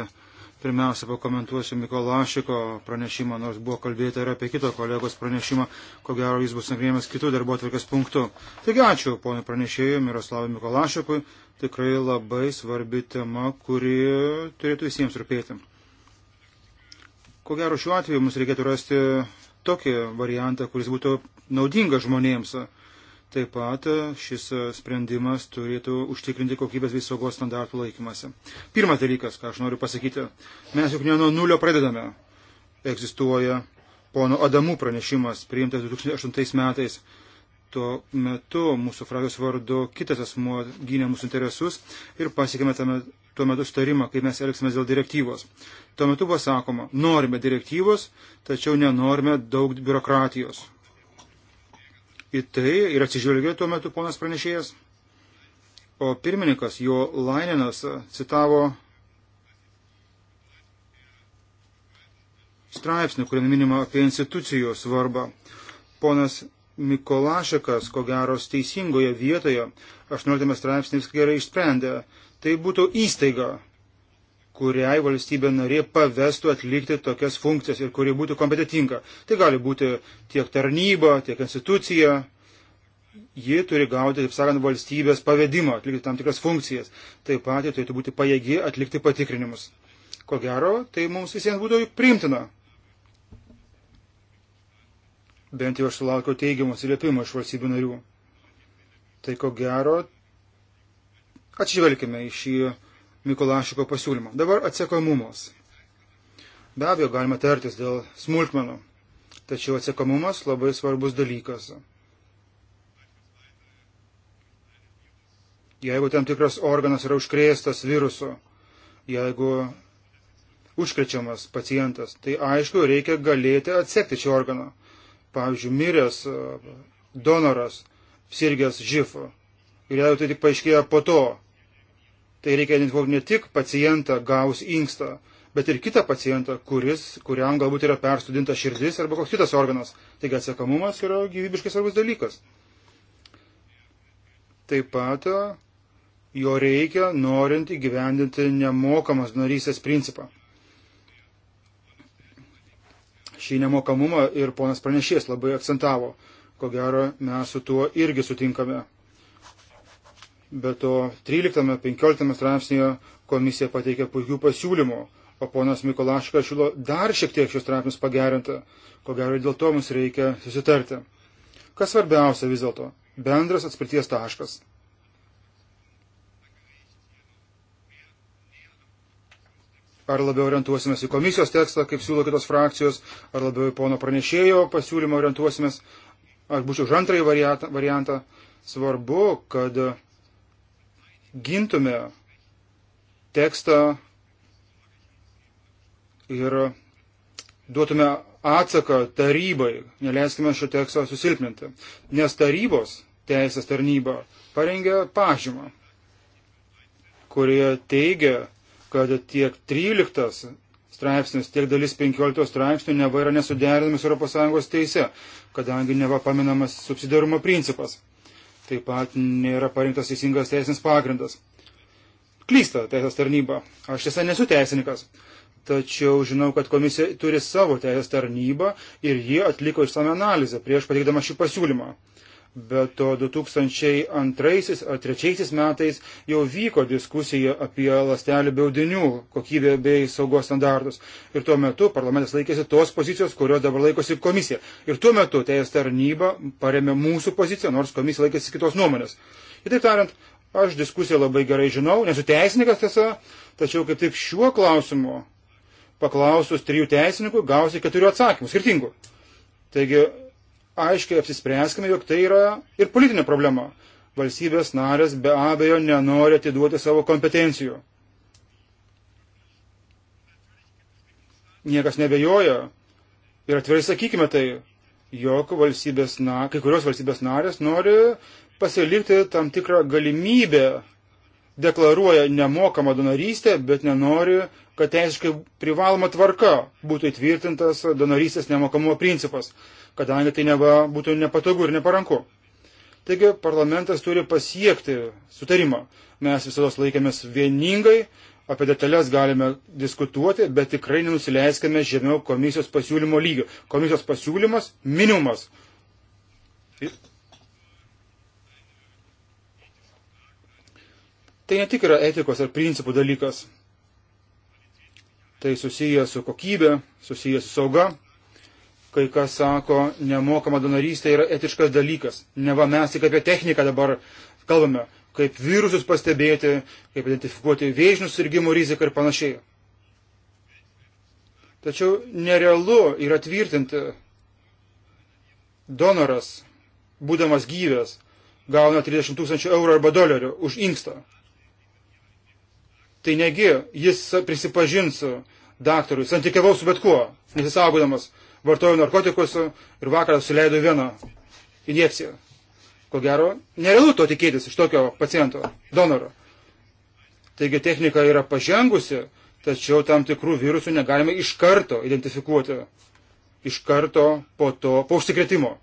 Pirmiausia, pakomentuosiu Mikolašiko pranešimą, nors buvo kalbėta ir apie kito kolegos pranešimą, ko gero jis bus nagrinėjamas kitų darbo atvarkės punktų. Taigi ačiū ponui pranešėjui Miroslavui Mikolašikui, tikrai labai svarbi tema, kuri turėtų visiems rūpėti. Ko gero šiuo atveju mums reikėtų rasti tokį variantą, kuris būtų naudingas žmonėms. Taip pat e, šis e, sprendimas turėtų užtikrinti kokybės bei saugos standartų laikymasi. Pirmas dalykas, ką aš noriu pasakyti, mes juk ne nuo nulio pradedame. Egzistuoja pono Adamų pranešimas, priimtas 2008 metais. Tuo metu mūsų frakcijos vardu kitas asmuo gynė mūsų interesus ir pasiekėme tame tuo metu starimą, kaip mes elgsimės dėl direktyvos. Tuo metu buvo sakoma, norime direktyvos, tačiau nenorime daug biurokratijos į tai ir atsižvelgė tuo metu ponas pranešėjas. O pirmininkas jo Laininas citavo straipsnį, kuriame minima apie institucijų svarbą. Ponas Mikolašekas, ko geros teisingoje vietoje, 18 straipsnis gerai išsprendė. Tai būtų įstaiga, kuriai valstybė narė pavestų atlikti tokias funkcijas ir kuri būtų kompetitinga. Tai gali būti tiek tarnyba, tiek institucija. Ji turi gauti, taip sakant, valstybės pavedimą atlikti tam tikras funkcijas. Taip pat ji turėtų būti pajėgi atlikti patikrinimus. Ko gero, tai mums visiems būtų priimtina. Bent jau aš sulaukiau teigiamų atsiliepimų iš valstybių narių. Tai ko gero, atsižvelgime į šį Mikulašiko pasiūlymo. Dabar atsekomumas. Be abejo, galima tartis dėl smulkmenų, tačiau atsekomumas labai svarbus dalykas. Jeigu tam tikras organas yra užkrėstas virusu, jeigu užkrečiamas pacientas, tai aišku, reikia galėti atsekti šį organą. Pavyzdžiui, miręs donoras, sirgęs žifu. Ir jeigu tai tik paaiškėja po to, Tai reikia informuoti ne tik pacientą gaus inkstą, bet ir kitą pacientą, kuris, kuriam galbūt yra perstudinta širdis arba koks kitas organas. Taigi atsiekamumas yra gyvybiškai svarbus dalykas. Taip pat e, jo reikia norint įgyvendinti nemokamas narysės principą. Šį nemokamumą ir ponas pranešės labai akcentavo. Ko gero, mes su tuo irgi sutinkame. Be to, 13-15 straipsnėje komisija pateikė puikių pasiūlymų, o ponas Mikolaška siūlo dar šiek tiek šios straipsnius pagerinti. Ko gero, dėl to mums reikia susitarti. Kas svarbiausia vis dėlto? Bendras atspirties taškas. Ar labiau orientuosimės į komisijos tekstą, kaip siūlo kitos frakcijos, ar labiau į pono pranešėjo pasiūlymą orientuosimės, aš būčiau už antrąjį variantą. Svarbu, kad gintume tekstą ir duotume atsaką tarybai, neleiskime šio teksto susilpninti, nes tarybos teisės tarnyba parengė pažymą, kurie teigia, kad tiek 13 straipsnis, tiek dalis 15 straipsnių neva yra nesuderinami su ES teise, kadangi neva paminamas subsidarumo principas. Taip pat nėra parinktas teisingas teisinis pagrindas. Klysta teisės tarnyba. Aš tiesa nesu teisininkas. Tačiau žinau, kad komisija turi savo teisės tarnybą ir ji atliko išsame analizę prieš pateikdama šį pasiūlymą bet to 2002 ar 2003 metais jau vyko diskusija apie lastelių baudinių kokybę bei saugos standartus. Ir tuo metu parlamentas laikėsi tos pozicijos, kurios dabar laikosi komisija. Ir tuo metu teisės tarnyba paremė mūsų poziciją, nors komisija laikėsi kitos nuomonės. Kitaip tariant, aš diskusiją labai gerai žinau, nesu teisininkas tiesa, tačiau kaip tik šiuo klausimu paklausus trijų teisininkų gausi keturių atsakymų skirtingų. Taigi aiškiai apsispręskime, jog tai yra ir politinė problema. Valstybės narės be abejo nenori atiduoti savo kompetencijų. Niekas nebejoja. Ir atvirai sakykime tai, jog valstybės na, kai kurios valstybės narės nori pasilikti tam tikrą galimybę, deklaruoja nemokamą donorystę, bet nenori, kad teisiškai privaloma tvarka būtų įtvirtintas donorystės nemokamumo principas kadangi tai neba būtų nepatogu ir neparanku. Taigi parlamentas turi pasiekti sutarimą. Mes visada laikėmės vieningai, apie detalės galime diskutuoti, bet tikrai nenusileiskime žemiau komisijos pasiūlymo lygio. Komisijos pasiūlymas minimumas. Tai ne tik yra etikos ar principų dalykas. Tai susiję su kokybė, susiję su sauga kai kas sako, nemokama donorystė yra etiškas dalykas. Neva mes tik apie techniką dabar kalbame, kaip virusus pastebėti, kaip identifikuoti vėžinių sirgimų riziką ir panašiai. Tačiau nerealu yra tvirtinti, donoras, būdamas gyvės, gauna 30 tūkstančių eurų arba dolerių už inkstą. Tai negi jis prisipažins daktarui, santykiavau su bet kuo, nesisaugodamas vartojau narkotikus ir vakarą suleido vieną injekciją. Ko gero, nerealu to tikėtis iš tokio paciento, donoro. Taigi technika yra pažengusi, tačiau tam tikrų virusų negalime iš karto identifikuoti. Iš karto po to, po užsikrėtimo.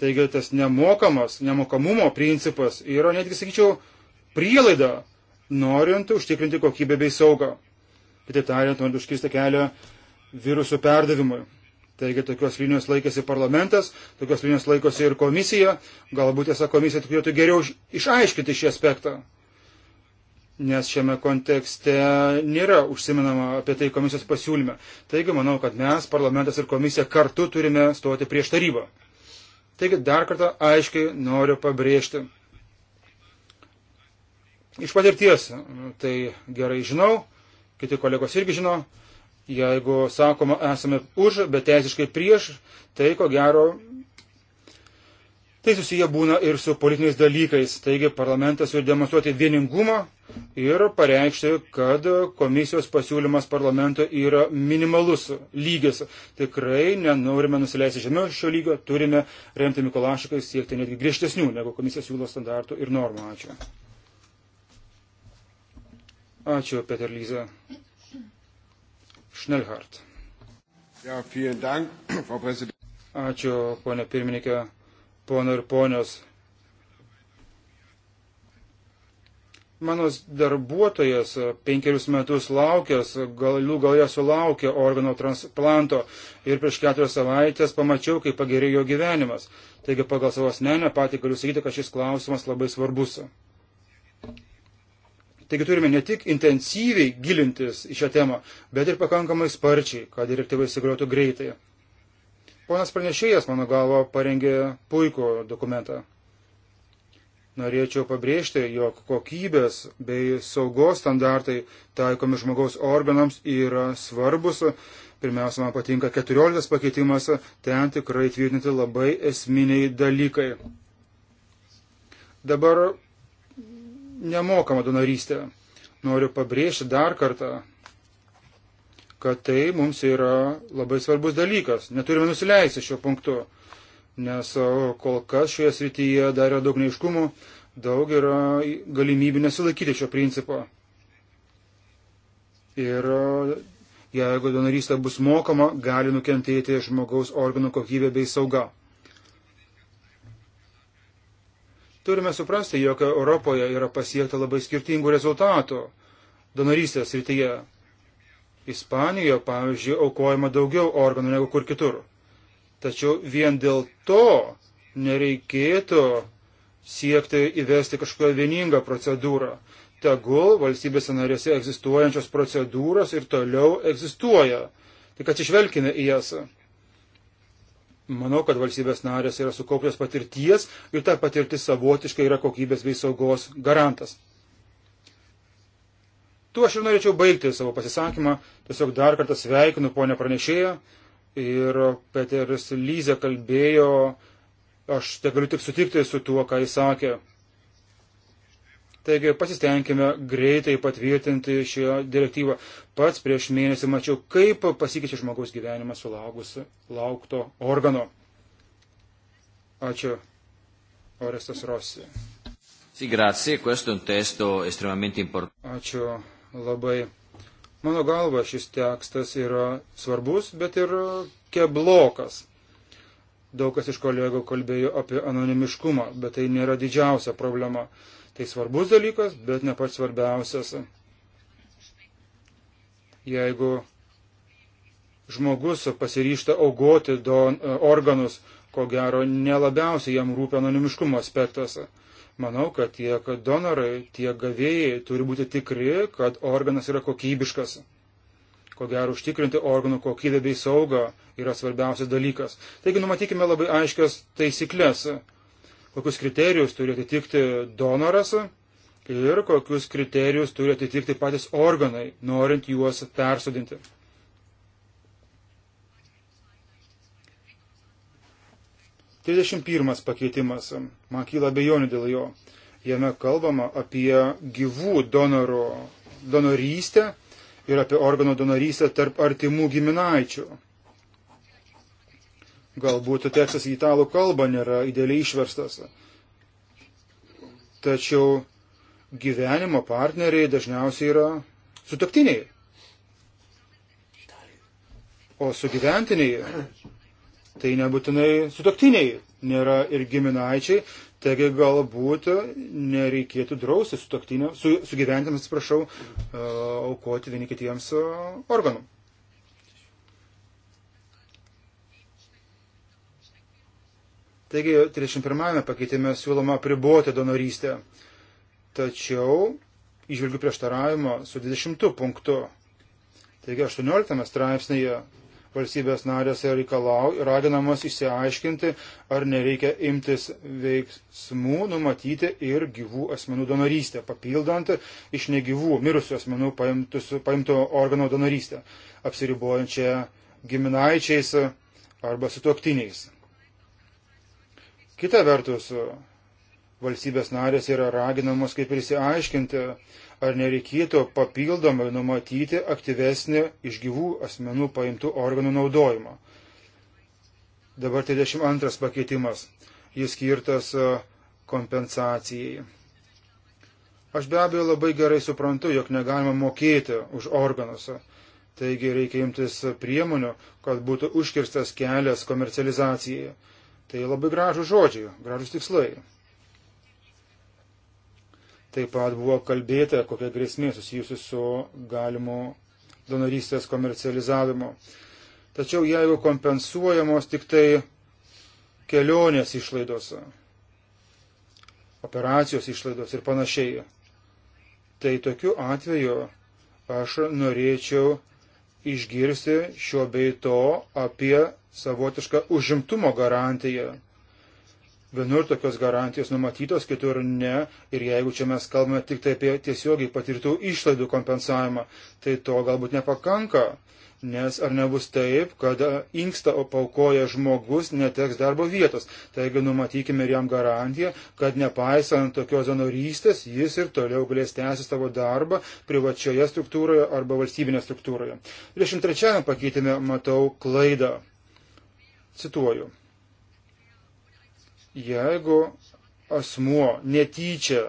Taigi tas nemokamas, nemokamumo principas yra netgi, sakyčiau, prielaida, norint užtikrinti kokybę bei saugą. Kitaip tariant, norint užkirsti kelią virusų perdavimui. Taigi tokios linijos laikėsi parlamentas, tokios linijos laikosi ir komisija. Galbūt tiesa komisija turėtų geriau išaiškinti šį aspektą. Nes šiame kontekste nėra užsiminama apie tai komisijos pasiūlyme. Taigi manau, kad mes, parlamentas ir komisija, kartu turime stoti prieš tarybą. Taigi dar kartą aiškiai noriu pabrėžti. Iš patirties tai gerai žinau, kiti kolegos irgi žino, Jeigu sakoma, esame už, bet teisiškai prieš, tai ko gero Tai susiję būna ir su politiniais dalykais. Taigi parlamentas turi demonstruoti vieningumą ir pareikšti, kad komisijos pasiūlymas parlamento yra minimalus lygis. Tikrai nenorime nusileisti žemiau šio lygio, turime remti Mikolašikai siekti netgi griežtesnių negu komisija siūlo standartų ir normų. Ačiū. Ačiū, Peter Lyze. Šnelhart. Ja, dank, *clears throat* Ačiū, ponė pirmininkė, pono ir ponios. Mano darbuotojas penkerius metus laukęs, galų galę sulaukė organo transplanto ir prieš keturias savaitės pamačiau, kaip pagerėjo gyvenimas. Taigi pagal savo asmenę patį galiu sakyti, kad šis klausimas labai svarbus. Taigi turime ne tik intensyviai gilintis į šią temą, bet ir pakankamai sparčiai, kad direktyva įsigaliotų greitai. Ponas pranešėjas, mano galvo, parengė puikų dokumentą. Norėčiau pabrėžti, jog kokybės bei saugos standartai taikomi žmogaus organams yra svarbus. Pirmiausia, man patinka 14 pakeitimas, ten tikrai tvirtinti labai esminiai dalykai. Dabar nemokamą donorystę. Noriu pabrėžti dar kartą, kad tai mums yra labai svarbus dalykas. Neturime nusileisti šiuo punktu, nes kol kas šioje srityje dar yra daug neiškumų, daug yra galimybių nesilaikyti šio principo. Ir jeigu donorystė bus mokama, gali nukentėti žmogaus organų kokybė bei sauga. Turime suprasti, jog Europoje yra pasiekta labai skirtingų rezultatų donorystės rytyje. Ispanijoje, pavyzdžiui, aukojama daugiau organų negu kur kitur. Tačiau vien dėl to nereikėtų siekti įvesti kažkokią vieningą procedūrą. Tegul valstybėse narėse egzistuojančios procedūros ir toliau egzistuoja. Tik atsižvelkime į jas. Manau, kad valstybės narės yra sukaupęs patirties ir ta patirtis savotiškai yra kokybės bei saugos garantas. Tuo aš ir norėčiau baigti savo pasisakymą. Tiesiog dar kartą sveikinu ponę pranešėją. Ir Peteris Lyze kalbėjo, aš tegaliu tik sutikti su tuo, ką jis sakė. Taigi pasistengime greitai patvirtinti šią direktyvą. Pats prieš mėnesį mačiau, kaip pasikeičia žmogaus gyvenimas sulaukus laukto organo. Ačiū. Orestas Rossi. Sì, grazie, questo è un testo estremamente importante. Ačiū labai. Mano galva šis tekstas yra svarbus, bet ir keblokas. Daug kas iš kolegų kalbėjo apie anonimiškumą, bet tai nėra didžiausia problema. Tai svarbus dalykas, bet ne pats svarbiausias. Jeigu žmogus pasiryšta augoti don, e, organus, ko gero nelabiausiai jam rūpia anonimiškumo aspektas. Manau, kad tiek donorai, tiek gavėjai turi būti tikri, kad organas yra kokybiškas. Ko gero, užtikrinti organų kokybę bei saugą yra svarbiausias dalykas. Taigi numatykime labai aiškias taisyklės, kokius kriterijus turi atitikti donoras ir kokius kriterijus turi atitikti patys organai, norint juos persodinti. Trisdešimt pirmas pakeitimas. Man kyla bejonių dėl jo. Jame kalbama apie gyvų donorų donorystę ir apie organų donorystę tarp artimų giminaičių. Galbūt tekstas į italų kalbą nėra idealiai išverstas. Tačiau gyvenimo partneriai dažniausiai yra sutaktiniai. O sugyventiniai tai nebūtinai sutaktiniai, nėra ir giminaičiai, taigi galbūt nereikėtų drausti su, su, su gyventėmis, atsiprašau, e, aukoti vieni kitiems e, organų. Taigi 31 pakeitime siūloma priboti donorystę. Tačiau išvelgiu prieštaravimo su 20 punktu. Taigi 18 straipsnėje valstybės narės reikalau ir raginamas išsiaiškinti, ar nereikia imtis veiksmų numatyti ir gyvų asmenų donorystę, papildant iš negyvų mirusių asmenų paimtų organų donorystę, apsiribuojančią giminaičiais arba sutuoktiniais. Kita vertus, valstybės narės yra raginamos kaip ir įsiaiškinti, ar nereikėtų papildomai numatyti aktyvesnį iš gyvų asmenų paimtų organų naudojimą. Dabar 32 pakeitimas. Jis skirtas e, kompensacijai. Aš be abejo labai gerai suprantu, jog negalima mokėti už organus. Taigi reikia imtis priemonių, kad būtų užkirstas kelias komercializacijai. Tai labai gražų žodžiai, gražus tikslai. Taip pat buvo kalbėta, kokia grėsmė susijusi su galimu donorystės komercializavimu. Tačiau jeigu kompensuojamos tik tai kelionės išlaidos, operacijos išlaidos ir panašiai, tai tokiu atveju aš norėčiau išgirsti šio bei to apie savotiška užimtumo garantija. Vienur tokios garantijos numatytos, kitur ne. Ir jeigu čia mes kalbame tik tai apie tiesiogiai patirtų išlaidų kompensavimą, tai to galbūt nepakanka. Nes ar nebus taip, kad inksta paukoja žmogus, neteks darbo vietos. Taigi numatykime ir jam garantiją, kad nepaisant tokios donorystės, jis ir toliau galės tęsti savo darbą privačioje struktūroje arba valstybinėje struktūroje. 23 pakeitime matau klaidą. Cituoju. Jeigu asmuo netyčia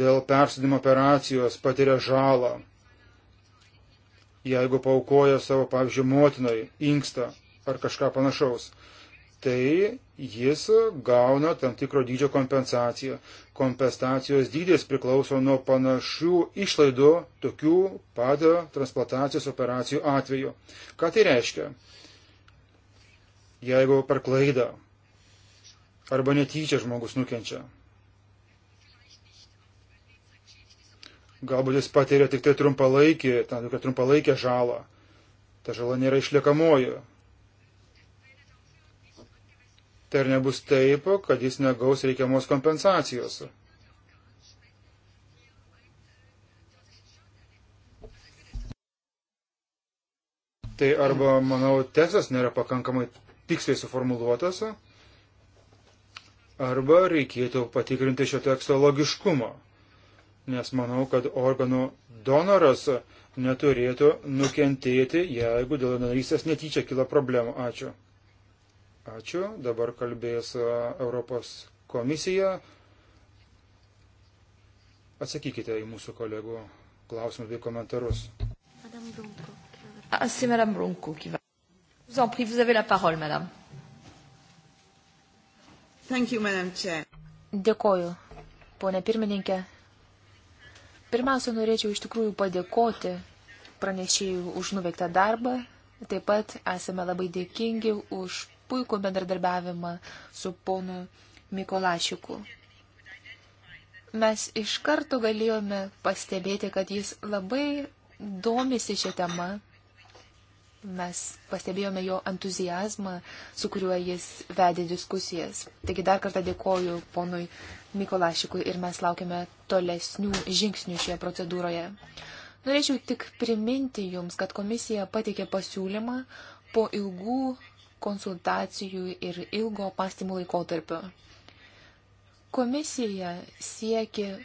dėl persudimo operacijos patiria žalą, jeigu paukoja savo, pavyzdžiui, motinai inkstą ar kažką panašaus, tai jis gauna tam tikro dydžio kompensaciją. Kompensacijos dydis priklauso nuo panašių išlaidų tokių pat transplantacijos operacijų atveju. Ką tai reiškia? jeigu per klaidą arba netyčia žmogus nukenčia. Galbūt jis patiria tik tai trumpalaikį, tam tikrą trumpalaikę žalą. Ta žala nėra išliekamoji. Tai ar nebus taip, kad jis negaus reikiamos kompensacijos? Tai arba, manau, testas nėra pakankamai tiksliai suformuluotas, arba reikėtų patikrinti šio teksto logiškumą, nes manau, kad organų donoras neturėtų nukentėti, jeigu dėl donorystės netyčia kila problemų. Ačiū. Ačiū. Dabar kalbės Europos komisija. Atsakykite į mūsų kolegų klausimus bei komentarus. Madame Brunko. Asimera Brunko vous en prie, vous avez la parole, madame. Thank you, madam chair. Dėkoju, ponė pirmininkė. Pirmiausia, norėčiau iš tikrųjų padėkoti pranešėjų už nuveiktą darbą. Taip pat esame labai dėkingi už puikų bendradarbiavimą su ponu Mikolašiku. Mes iš karto galėjome pastebėti, kad jis labai domisi šią temą Mes pastebėjome jo entuzijazmą, su kuriuo jis vedė diskusijas. Taigi dar kartą dėkoju ponui Mikolašikui ir mes laukiame tolesnių žingsnių šioje procedūroje. Norėčiau tik priminti Jums, kad komisija pateikė pasiūlymą po ilgų konsultacijų ir ilgo pastymų laikotarpio. Komisija siekia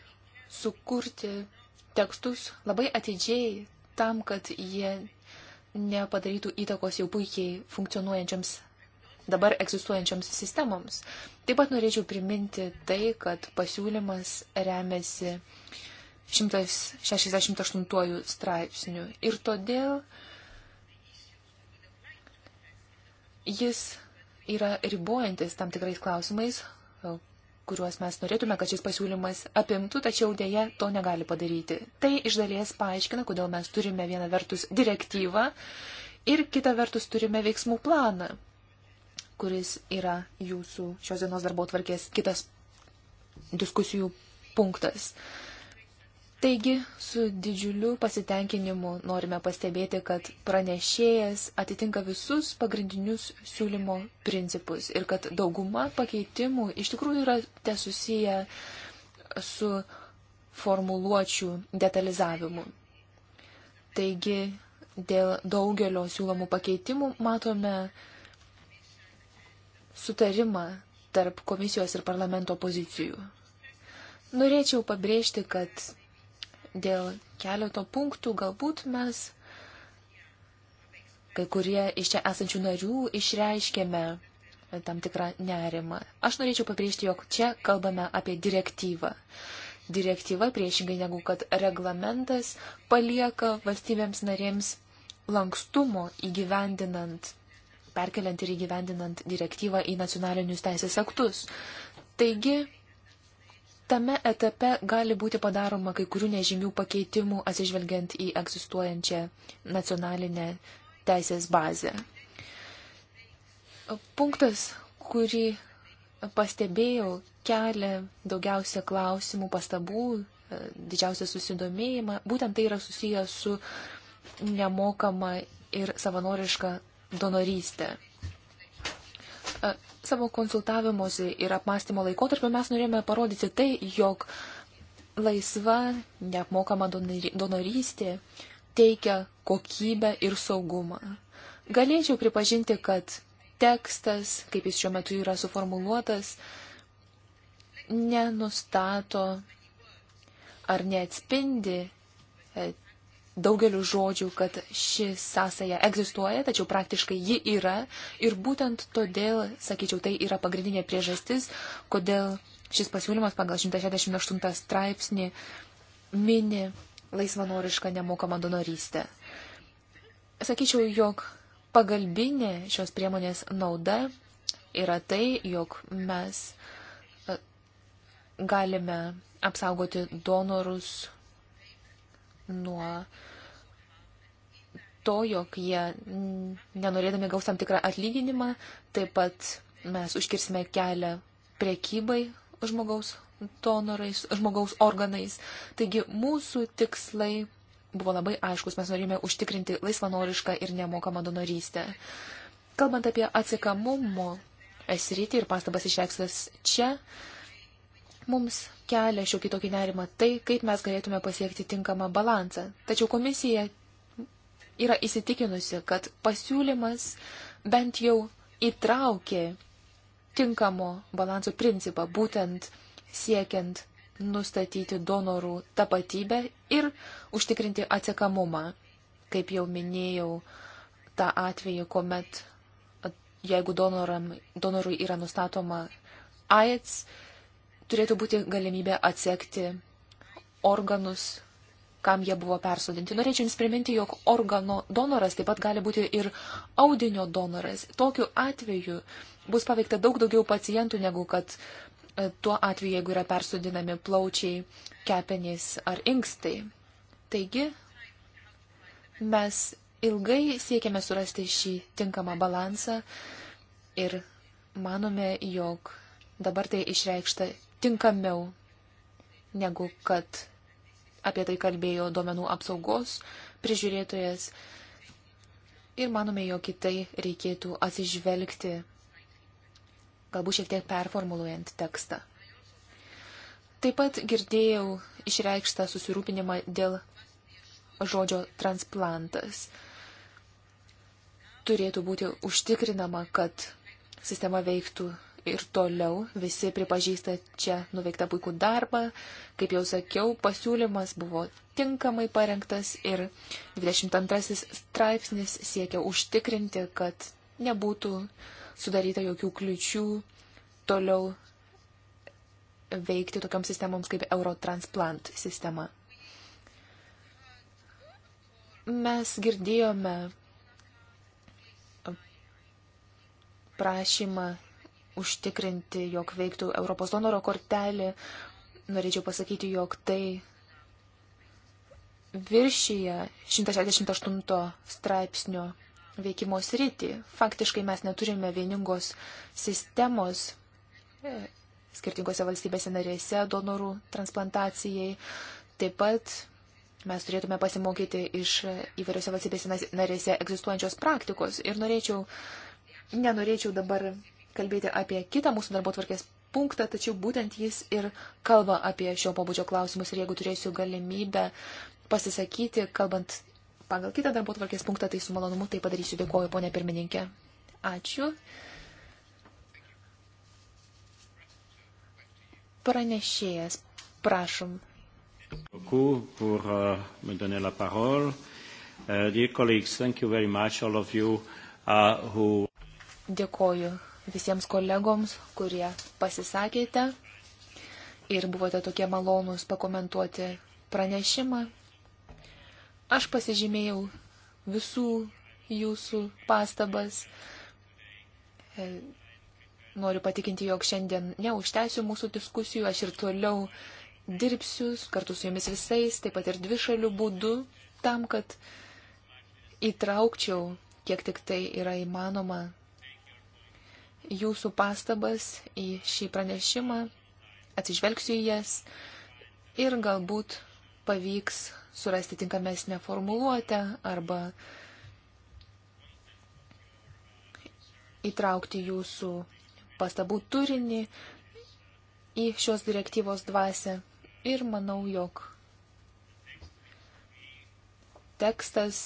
sukurti tekstus labai atidžiai tam, kad jie nepadarytų įtakos jau puikiai funkcionuojančiams dabar egzistuojančioms sistemoms. Taip pat norėčiau priminti tai, kad pasiūlymas remiasi 168 straipsnių ir todėl jis yra ribojantis tam tikrais klausimais, kuriuos mes norėtume, kad šis pasiūlymas apimtų, tačiau dėje to negali padaryti. Tai iš dalies paaiškina, kodėl mes turime vieną vertus direktyvą ir kitą vertus turime veiksmų planą, kuris yra jūsų šios dienos darbo tvarkės kitas diskusijų punktas. Uh, Taigi, su didžiuliu pasitenkinimu norime pastebėti, kad pranešėjas atitinka visus pagrindinius siūlymo principus ir kad dauguma pakeitimų iš tikrųjų yra te susiję su formuluočių detalizavimu. Taigi, dėl daugelio siūlomų pakeitimų matome sutarimą tarp komisijos ir parlamento pozicijų. Norėčiau pabrėžti, kad dėl keleto punktų galbūt mes, kai kurie iš čia esančių narių, išreiškėme tam tikrą nerimą. Aš norėčiau pabrėžti, jog čia kalbame apie direktyvą. Direktyva, priešingai negu kad reglamentas, palieka valstybėms narėms lankstumo įgyvendinant, perkeliant ir įgyvendinant direktyvą į nacionalinius teisės aktus. Taigi, tame etape gali būti padaroma kai kurių nežymių pakeitimų atsižvelgiant į egzistuojančią nacionalinę teisės bazę. Punktas, kurį pastebėjau, kelia daugiausia klausimų, pastabų, didžiausia susidomėjimą. Būtent tai yra susijęs su nemokama ir savanoriška donorystė. E, savo konsultavimuose ir apmastymo laikotarpiu mes norėjome parodyti tai, jog laisva, neapmokama donorystė teikia kokybę ir saugumą. Galėčiau pripažinti, kad tekstas, kaip jis šiuo metu yra suformuluotas, nenustato ar neatspindi e, daugeliu žodžių, kad ši sąsaja egzistuoja, tačiau praktiškai ji yra. Ir būtent todėl, sakyčiau, tai yra pagrindinė priežastis, kodėl šis pasiūlymas pagal 168 straipsnį mini laisvanorišką nemokamą donorystę. Sakyčiau, jog pagalbinė šios priemonės nauda yra tai, jog mes e, galime apsaugoti donorus nuo to, jog jie nenorėdami gaus tam tikrą atlyginimą, taip pat mes užkirsime kelią priekybai žmogaus donorais, žmogaus organais. Taigi mūsų tikslai buvo labai aiškus, mes norime užtikrinti laisvanorišką ir nemokamą donorystę. Kalbant apie atsikamumo esrytį ir pastabas išreikštas čia, mums kelia šiokį tokį nerimą tai, kaip mes galėtume pasiekti tinkamą balansą. Tačiau komisija yra įsitikinusi, kad pasiūlymas bent jau įtraukė tinkamo balanso principą, būtent siekiant nustatyti donorų tapatybę ir užtikrinti atsekamumą. Kaip jau minėjau, tą atvejį, kuomet jeigu donoram, donorui yra nustatoma AIDS, turėtų būti galimybė atsekti organus kam jie buvo persodinti. Norėčiau Jums priminti, jog organo donoras taip pat gali būti ir audinio donoras. Tokiu atveju bus paveikta daug daugiau pacientų, negu kad e, tuo atveju, jeigu yra persodinami plaučiai, kepenys ar inkstai. Taigi, mes ilgai siekiame surasti šį tinkamą balansą ir manome, jog dabar tai išreikšta tinkamiau negu kad Apie tai kalbėjo duomenų apsaugos prižiūrėtojas ir manome, jog į tai reikėtų atsižvelgti, galbūt šiek tiek performuluojant tekstą. Taip pat girdėjau išreikštą susirūpinimą dėl žodžio transplantas. Turėtų būti užtikrinama, kad sistema veiktų ir toliau visi pripažįsta čia nuveiktą puikų darbą. Kaip jau sakiau, pasiūlymas buvo tinkamai parengtas ir 22 straipsnis siekia užtikrinti, kad nebūtų sudaryta jokių kliučių toliau veikti tokioms sistemoms kaip Eurotransplant sistema. Mes girdėjome prašymą užtikrinti, jog veiktų Europos donoro kortelė. Norėčiau pasakyti, jog tai viršyje 168 straipsnio veikimo sritį. Faktiškai mes neturime vieningos sistemos e, skirtingose valstybėse narėse donorų transplantacijai. Taip pat mes turėtume pasimokyti iš įvairiose valstybėse narėse egzistuojančios praktikos. Ir norėčiau, nenorėčiau dabar kalbėti apie kitą mūsų darbo tvarkės punktą, tačiau būtent jis ir kalba apie šio pobūdžio klausimus ir jeigu turėsiu galimybę pasisakyti, kalbant pagal kitą darbo tvarkės punktą, tai su malonumu tai padarysiu. Dėkuoju, ponė pirmininkė. Ačiū. Pranešėjas, prašom. Pour, uh, me donner la parole. Uh, dear colleagues, thank you very much, all of you uh, who. Dėkoju visiems kolegoms, kurie pasisakėte ir buvote tokie malonūs pakomentuoti pranešimą. Aš pasižymėjau visų jūsų pastabas. E, noriu patikinti, jog šiandien neužtęsiu mūsų diskusijų, aš ir toliau dirbsiu kartu su jumis visais, taip pat ir dvi šalių būdu, tam, kad įtraukčiau, kiek tik tai yra įmanoma, jūsų pastabas į šį pranešimą, atsižvelgsiu į jas ir galbūt pavyks surasti tinkamesnę formuluotę arba įtraukti jūsų pastabų turinį į šios direktyvos dvasę ir manau, jog tekstas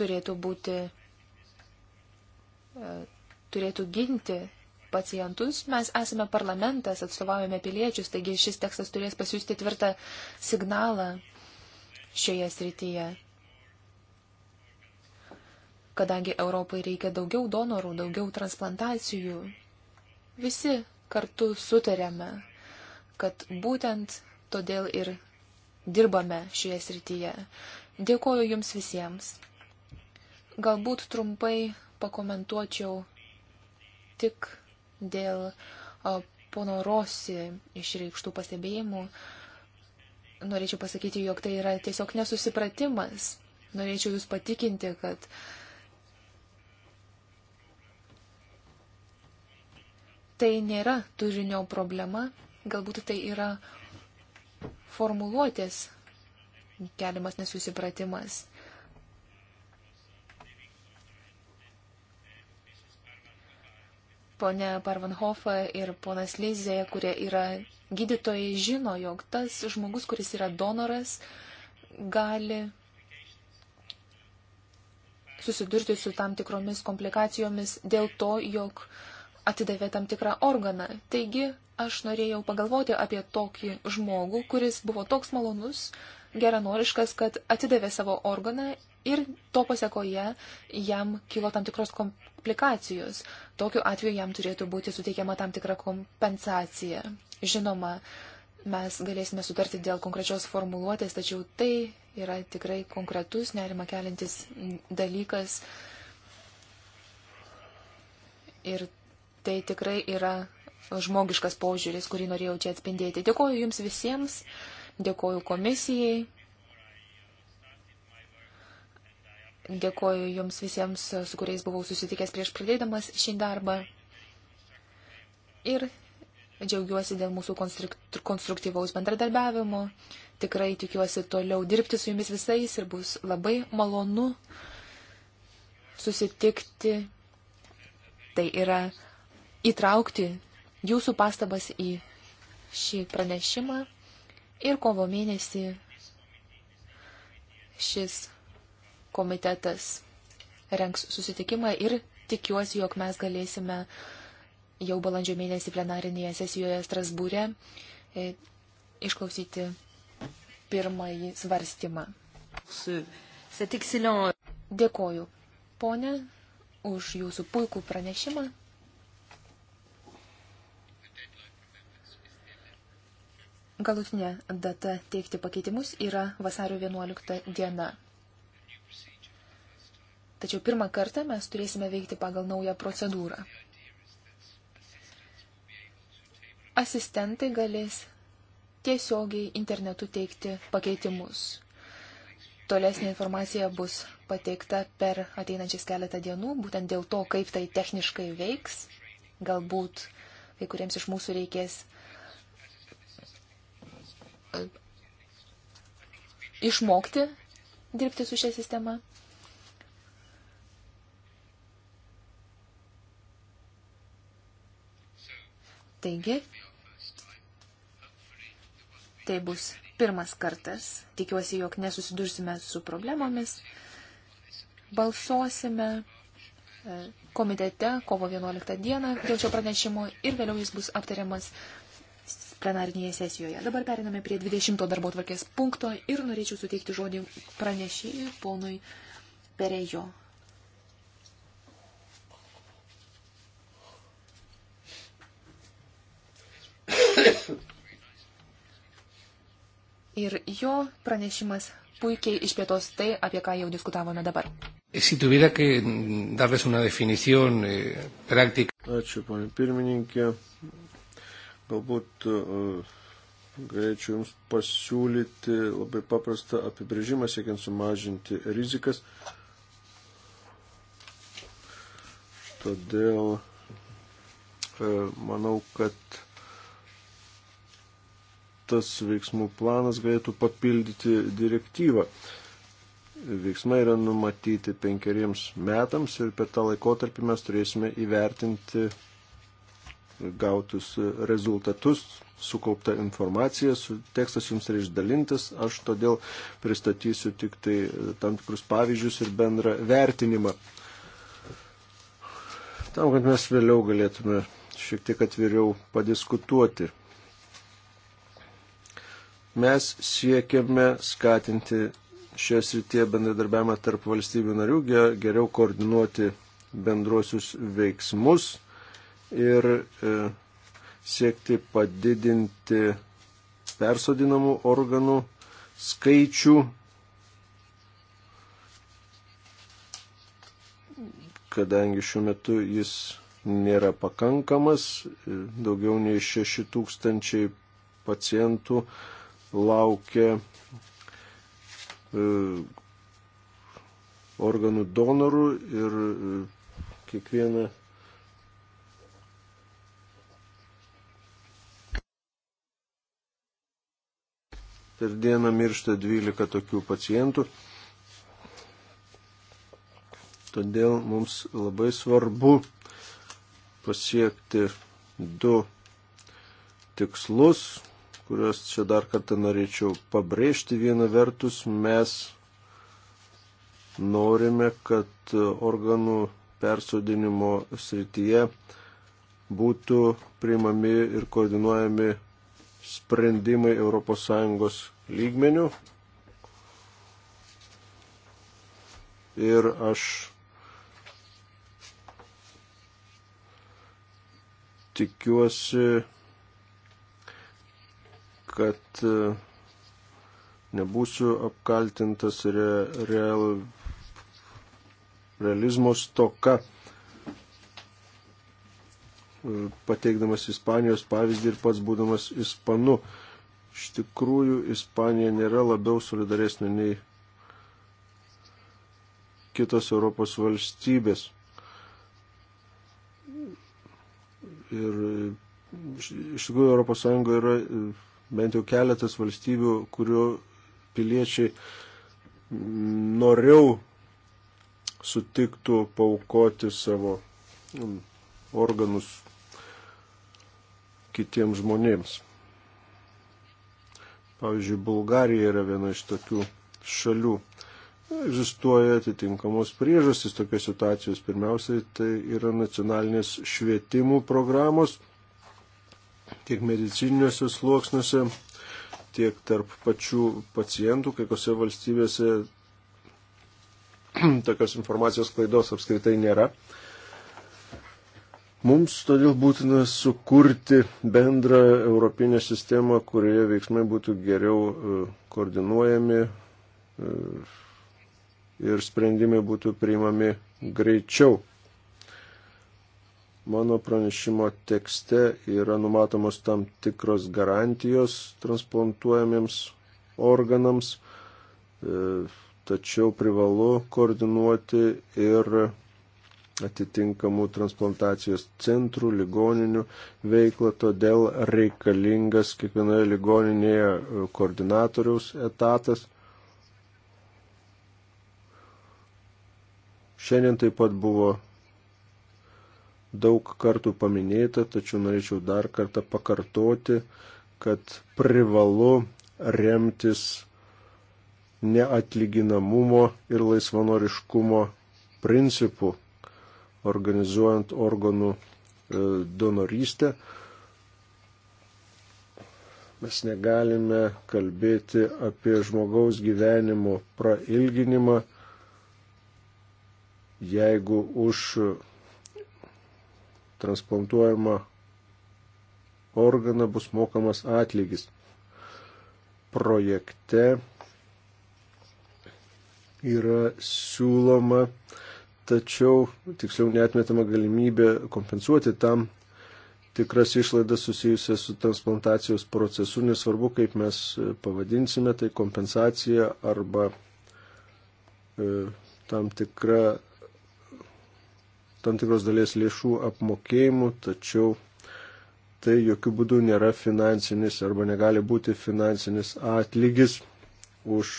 turėtų būti E, turėtų ginti pacientus. Mes esame parlamentas, atstovaujame piliečius, taigi šis tekstas turės pasiūsti tvirtą signalą šioje srityje. Kadangi Europai reikia daugiau donorų, daugiau transplantacijų, visi kartu sutarėme, kad būtent todėl ir dirbame šioje srityje. Dėkoju Jums visiems. Galbūt trumpai pakomentuočiau tik dėl pono Rosi išreikštų pastebėjimų. Norėčiau pasakyti, jog tai yra tiesiog nesusipratimas. Norėčiau Jūs patikinti, kad tai nėra turinio problema, galbūt tai yra formuluotės keliamas nesusipratimas. Pone Parvanhofa ir ponas Lizė, kurie yra gydytojai, žino, jog tas žmogus, kuris yra donoras, gali susidurti su tam tikromis komplikacijomis dėl to, jog atidavė tam tikrą organą. Taigi aš norėjau pagalvoti apie tokį žmogų, kuris buvo toks malonus, geranoriškas, kad atidavė savo organą ir to pasiekoje jam kilo tam tikros komplikacijos. Tokiu atveju jam turėtų būti suteikiama tam tikra kompensacija. Žinoma, mes galėsime sutarti dėl konkrečios formuluotės, tačiau tai yra tikrai konkretus nerima kelintis dalykas. Ir tai tikrai yra žmogiškas požiūris, kurį norėjau čia atspindėti. Dėkoju Jums visiems, dėkoju komisijai, Dėkoju Jums visiems, su kuriais buvau susitikęs prieš pradėdamas šį darbą. Ir džiaugiuosi dėl mūsų konstruktyvaus bendradarbiavimo. Tikrai tikiuosi toliau dirbti su Jumis visais ir bus labai malonu susitikti. Tai yra įtraukti Jūsų pastabas į šį pranešimą ir kovo mėnesį šis komitetas renks susitikimą ir tikiuosi, jog mes galėsime jau balandžio mėnesį plenarinėje sesijoje Strasbūrė e, išklausyti pirmąjį svarstymą. Dėkoju, ponė, už jūsų puikų pranešimą. Galutinė data teikti pakeitimus yra vasario 11 diena. Tačiau pirmą kartą mes turėsime veikti pagal naują procedūrą. Asistentai galės tiesiogiai internetu teikti pakeitimus. Tolesnė informacija bus pateikta per ateinančias keletą dienų, būtent dėl to, kaip tai techniškai veiks. Galbūt kai kuriems iš mūsų reikės e, išmokti dirbti su šia sistema. Taigi, tai bus pirmas kartas. Tikiuosi, jog nesusidursime su problemomis. Balsuosime e, komitete kovo 11 dieną dėl šio pranešimo ir vėliau jis bus aptariamas plenarinėje sesijoje. Dabar periname prie 20 darbo tvarkės punkto ir norėčiau suteikti žodį pranešėjui ponui Perejo. ir jo pranešimas puikiai išplėtos tai, apie ką jau diskutavome dabar. Eh, si tuviera que darles una definición eh, práctica. Ačiū, ponė pirmininkė. Galbūt uh, galėčiau Jums pasiūlyti labai paprastą apibrėžimą, siekiant sumažinti rizikas. Todėl uh, manau, kad tas veiksmų planas galėtų papildyti direktyvą. Veiksmai yra numatyti penkeriems metams ir per tą laikotarpį mes turėsime įvertinti gautus rezultatus, sukauptą informaciją, su, tekstas jums yra išdalintas, aš todėl pristatysiu tik tai tam tikrus pavyzdžius ir bendrą vertinimą. Tam, kad mes vėliau galėtume šiek tiek atviriau padiskutuoti. Mes siekiame skatinti šioje srityje bendradarbiavimą tarp valstybių narių, geriau koordinuoti bendruosius veiksmus ir e, siekti padidinti persodinamų organų skaičių, kadangi šiuo metu jis nėra pakankamas, e, daugiau nei 6 tūkstančiai pacientų laukia e, organų donorų ir e, kiekvieną per dieną miršta 12 tokių pacientų. Todėl mums labai svarbu pasiekti du tikslus kuriuos čia dar kartą norėčiau pabrėžti. Viena vertus, mes norime, kad organų persodinimo srityje būtų priimami ir koordinuojami sprendimai ES lygmenių. Ir aš tikiuosi, kad e, nebūsiu apkaltintas re, real, realizmo stoka, e, pateikdamas Ispanijos pavyzdį ir pats būdamas Ispanu. Iš tikrųjų, Ispanija nėra labiau solidaresnė nei kitos Europos valstybės. Ir iš tikrųjų Europos Sąjunga yra bent jau keletas valstybių, kurių piliečiai noriau sutiktų paukoti savo mm, organus kitiems žmonėms. Pavyzdžiui, Bulgarija yra viena iš tokių šalių. Egzistuoja atitinkamos priežastys tokios situacijos. Pirmiausiai tai yra nacionalinės švietimų programos tiek medicininiuose sluoksniuose, tiek tarp pačių pacientų, kai kose valstybėse *clears throat* tokios informacijos klaidos apskritai nėra. Mums todėl būtina sukurti bendrą europinę sistemą, kurioje veiksmai būtų geriau e, koordinuojami e, ir sprendimai būtų priimami greičiau. Mano pranešimo tekste yra numatomos tam tikros garantijos transplantuojamiems organams, e, tačiau privalu koordinuoti ir atitinkamų transplantacijos centrų, ligoninių veiklą, todėl reikalingas kiekvienoje ligoninėje e, koordinatoriaus etatas. Šiandien taip pat buvo daug kartų paminėta, tačiau norėčiau dar kartą pakartoti, kad privalu remtis neatlyginamumo ir laisvanoriškumo principų, organizuojant organų e, donorystę. Mes negalime kalbėti apie žmogaus gyvenimo prailginimą, jeigu už transplantuojama organą bus mokamas atlygis. Projekte yra siūloma, tačiau tiksliau netmetama galimybė kompensuoti tam tikras išlaidas susijusias su transplantacijos procesu, nesvarbu, kaip mes pavadinsime tai kompensacija arba e, tam tikra tam tikros dalies lėšų apmokėjimų, tačiau tai jokių būdų nėra finansinis arba negali būti finansinis atlygis už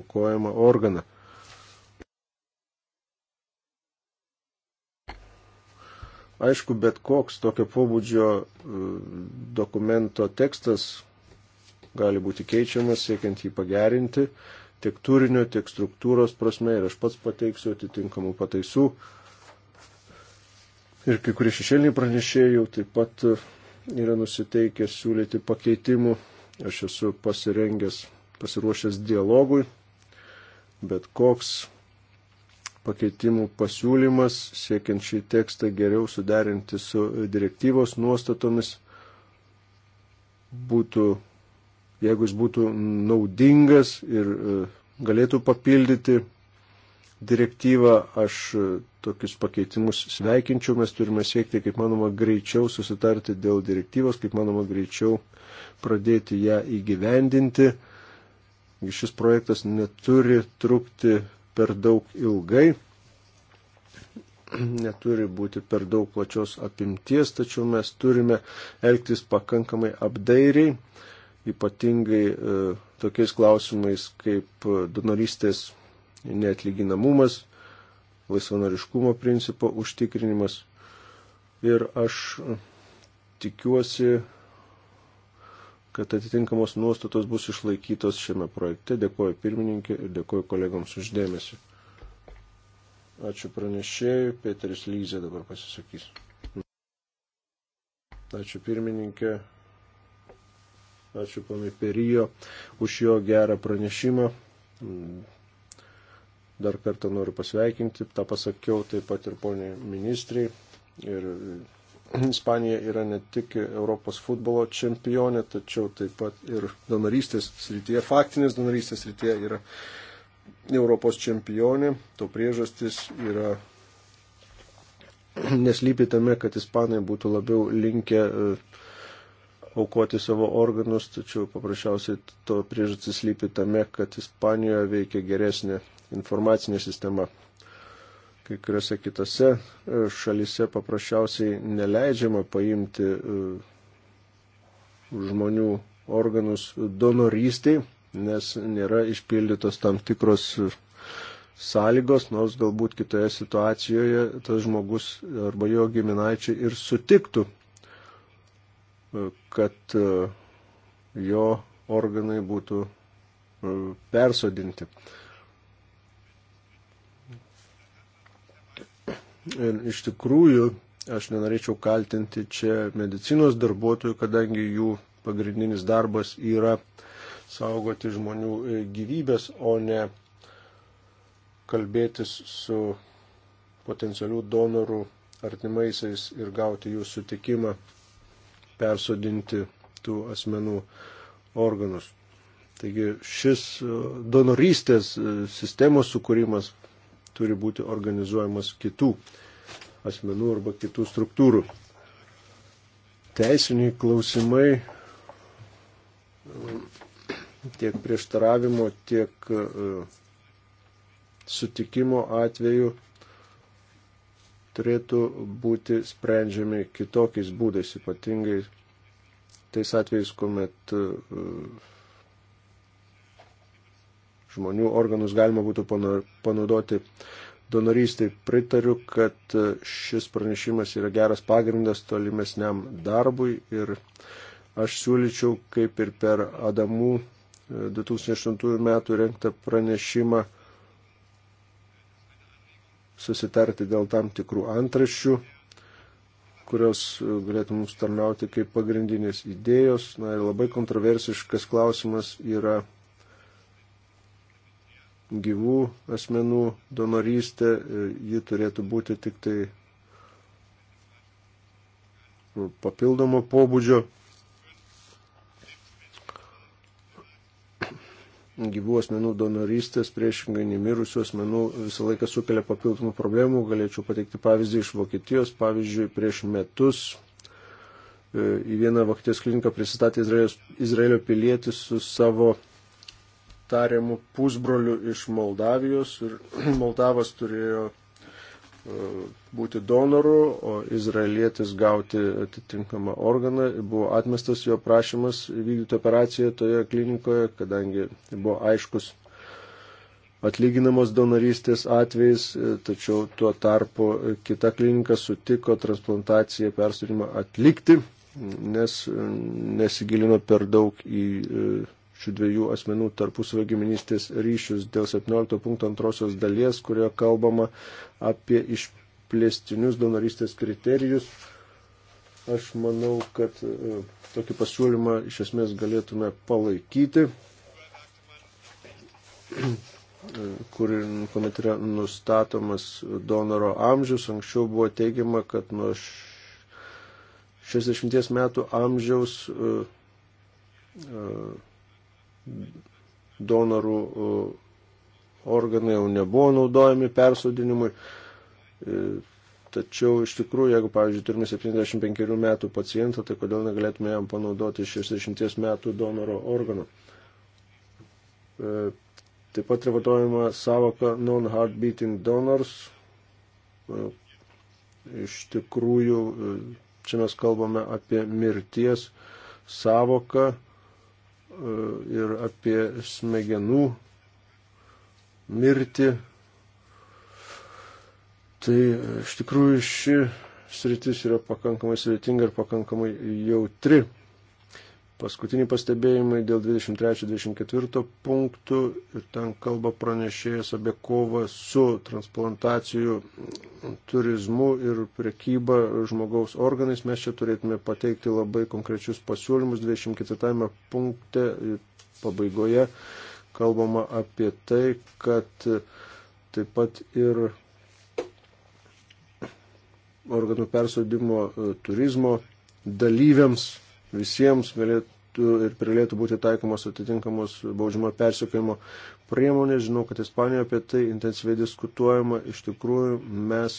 aukojamą organą. Aišku, bet koks tokio pobūdžio e, dokumento tekstas gali būti keičiamas, siekiant jį pagerinti tiek turinio, tiek struktūros prasme ir aš pats pateiksiu atitinkamų pataisų ir kai kurie šešėliniai pranešėjai taip pat e, yra nusiteikę siūlyti pakeitimų. Aš esu pasirengęs, pasiruošęs dialogui, bet koks pakeitimų pasiūlymas, siekiant šį tekstą geriau suderinti su direktyvos nuostatomis, būtų, jeigu jis būtų naudingas ir e, galėtų papildyti direktyvą, aš e, tokius pakeitimus sveikinčiau, mes turime siekti, kaip manoma, greičiau susitarti dėl direktyvos, kaip manoma, greičiau pradėti ją įgyvendinti. Šis projektas neturi trukti per daug ilgai, neturi būti per daug plačios apimties, tačiau mes turime elgtis pakankamai apdairiai, ypatingai e, tokiais klausimais kaip donorystės neatlyginamumas, laisvanoriškumo principo užtikrinimas. Ir aš tikiuosi, kad atitinkamos nuostatos bus išlaikytos šiame projekte. Dėkuoju pirmininkė ir dėkuoju kolegoms uždėmesi. Ačiū pranešėjui. Peteris Lyzė dabar pasisakys. Ačiū pirmininkė. Ačiū panai Perijo už jo gerą pranešimą. Dar kartą noriu pasveikinti, tą pasakiau taip pat ir poniai ministrai. Ir e, Ispanija yra ne tik Europos futbolo čempionė, tačiau taip pat ir donorystės srityje, faktinės donorystės srityje yra Europos čempionė. To priežastis yra *clears throat* neslypi tame, kad ispanai būtų labiau linkę e, aukoti savo organus, tačiau paprasčiausiai to priežastis lypi tame, kad Ispanijoje veikia geresnė informacinė sistema. Kai kuriuose kitose e, šalise paprasčiausiai neleidžiama paimti e, žmonių organus donorystiai, nes nėra išpildytos tam tikros e, sąlygos, nors galbūt kitoje situacijoje tas žmogus arba jo giminaičiai ir sutiktų, kad jo organai būtų persodinti. Ir iš tikrųjų, aš nenorėčiau kaltinti čia medicinos darbuotojų, kadangi jų pagrindinis darbas yra saugoti žmonių e, gyvybės, o ne kalbėtis su potencialių donorų artimaisiais ir gauti jų sutikimą persodinti tų asmenų organus. Taigi šis e, donorystės e, sistemos sukūrimas turi būti organizuojamas kitų asmenų arba kitų struktūrų. Teisiniai klausimai tiek prieštaravimo, tiek e, sutikimo atveju turėtų būti sprendžiami kitokiais būdais, ypatingai tais atvejais, kuomet e, žmonių organus galima būtų panaudoti donorystiai. Pritariu, kad šis pranešimas yra geras pagrindas tolimesniam darbui ir aš siūlyčiau, kaip ir per Adamų 2008 e, metų renktą pranešimą, susitarti dėl tam tikrų antraščių, kurios e, galėtų mums tarnauti kaip pagrindinės idėjos. Na ir labai kontroversiškas klausimas yra gyvų asmenų donorystė, e, ji turėtų būti tik tai papildomo pobūdžio gyvų asmenų donorystės priešingai nemirusių asmenų visą laiką sukelia papildomų problemų. Galėčiau pateikti pavyzdį iš Vokietijos. Pavyzdžiui, prieš metus e, į vieną Vokietijos kliniką prisistatė Izraelio pilietis su savo tariamų pusbrolių iš Moldavijos ir *clears throat* Moldavas turėjo e, būti donoru, o izraelietis gauti atitinkamą organą. Buvo atmestas jo prašymas vykdyti operaciją toje klinikoje, kadangi buvo aiškus atlyginamos donorystės atvejais, e, tačiau tuo tarpu kita klinika sutiko transplantaciją persūrimą atlikti, nes e, nesigilino per daug į šių dviejų asmenų tarpusavio giminystės ryšius dėl 17.2 dalies, kurioje kalbama apie išplėstinius donorystės kriterijus. Aš manau, kad e, tokį pasiūlymą iš esmės galėtume palaikyti, *clears throat* kur, kuomet yra nustatomas donoro amžius. Anksčiau buvo teigiama, kad nuo 60 metų amžiaus uh, uh, donorų e, organai jau nebuvo naudojami persodinimui. E, tačiau iš tikrųjų, jeigu, pavyzdžiui, turime 75 metų pacientą, tai kodėl negalėtume jam panaudoti 60 metų donoro organų. E, taip pat yra vartojama savoka non-heartbeating donors. Iš tikrųjų, čia mes kalbame apie mirties savoką E, ir apie smegenų mirtį. Tai e, iš tikrųjų ši sritis yra pakankamai sudėtinga ir pakankamai jautri. Paskutiniai pastebėjimai dėl 23-24 punktų ir ten kalba pranešėjas apie kovą su transplantacijų turizmu ir prekyba žmogaus organais. Mes čia turėtume pateikti labai konkrečius pasiūlymus. 24 punkte pabaigoje kalbama apie tai, kad taip pat ir organų persodimo e, turizmo dalyviams visiems galėtų ir privalėtų būti taikomos atitinkamos baudžiamo persiekimo priemonės. Žinau, kad Ispanijoje apie tai intensyviai diskutuojama. Iš tikrųjų, mes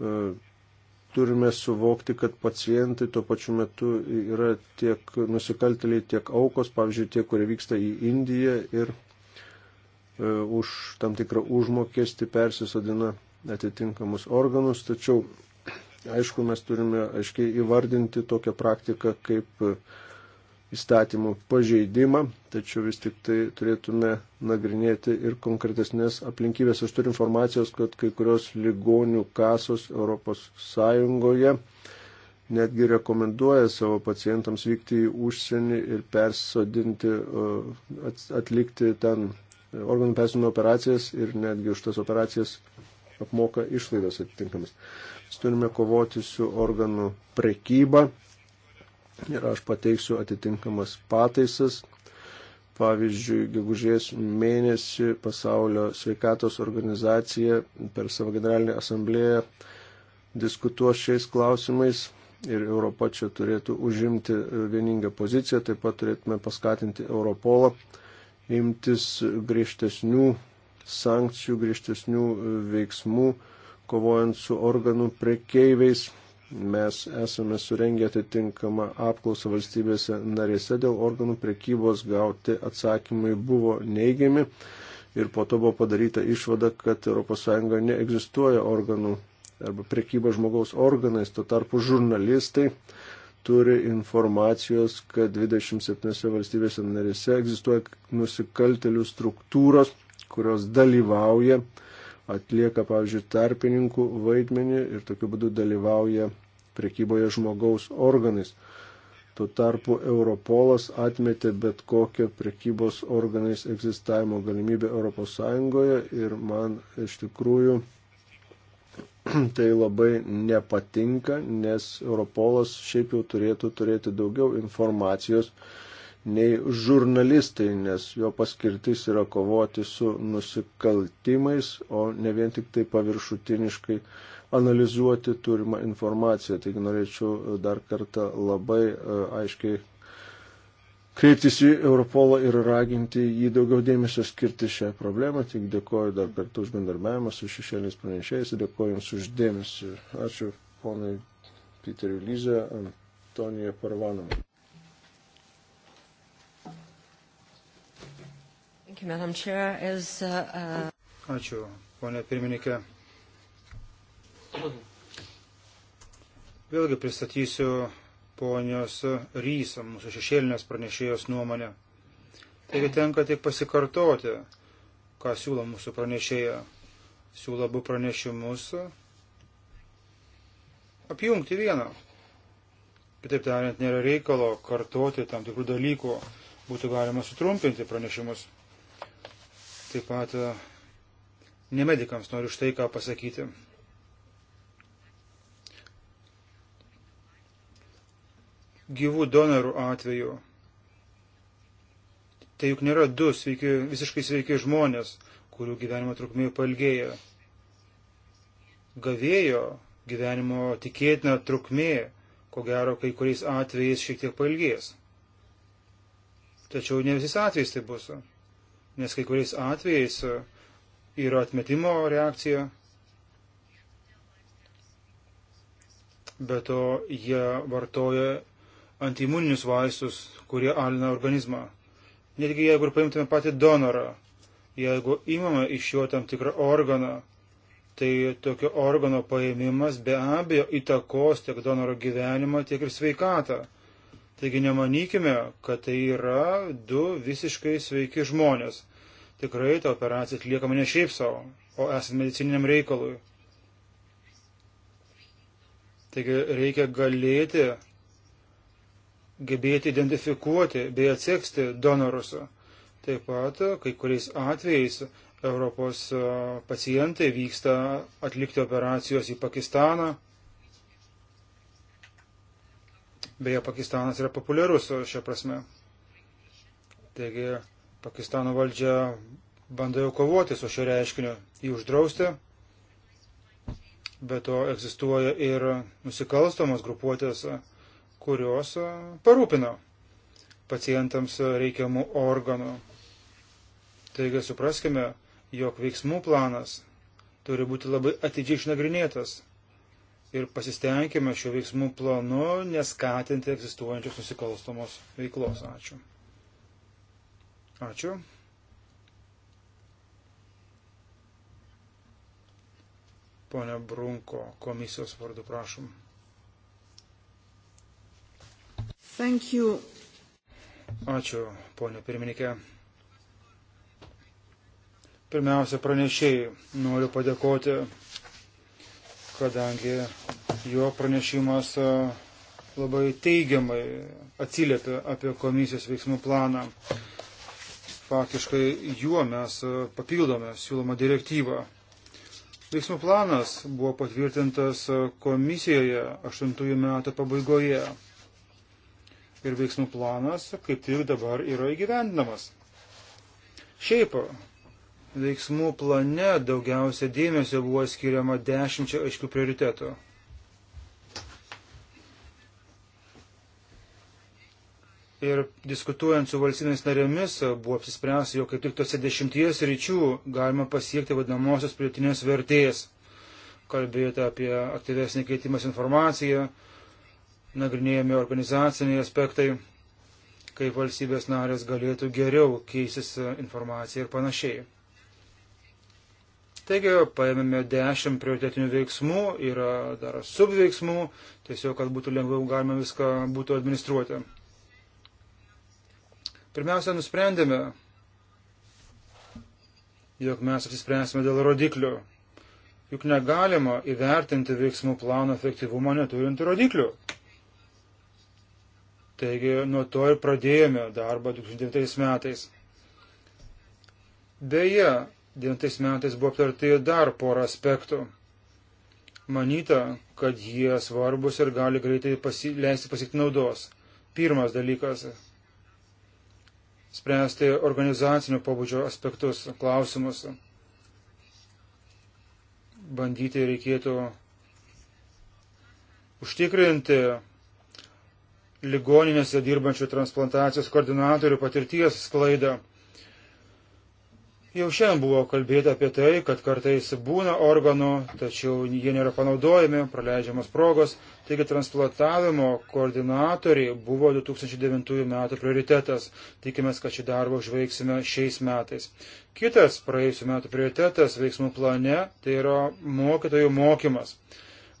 e, turime suvokti, kad pacientai tuo pačiu metu yra tiek nusikaltėliai, tiek aukos, pavyzdžiui, tie, kurie vyksta į Indiją ir e, už tam tikrą užmokestį persisadina atitinkamus organus, tačiau Aišku, mes turime aiškiai įvardinti tokią praktiką kaip įstatymų pažeidimą, tačiau vis tik tai turėtume nagrinėti ir konkretesnės aplinkybės. Aš turiu informacijos, kad kai kurios ligonių kasos ES netgi rekomenduoja savo pacientams vykti į užsienį ir persodinti, atlikti ten organų persodinimo operacijas ir netgi už tas operacijas apmoka išlaidas atitinkamas turime kovoti su organų prekyba. Ir aš pateiksiu atitinkamas pataisas. Pavyzdžiui, gegužės mėnesį pasaulio sveikatos organizacija per savo generalinę asamblėją diskutuos šiais klausimais ir Europa čia turėtų užimti vieningą poziciją. Taip pat turėtume paskatinti Europolą imtis griežtesnių sankcijų, griežtesnių veiksmų kovojant su organų prekeiviais. Mes esame surengę atitinkamą apklausą valstybėse narėse dėl organų prekybos gauti atsakymai buvo neigiami ir po to buvo padaryta išvada, kad ES neegzistuoja organų arba prekyba žmogaus organais, tuo tarpu žurnalistai turi informacijos, kad 27 valstybėse narėse egzistuoja nusikaltelių struktūros, kurios dalyvauja uh, atlieka, pavyzdžiui, tarpininkų vaidmenį ir tokiu būdu dalyvauja prekyboje žmogaus organais. Tuo tarpu Europolas atmetė bet kokią prekybos organais egzistavimo galimybę ES ir man iš tikrųjų *clears throat* tai labai nepatinka, nes Europolas šiaip jau turėtų turėti daugiau informacijos nei žurnalistai, nes jo paskirtis yra kovoti su nusikaltimais, o ne vien tik tai paviršutiniškai analizuoti turimą informaciją. Taigi norėčiau dar kartą labai e, aiškiai kreiptis į Europolą ir raginti jį daugiau dėmesio skirti šią problemą. Tik dėkoju dar kartą už bendarbiavimą su šešėliais pranešėjais ir dėkoju Jums už dėmesį. Ačiū ponai Piteriu Lyze, Antonija Parvanovai. Uh, uh, Ačiū, ponė pirmininkė. Vėlgi pristatysiu ponios Rysą, mūsų šešėlinės pranešėjos nuomonę. Taigi tenka tik pasikartoti, ką siūlo mūsų pranešėja. Siūlo abu pranešimus apjungti vieną. Kitaip tariant, nėra reikalo kartoti tam tikrų dalykų, būtų galima sutrumpinti pranešimus. Taip pat e, ne medikams noriu štai ką pasakyti. Gyvų donorų atveju. Tai juk nėra du sveiki, visiškai sveiki žmonės, kurių gyvenimo trukmė palgėja. Gavėjo gyvenimo tikėtina trukmė, ko gero, kai kuriais atvejais šiek tiek palgės. Tačiau ne visais atvejais tai bus nes kai kuriais atvejais e, yra atmetimo reakcija, bet to jie vartoja antimuninius vaistus, kurie alina organizmą. Netgi jeigu ir paimtume patį donorą, jeigu imame iš jo tam tikrą organą, tai tokio organo paėmimas be abejo įtakos tiek donoro gyvenimą, tiek ir sveikatą. Taigi nemanykime, kad tai yra du visiškai sveiki žmonės. Tikrai ta operacija atliekama ne šiaip savo, o esant medicininiam reikalui. Taigi reikia galėti, gebėti identifikuoti bei atseksti donorus. Taip pat kai kuriais atvejais Europos pacientai vyksta atlikti operacijos į Pakistaną, Beje, Pakistanas yra populiarus šią prasme. Taigi, Pakistano valdžia bando jau kovoti su šio reiškiniu, jį uždrausti. Be to egzistuoja ir nusikalstamos grupuotės, kurios parūpina pacientams reikiamų organų. Taigi supraskime, jog veiksmų planas turi būti labai atidžiai išnagrinėtas ir pasistengime šių veiksmų planu neskatinti egzistuojančios nusikalstamos veiklos. Ačiū. Ačiū. Pone Brunko, komisijos vardu prašom. Thank you. Ačiū, ponė pirmininkė. Pirmiausia, pranešėjai noriu padėkoti kadangi jo pranešimas e, labai teigiamai atsiliepia apie komisijos veiksmų planą. Faktiškai juo mes e, papildome siūlomą direktyvą. Veiksmų planas buvo patvirtintas e, komisijoje 8 metų pabaigoje. Ir veiksmų planas kaip tik dabar yra įgyvendinamas. Šiaip veiksmų plane daugiausia dėmesio buvo skiriama dešimčia aiškių prioritetų. Ir diskutuojant su valstybės narėmis buvo apsispręsta, jog kaip tik tose dešimties ryčių galima pasiekti vadinamosios pridėtinės vertės. Kalbėjote apie aktyvesnį keitimas informaciją, nagrinėjami organizaciniai aspektai, kaip valstybės narės galėtų geriau keisis informacija ir panašiai. Taigi paėmėme 10 prioritetinių veiksmų, yra dar subveiksmų, tiesiog, kad būtų lengviau galima viską būtų administruoti. Pirmiausia, nusprendėme, jog mes apsispręsime dėl rodiklių. Juk negalima įvertinti veiksmų plano efektyvumą neturint rodiklių. Taigi nuo to ir pradėjome darbą 2009 metais. Beje, 2009 metais buvo aptarti dar porą aspektų. Manyta, kad jie svarbus ir gali greitai pasi, leisti pasiekti naudos. Pirmas dalykas - spręsti organizacinio pobūdžio aspektus, klausimus. Bandyti reikėtų užtikrinti ligoninėse dirbančių transplantacijos koordinatorių patirties sklaidą Jau šiandien buvo kalbėta apie tai, kad kartais būna organų, tačiau jie nėra panaudojami, praleidžiamas progos, taigi transplantavimo koordinatoriai buvo 2009 metų prioritetas. Tikimės, kad šį darbą užveiksime šiais metais. Kitas praėjusiu metu prioritetas veiksmų plane tai yra mokytojų mokymas.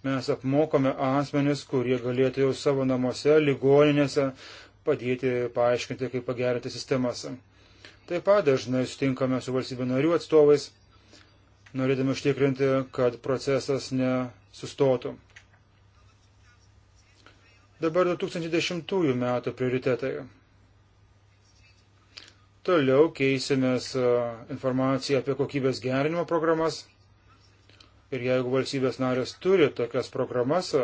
Mes apmokome asmenis, kurie galėtų jau savo namuose, ligoninėse padėti paaiškinti, kaip pagerinti sistemas. Taip pat dažnai sutinkame su valstybių narių atstovais, norėdami užtikrinti, kad procesas nesustotų. Dabar 2010 metų prioritetai. Toliau keisimės e, informaciją apie kokybės gerinimo programas. Ir jeigu valstybės narės turi tokias programas, e,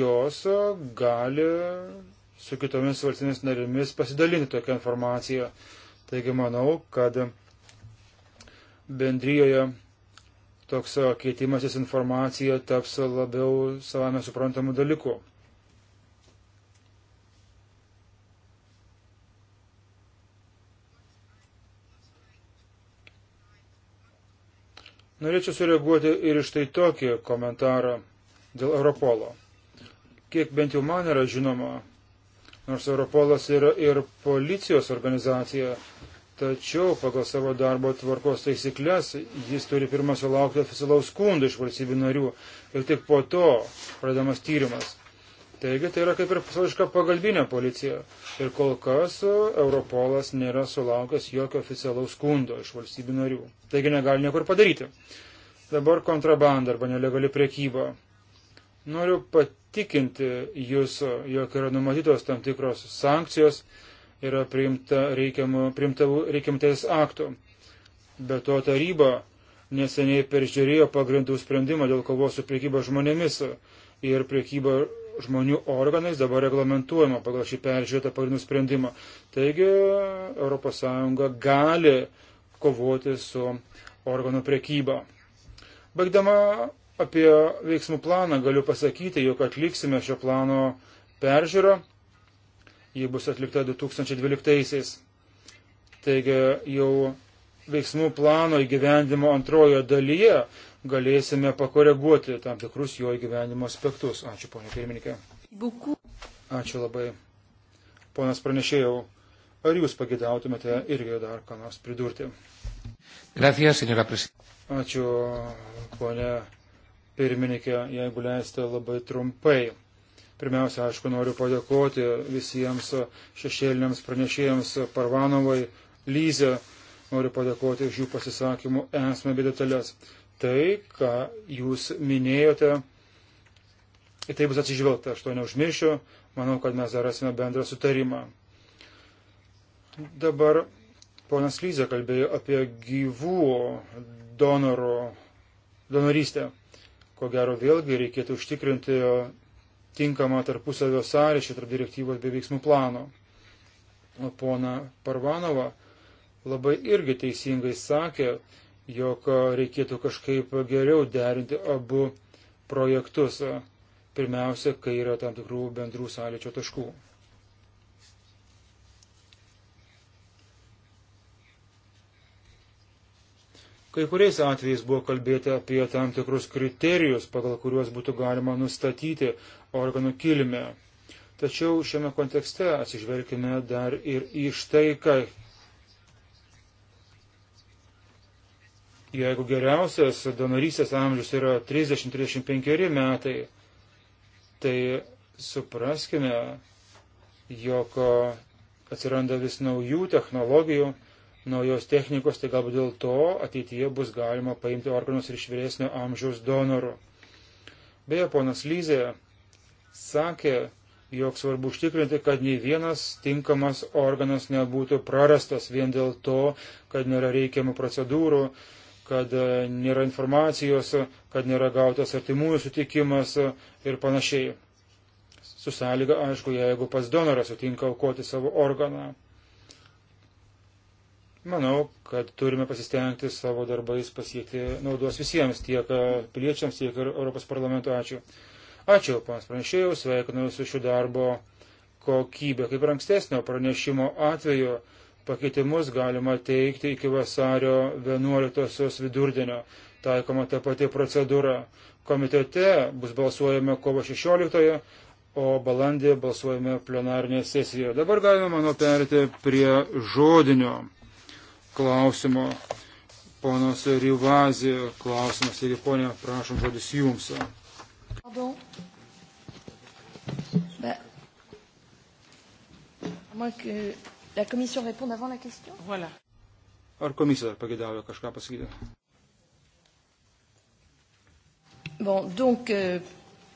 jos e, gali su kitomis valstybės narėmis pasidalinti tokią informaciją. Taigi manau, kad bendryjoje toks keitimasis informacija taps labiau savame suprantamų dalykų. Norėčiau sureaguoti ir iš tai tokį komentarą dėl Europolo. Kiek bent jau man yra žinoma, Nors Europolas yra ir policijos organizacija, tačiau pagal savo darbo tvarkos taisyklės jis turi pirmą sulaukti oficialaus skundų iš valstybių narių ir tik po to pradamas tyrimas. Taigi tai yra kaip ir pasauliška pagalbinė policija. Ir kol kas Europolas nėra sulaukęs jokio oficialaus skundo iš valstybių narių. Taigi negali niekur padaryti. Dabar kontrabanda arba nelegali priekyba. Noriu pat įtikinti jūs, jog yra numatytos tam tikros sankcijos, yra priimta reikiamtais aktų. Be to taryba neseniai peržiūrėjo pagrindų sprendimą dėl kovos su priekyba žmonėmis ir priekyba žmonių organais dabar reglamentuojama pagal šį peržiūrėtą pagrindų sprendimą. Taigi ES gali kovoti su organų priekyba. Baigdama Apie veiksmų planą galiu pasakyti, jog atliksime šio plano peržiūrą. Ji bus atlikta 2012-aisiais. Taigi jau veiksmų plano įgyvendimo antrojo dalyje galėsime pakoreguoti tam tikrus jo įgyvendimo aspektus. Ačiū, ponė pirmininkė. Ačiū labai. Ponas pranešėjau, ar jūs pagidautumėte irgi dar ką nors pridurti? Gracias, Ačiū, ponė pirmininkė, jeigu leisite labai trumpai. Pirmiausia, aišku, noriu padėkoti visiems šešėliniams pranešėjams Parvanovai, Lyze, noriu padėkoti už jų pasisakymų esmę bei detalės. Tai, ką jūs minėjote, į tai bus atsižvelgta, aš to neužmiršiu, manau, kad mes dar rasime bendrą sutarimą. Dabar ponas Lyze kalbėjo apie gyvų donorų, donorystę ko gero vėlgi reikėtų užtikrinti tinkamą tarpusavio sąryšį tarp direktyvos bei veiksmų plano. O pona Parvanova labai irgi teisingai sakė, jog reikėtų kažkaip geriau derinti abu projektus, pirmiausia, kai yra tam tikrų bendrų sąlyčio taškų. Kai kuriais atvejais buvo kalbėti apie tam tikrus kriterijus, pagal kuriuos būtų galima nustatyti organų kilmę. Tačiau šiame kontekste atsižvelgime dar ir į štai ką. Jeigu geriausias donorystės amžius yra 30-35 metai, tai supraskime, jog atsiranda vis naujų technologijų, naujos technikos, tai galbūt dėl to ateityje bus galima paimti organus ir iš vyresnio amžiaus donorų. Beje, ponas Lyzė sakė, jog svarbu užtikrinti, kad nei vienas tinkamas organas nebūtų prarastas vien dėl to, kad nėra reikiamų procedūrų, kad e, nėra informacijos, kad nėra gautas artimųjų sutikimas ir panašiai. Su sąlyga, aišku, jeigu pats donoras sutinka aukoti savo organą. Manau, kad turime pasistengti savo darbais pasiekti naudos visiems, tiek piliečiams, tiek ir Europos parlamento. Ačiū. Ačiū, panas pranešėjau, sveikinu su šių darbo kokybė. Kaip ir ankstesnio pranešimo atveju, pakeitimus galima teikti iki vasario 11 vidurdienio. Taikoma ta pati procedūra. Komitete bus balsuojama kovo 16, o balandį balsuojame plenarinėje sesijoje. Dabar galime, manau, perėti prie žodinio klausimo. Ponos Rivazė klausimas ir ponė, prašom žodis jums. Pardon. Bah. Moi que la commission réponde avant la question. Voilà. Ar komisija pagėdavo kažką pasakyti? Bon, donc, euh,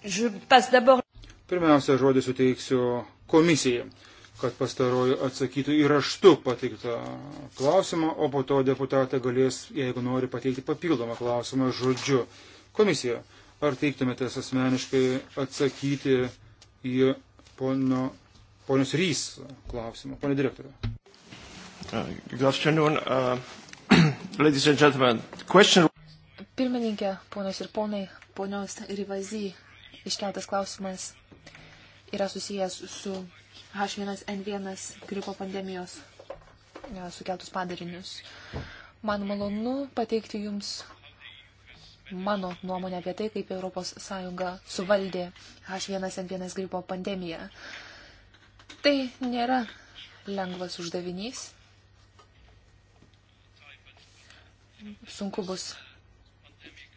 je passe d'abord. Pirmiausia, žodį suteiksiu komisijai kad pastaroji atsakytų į raštų pateiktą klausimą, o po to deputatė galės, jeigu nori, pateikti papildomą klausimą žodžiu. Komisija, ar teiktumėte asmeniškai atsakyti į pono, ponios Rys klausimą, ponė direktorė? Uh, good afternoon, uh, *clears throat* ladies and gentlemen. Question... Pirmininkė, ponios ir ponai, ponios Rivazy iškeltas klausimas yra susijęs su H1N1 gripo pandemijos e, sukeltus padarinius. Man malonu pateikti Jums mano nuomonę apie tai, kaip ES suvaldė H1N1 gripo pandemiją. Tai nėra lengvas uždavinys. Sunku bus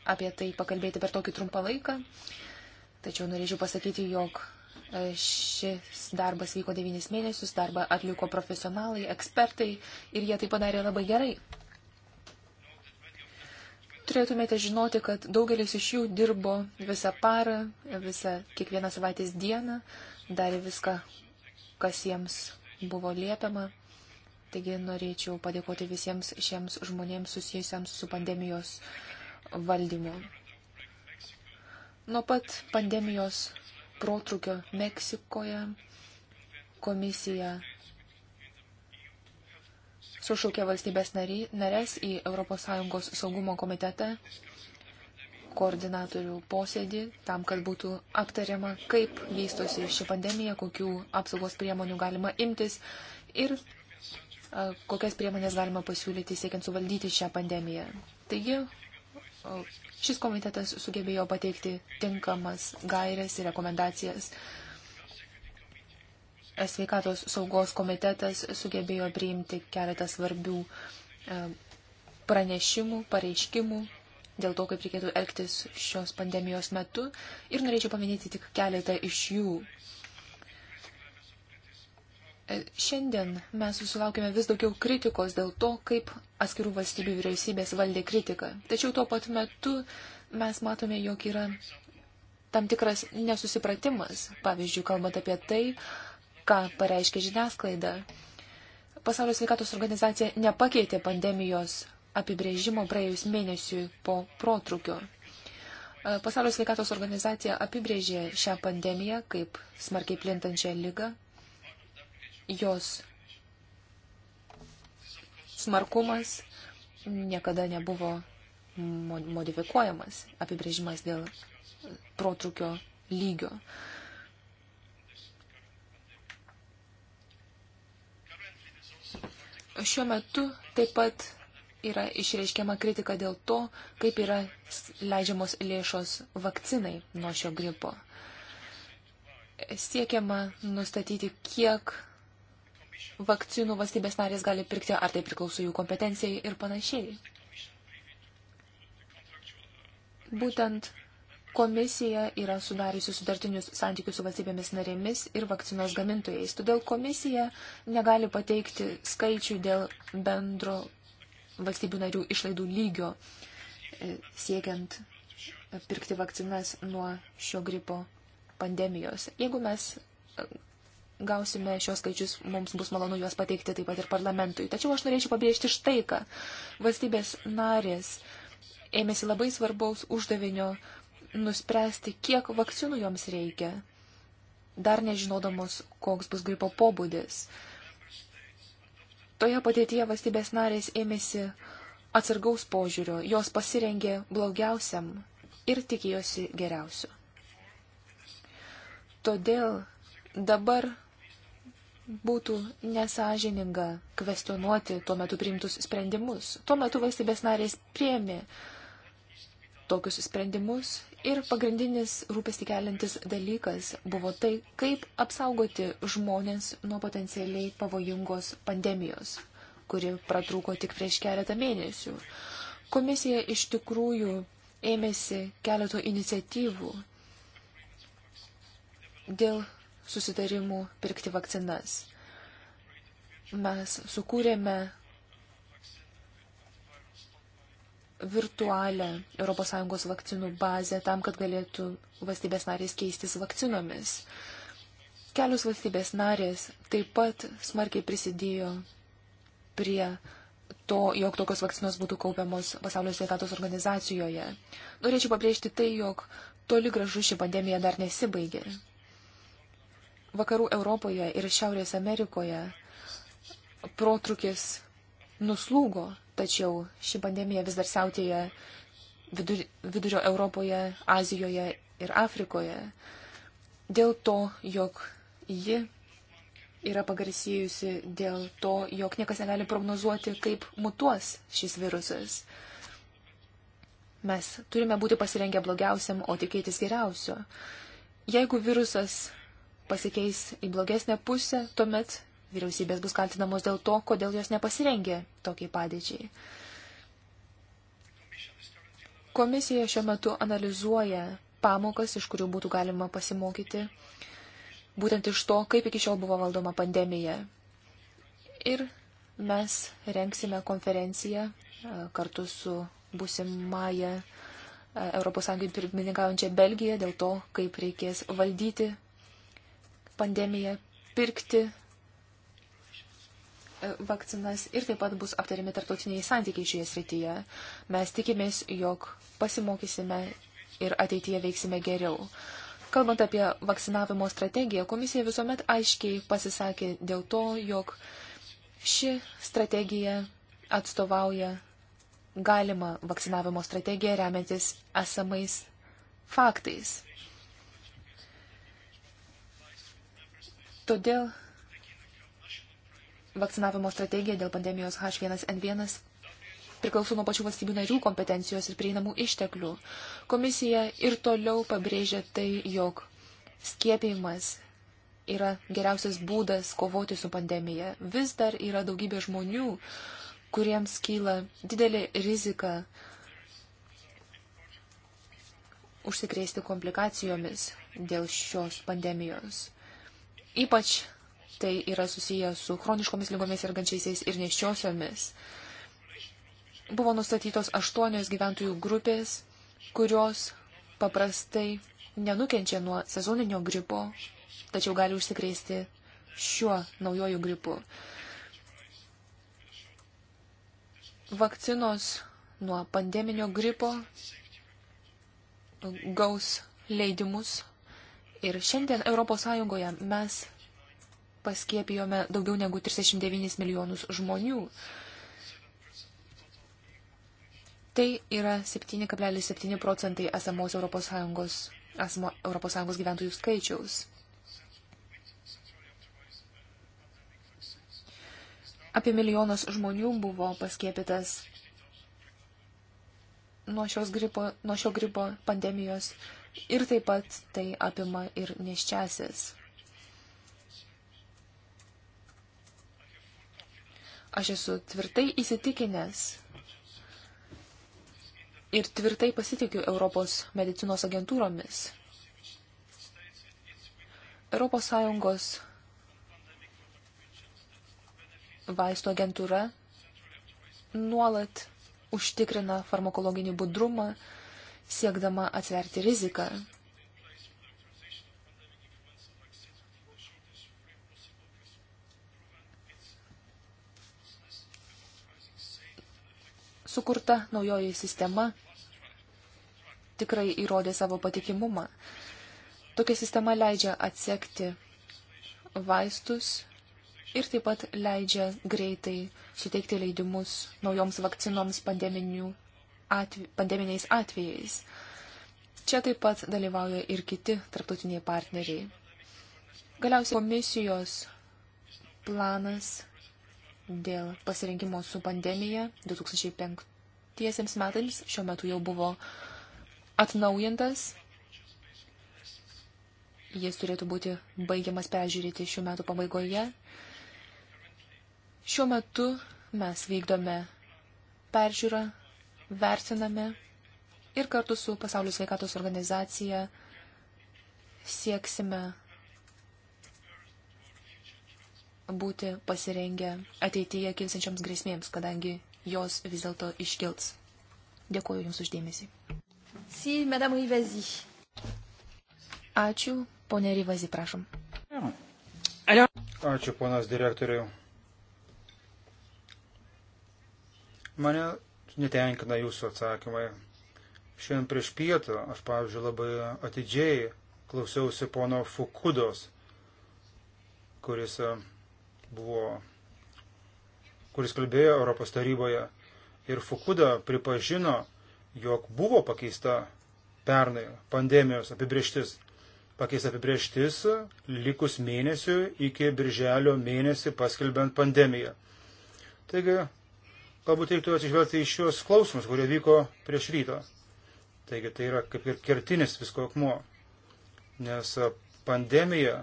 apie tai pakalbėti per tokį trumpą laiką. Tačiau norėčiau pasakyti, jog Šis darbas vyko devynis mėnesius, darbą atliko profesionalai, ekspertai ir jie tai padarė labai gerai. Turėtumėte žinoti, kad daugelis iš jų dirbo visą parą, visą kiekvieną savaitės dieną, darė viską, kas jiems buvo liepiama. Taigi norėčiau padėkoti visiems šiems žmonėms susijusiams su pandemijos valdymu. Nuo pat pandemijos protrukio Meksikoje komisija sušaukė valstybės narės į ES saugumo komitetą koordinatorių posėdį tam, kad būtų aptariama, kaip vystosi ši pandemija, kokių apsaugos priemonių galima imtis ir kokias priemonės galima pasiūlyti siekiant suvaldyti šią pandemiją. Taigi, Šis komitetas sugebėjo pateikti tinkamas gairias ir rekomendacijas. Sveikatos saugos komitetas sugebėjo priimti keletą svarbių e, pranešimų, pareiškimų dėl to, kaip reikėtų elgtis šios pandemijos metu ir norėčiau paminėti tik keletą iš jų. E, šiandien mes susilaukime vis daugiau kritikos dėl to, kaip atskirų valstybių vyriausybės valdė kritiką. Tačiau tuo pat metu mes matome, jog yra tam tikras nesusipratimas, pavyzdžiui, kalbant apie tai, ką pareiškia žiniasklaida. Pasaulio sveikatos organizacija nepakeitė pandemijos apibrėžimo praėjus mėnesiui po protrukio. E, pasaulio sveikatos organizacija apibrėžė šią pandemiją kaip smarkiai plintančią lygą, Jos smarkumas niekada nebuvo modifikuojamas apibrėžimas dėl protrukio lygio. Šiuo metu taip pat yra išreiškiama kritika dėl to, kaip yra leidžiamos lėšos vakcinai nuo šio gripo. Siekiama nustatyti, kiek vakcinų valstybės narės gali pirkti, ar tai priklauso jų kompetencijai ir panašiai. Būtent komisija yra sudariusi sudartinius santykius su valstybėmis narėmis ir vakcinos gamintojais. Todėl komisija negali pateikti skaičių dėl bendro valstybių narių išlaidų lygio e, siekiant pirkti vakcinas nuo šio gripo pandemijos. Jeigu mes gausime šios skaičius, mums bus malonu juos pateikti taip pat ir parlamentui. Tačiau aš norėčiau pabrėžti štai ką. Valstybės narės ėmėsi labai svarbaus uždavinio nuspręsti, kiek vakcinų joms reikia, dar nežinodamos, koks bus gripo pobūdis. Toje padėtyje valstybės narės ėmėsi atsargaus požiūrio, jos pasirengė blogiausiam ir tikėjosi geriausio. Todėl dabar būtų nesažininga kvestionuoti tuo metu priimtus sprendimus. Tuo metu valstybės narės priemi tokius sprendimus ir pagrindinis rūpestį keliantis dalykas buvo tai, kaip apsaugoti žmonės nuo potencialiai pavojingos pandemijos, kuri pratrūko tik prieš keletą mėnesių. Komisija iš tikrųjų ėmėsi keletų iniciatyvų dėl susitarimų pirkti vakcinas. Mes sukūrėme virtualią ES vakcinų bazę tam, kad galėtų valstybės narės keistis vakcinomis. Kelios valstybės narės taip pat smarkiai prisidėjo prie to, jog tokios vakcinos būtų kaupiamos pasaulio sveikatos organizacijoje. Norėčiau pabrėžti tai, jog toli gražu ši pandemija dar nesibaigė. Vakarų Europoje ir Šiaurės Amerikoje protrukis nuslūgo, tačiau ši pandemija vis dar siautėja vidurio Europoje, Azijoje ir Afrikoje. Dėl to, jog ji yra pagarsėjusi, dėl to, jog niekas negali prognozuoti, kaip mutuos šis virusas. Mes turime būti pasirengę blogiausiam, o tikėtis geriausio. Jeigu virusas pasikeis į blogesnę pusę, tuomet vyriausybės bus kaltinamos dėl to, kodėl jos nepasirengė tokiai padėčiai. Komisija šiuo metu analizuoja pamokas, iš kurių būtų galima pasimokyti, būtent iš to, kaip iki šiol buvo valdoma pandemija. Ir mes renksime konferenciją e, kartu su busimąją ES pirmininkaujančią Belgiją dėl to, kaip reikės valdyti pandemiją, pirkti e, vakcinas ir taip pat bus aptariami tarptautiniai santykiai šioje srityje. Mes tikimės, jog pasimokysime ir ateityje veiksime geriau. Kalbant apie vakcinavimo strategiją, komisija visuomet aiškiai pasisakė dėl to, jog ši strategija atstovauja galimą vakcinavimo strategiją remiantis esamais faktais. Todėl vakcinavimo strategija dėl pandemijos H1N1 priklauso nuo pačių valstybių narių kompetencijos ir prieinamų išteklių. Komisija ir toliau pabrėžia tai, jog skiepimas yra geriausias būdas kovoti su pandemija. Vis dar yra daugybė žmonių, kuriems kyla didelė rizika užsikrėsti komplikacijomis dėl šios pandemijos. Ypač tai yra susiję su chroniškomis lygomis ir gančiaisiais ir neščiosiomis. Buvo nustatytos aštuonios gyventojų grupės, kurios paprastai nenukenčia nuo sezoninio gripo, tačiau gali užsikrėsti šiuo naujoju gripu. Vakcinos nuo pandeminio gripo gaus leidimus Ir šiandien ES mes paskėpijome daugiau negu 39 milijonus žmonių. Tai yra 7,7 procentai esamos ES, esamo ES gyventojų skaičiaus. Apie milijonas žmonių buvo paskėpytas nuo, šios gripo, nuo šio gripo pandemijos ir taip pat tai apima ir neščiasis. Aš esu tvirtai įsitikinęs ir tvirtai pasitikiu Europos medicinos agentūromis. Europos Sąjungos vaistų agentūra nuolat užtikrina farmakologinį budrumą, siekdama atverti riziką. Sukurta naujoji sistema tikrai įrodė savo patikimumą. Tokia sistema leidžia atsekti vaistus ir taip pat leidžia greitai suteikti leidimus naujoms vakcinoms pandeminių atve, pandeminiais atvejais. Čia taip pat dalyvauja ir kiti tarptautiniai partneriai. Galiausiai komisijos planas dėl pasirinkimo su pandemija 2005 metams šiuo metu jau buvo atnaujintas. Jis turėtų būti baigiamas peržiūrėti šiuo metu pabaigoje. Šiuo metu mes vykdome peržiūrą vertiname ir kartu su Pasaulio sveikatos organizacija sieksime būti pasirengę ateityje kilsiančioms grėsmėms, kadangi jos vis dėlto iškils. Dėkuoju Jums uždėmesį. Si, madame Rivazi. Ačiū, ponė Rivazi, prašom. Ačiū, ponas direktoriu. Mane netenkina jūsų atsakymai. Šiandien prieš pietą aš, pavyzdžiui, labai atidžiai klausiausi pono Fukudos, kuris e, buvo, kuris kalbėjo Europos taryboje. Ir Fukuda pripažino, jog buvo pakeista pernai pandemijos apibrieštis. Pakeista apibrieštis likus mėnesių iki birželio mėnesį paskelbent pandemiją. Taigi Galbūt reiktų atsižvelgti į šios klausimus, kurie vyko prieš rytą. Taigi tai yra kaip ir kertinis visko akmuo. Nes pandemija,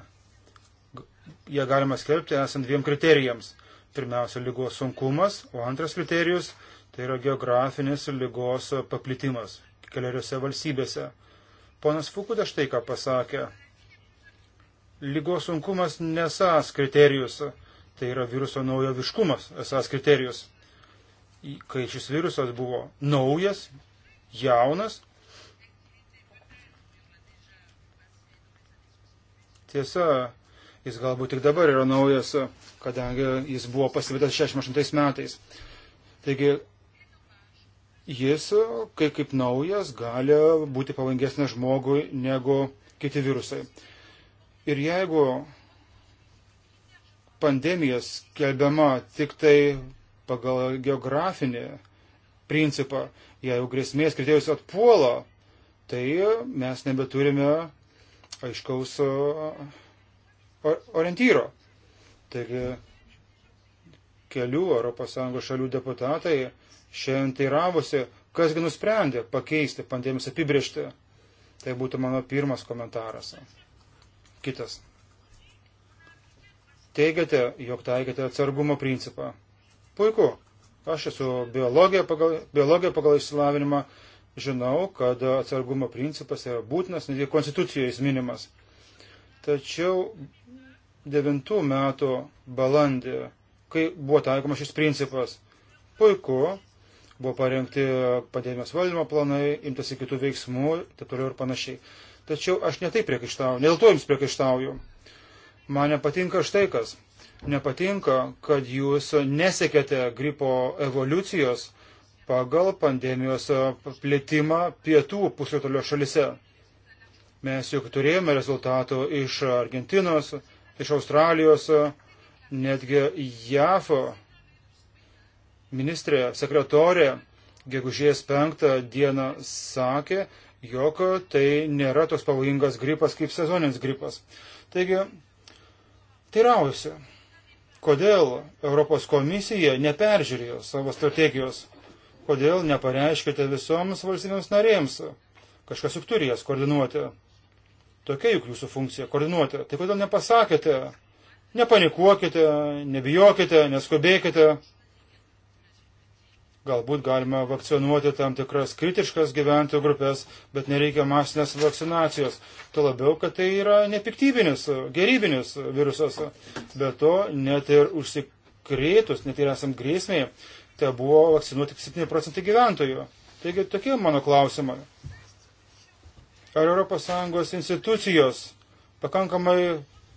ją galima skelbti esant dviem kriterijams. Pirmiausia, lygos sunkumas, o antras kriterijus tai yra geografinis lygos paplitimas keliariose valstybėse. Ponas Fukuda štai ką pasakė. Lygos sunkumas nesas kriterijus, tai yra viruso naujoviškumas esas kriterijus kai šis virusas buvo naujas, jaunas. Tiesa, jis galbūt tik dabar yra naujas, kadangi jis buvo pasivytas 68 metais. Taigi, jis, kai kaip naujas, gali būti pavangesnis žmogui negu kiti virusai. Ir jeigu pandemija skelbiama tik tai pagal geografinį principą. Jeigu grėsmės kriterijus atpuola, tai mes nebeturime aiškaus orientyro. Taigi kelių ES šalių deputatai šiandien teiravosi, kasgi nusprendė pakeisti pandemijos apibriežtį. Tai būtų mano pirmas komentaras. Kitas. Teigiate, jog taikėte atsargumo principą. Puiku. Aš esu biologija pagal, biologija pagal išsilavinimą. Žinau, kad atsargumo principas yra būtinas, netgi konstitucijoje jis minimas. Tačiau devintų metų balandį, kai buvo taikomas šis principas, puiku, buvo parengti padėmės valdymo planai, imtasi kitų veiksmų, taip toliau ir panašiai. Tačiau aš netai priekaištauju, ne dėl to jums priekaištauju. Man nepatinka štai kas nepatinka, kad jūs nesekėte gripo evoliucijos pagal pandemijos plėtimą pietų pusėtolio šalise. Mes juk turėjome rezultatų iš Argentinos, iš Australijos, netgi JAF ministrė, sekretorė gegužės penktą dieną sakė, jog tai nėra toks pavojingas gripas kaip sezoninis gripas. Taigi, teiraujusi, Kodėl Europos komisija neperžiūrėjo savo strategijos? Kodėl nepareiškite visoms valstybėms narėms? Kažkas juk turi jas koordinuoti. Tokia juk jūsų funkcija - koordinuoti. Tai kodėl nepasakėte? Nepanikuokite, nebijokite, neskubėkite. Galbūt galima vakcinuoti tam tikras kritiškas gyventojų grupės, bet nereikia masinės vakcinacijos. Tuo labiau, kad tai yra nepiktybinis, gerybinis virusas. Be to, net ir užsikrėtus, net ir esam grėsmėje, te buvo vakcinuoti tik 7 procentai gyventojų. Taigi tokie mano klausimai. Ar ES institucijos pakankamai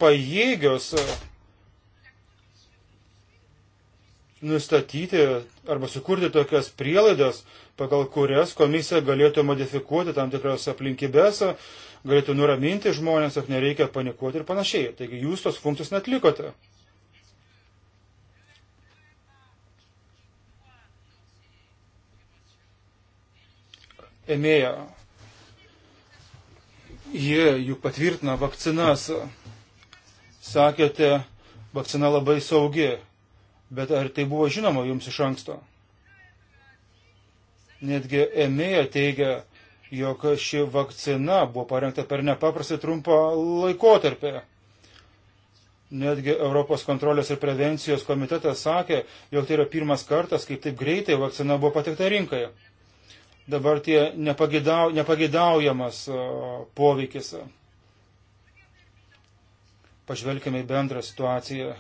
pajėgios nustatyti arba sukurti tokias prielaidas, pagal kurias komisija galėtų modifikuoti tam tikras aplinkybės, galėtų nuraminti žmonės, jog nereikia panikuoti ir panašiai. Taigi jūs tos funkcijos netlikote. Emėja. Jie juk patvirtina vakcinas. Sakėte, vakcina labai saugi. Bet ar tai buvo žinoma jums iš anksto? Netgi EMEA teigia, jog ši vakcina buvo parengta per nepaprastai trumpą laikotarpį. Netgi Europos kontrolės ir prevencijos komitetas sakė, jog tai yra pirmas kartas, kaip taip greitai vakcina buvo patekta rinkai. Dabar tie nepagidau, nepagidaujamas poveikis. Pažvelkime į bendrą situaciją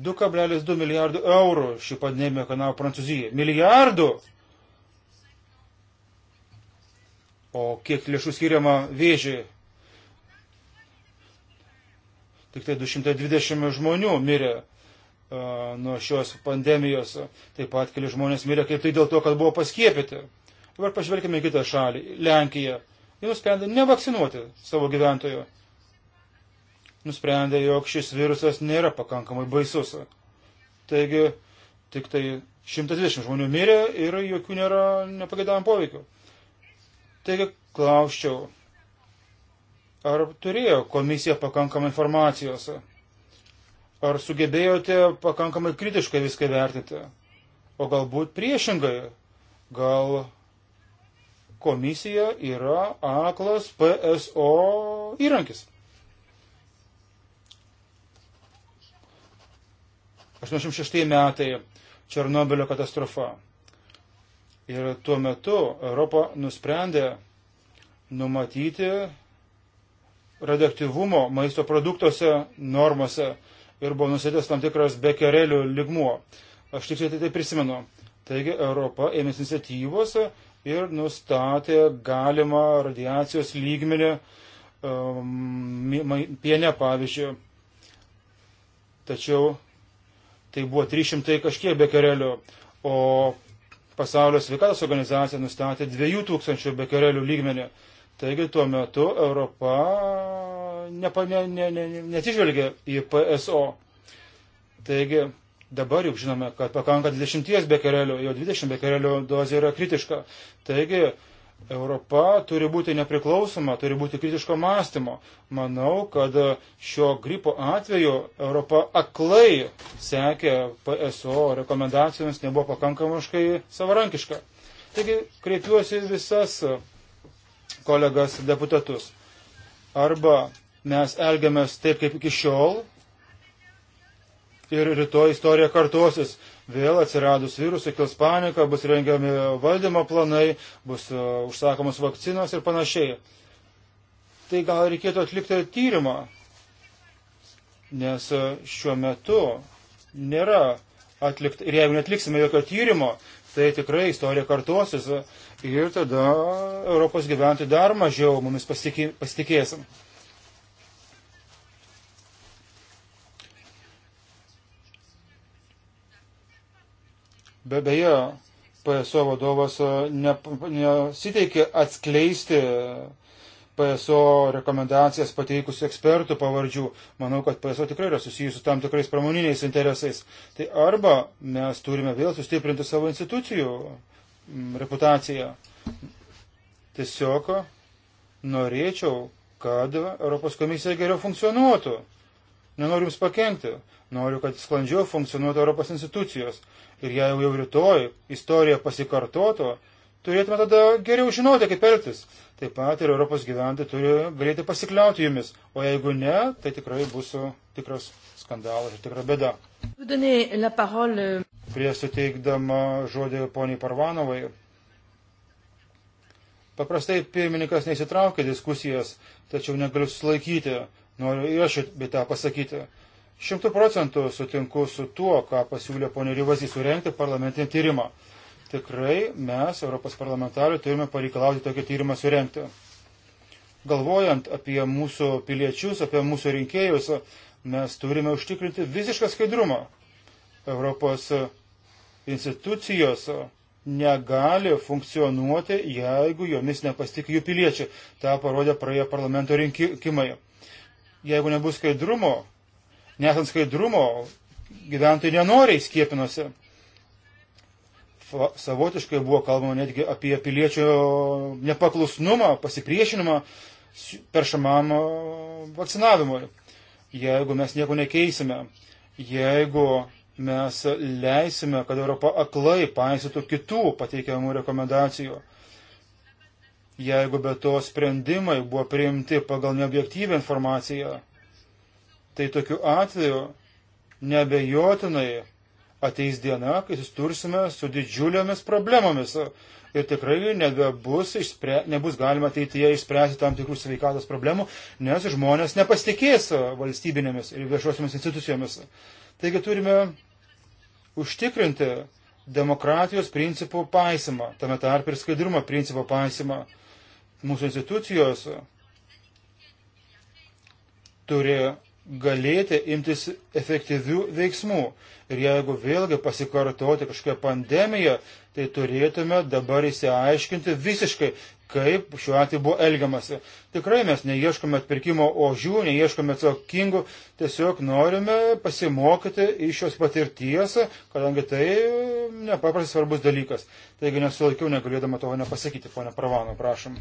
2,2 milijardų eurų ši pandemija kainavo Prancūzijai. Milijardų! O kiek lėšų skiriama vėžiai? Tik tai 220 žmonių mirė uh, nuo šios pandemijos. Taip pat keli žmonės mirė kaip tai dėl to, kad buvo paskiepyti. Dabar pažvelkime į kitą šalį - Lenkiją. Jie nusprendė nevakcinuoti savo gyventojų nusprendė, jog šis virusas nėra pakankamai baisus. Taigi, tik tai 120 žmonių mirė ir jokių nėra nepagėdavimų poveikių. Taigi, klauščiau, ar turėjo komisija pakankamai informacijos? Ar sugebėjote pakankamai kritiškai viską vertinti? O galbūt priešingai, gal komisija yra aklas PSO įrankis? 86 metai Černobilio katastrofa. Ir tuo metu Europa nusprendė numatyti radioaktyvumo maisto produktuose normose ir buvo nusėdęs tam tikras bekerelių ligmuo. Aš tiksliai tai, tai prisimenu. Taigi Europa ėmėsi iniciatyvos ir nustatė galimą radiacijos lygmenį um, piene, pavyzdžiui. Tačiau tai buvo 300 kažkiek bekerelių, o pasaulio sveikatos organizacija nustatė 2000 bekerelių lygmenį. Taigi tuo metu Europa netižvelgia ne, ne, ne, į PSO. Taigi dabar juk žinome, kad pakanka 20 bekerelių, jo 20 bekerelių dozė yra kritiška. Taigi Europa turi būti nepriklausoma, turi būti kritiško mąstymo. Manau, kad šio gripo atveju Europa aklai sekė PSO rekomendacijomis, nebuvo tai pakankamuškai savarankiška. Taigi kreipiuosi visas kolegas deputatus. Arba mes elgiamės taip kaip iki šiol ir rytoj istorija kartuosis vėl atsiradus virusui kils panika, bus rengiami valdymo planai, bus e, užsakomos vakcinos ir panašiai. Tai gal reikėtų atlikti tyrimą, nes e, šiuo metu nėra atlikta. Ir jeigu netliksime jokio tyrimo, tai tikrai istorija kartuosis e, ir tada Europos gyventojai dar mažiau mumis pasitikėsim. Be beje, PSO vadovas e, nesiteikė atskleisti e, PSO rekomendacijas pateikusių ekspertų pavardžių. Manau, kad PSO tikrai yra susijusi su tam tikrais pramoniniais interesais. Tai arba mes turime vėl sustiprinti savo institucijų reputaciją. Tiesiog norėčiau, kad Europos komisija geriau funkcionuotų. Nenoriu jums pakengti, noriu, kad sklandžiau funkcionuotų Europos institucijos. Ir jei jau rytoj istorija pasikartotų, turėtume tada geriau žinoti, kaip elgtis. Taip pat ir Europos gyventojai turi galėti pasikliauti jumis, o jeigu ne, tai tikrai bus tikras skandalas ir tikra bėda. Euh, Prieš suteikdama žodį poniai Parvanovai, paprastai pirmininkas neįsitraukia diskusijas, tačiau negaliu susilaikyti Noriu ir aš bitą pasakyti. Šimtų procentų sutinku su tuo, ką pasiūlė ponė Ryvazį surenkti parlamentinį tyrimą. Tikrai mes, Europos parlamentarai, turime pareikalauti tokį tyrimą surenkti. Galvojant apie mūsų piliečius, apie mūsų rinkėjus, mes turime užtikrinti visišką skaidrumą. Europos institucijos negali funkcionuoti, jeigu jomis nepasitik jų piliečiai. Ta parodė praėję parlamento rinkimai jeigu nebus skaidrumo, nesant skaidrumo, gyventojai nenoriai skiepinosi. Savotiškai buvo kalbama netgi apie piliečio nepaklusnumą, pasipriešinimą peršamam vakcinavimui. Jeigu mes nieko nekeisime, jeigu mes leisime, kad Europa aklai paisytų kitų pateikiamų rekomendacijų, jeigu be to sprendimai buvo priimti pagal neobjektyvę informaciją, tai tokiu atveju nebejotinai ateis diena, kai sustursime su didžiulėmis problemomis ir tikrai nebebus išspre, nebus galima ateityje išspręsti tam tikrų sveikatos problemų, nes žmonės nepasitikės valstybinėmis ir viešuosiamis institucijomis. Taigi turime užtikrinti demokratijos principų paisimą, tame tarp ir skaidrumo principų paisimą mūsų institucijos turi galėti imtis efektyvių veiksmų. Ir jeigu vėlgi pasikartoti kažkokią pandemiją, tai turėtume dabar įsiaiškinti visiškai, kaip šiuo atveju buvo elgiamasi. Tikrai mes neieškome atpirkimo ožių, neieškome atsakingų, tiesiog norime pasimokyti iš šios patirties, kadangi tai nepaprastai svarbus dalykas. Taigi nesulaikiau negalėdama to nepasakyti, ponia Pravano, prašom.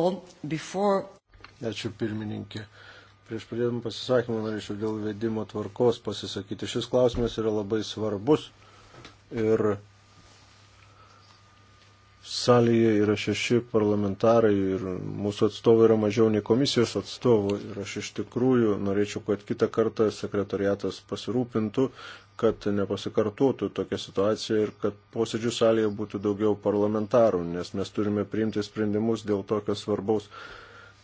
All, before... Ačiū pirmininkė. Prieš pradėdam pasisakymą norėčiau dėl vedimo tvarkos pasisakyti. Šis klausimas yra labai svarbus ir salėje yra šeši parlamentarai ir mūsų atstovų yra mažiau nei komisijos atstovų. Ir aš iš tikrųjų norėčiau, kad kitą kartą sekretariatas pasirūpintų, kad nepasikartotų tokia situacija ir kad posėdžių salėje būtų daugiau parlamentarų, nes mes turime priimti sprendimus dėl tokio svarbaus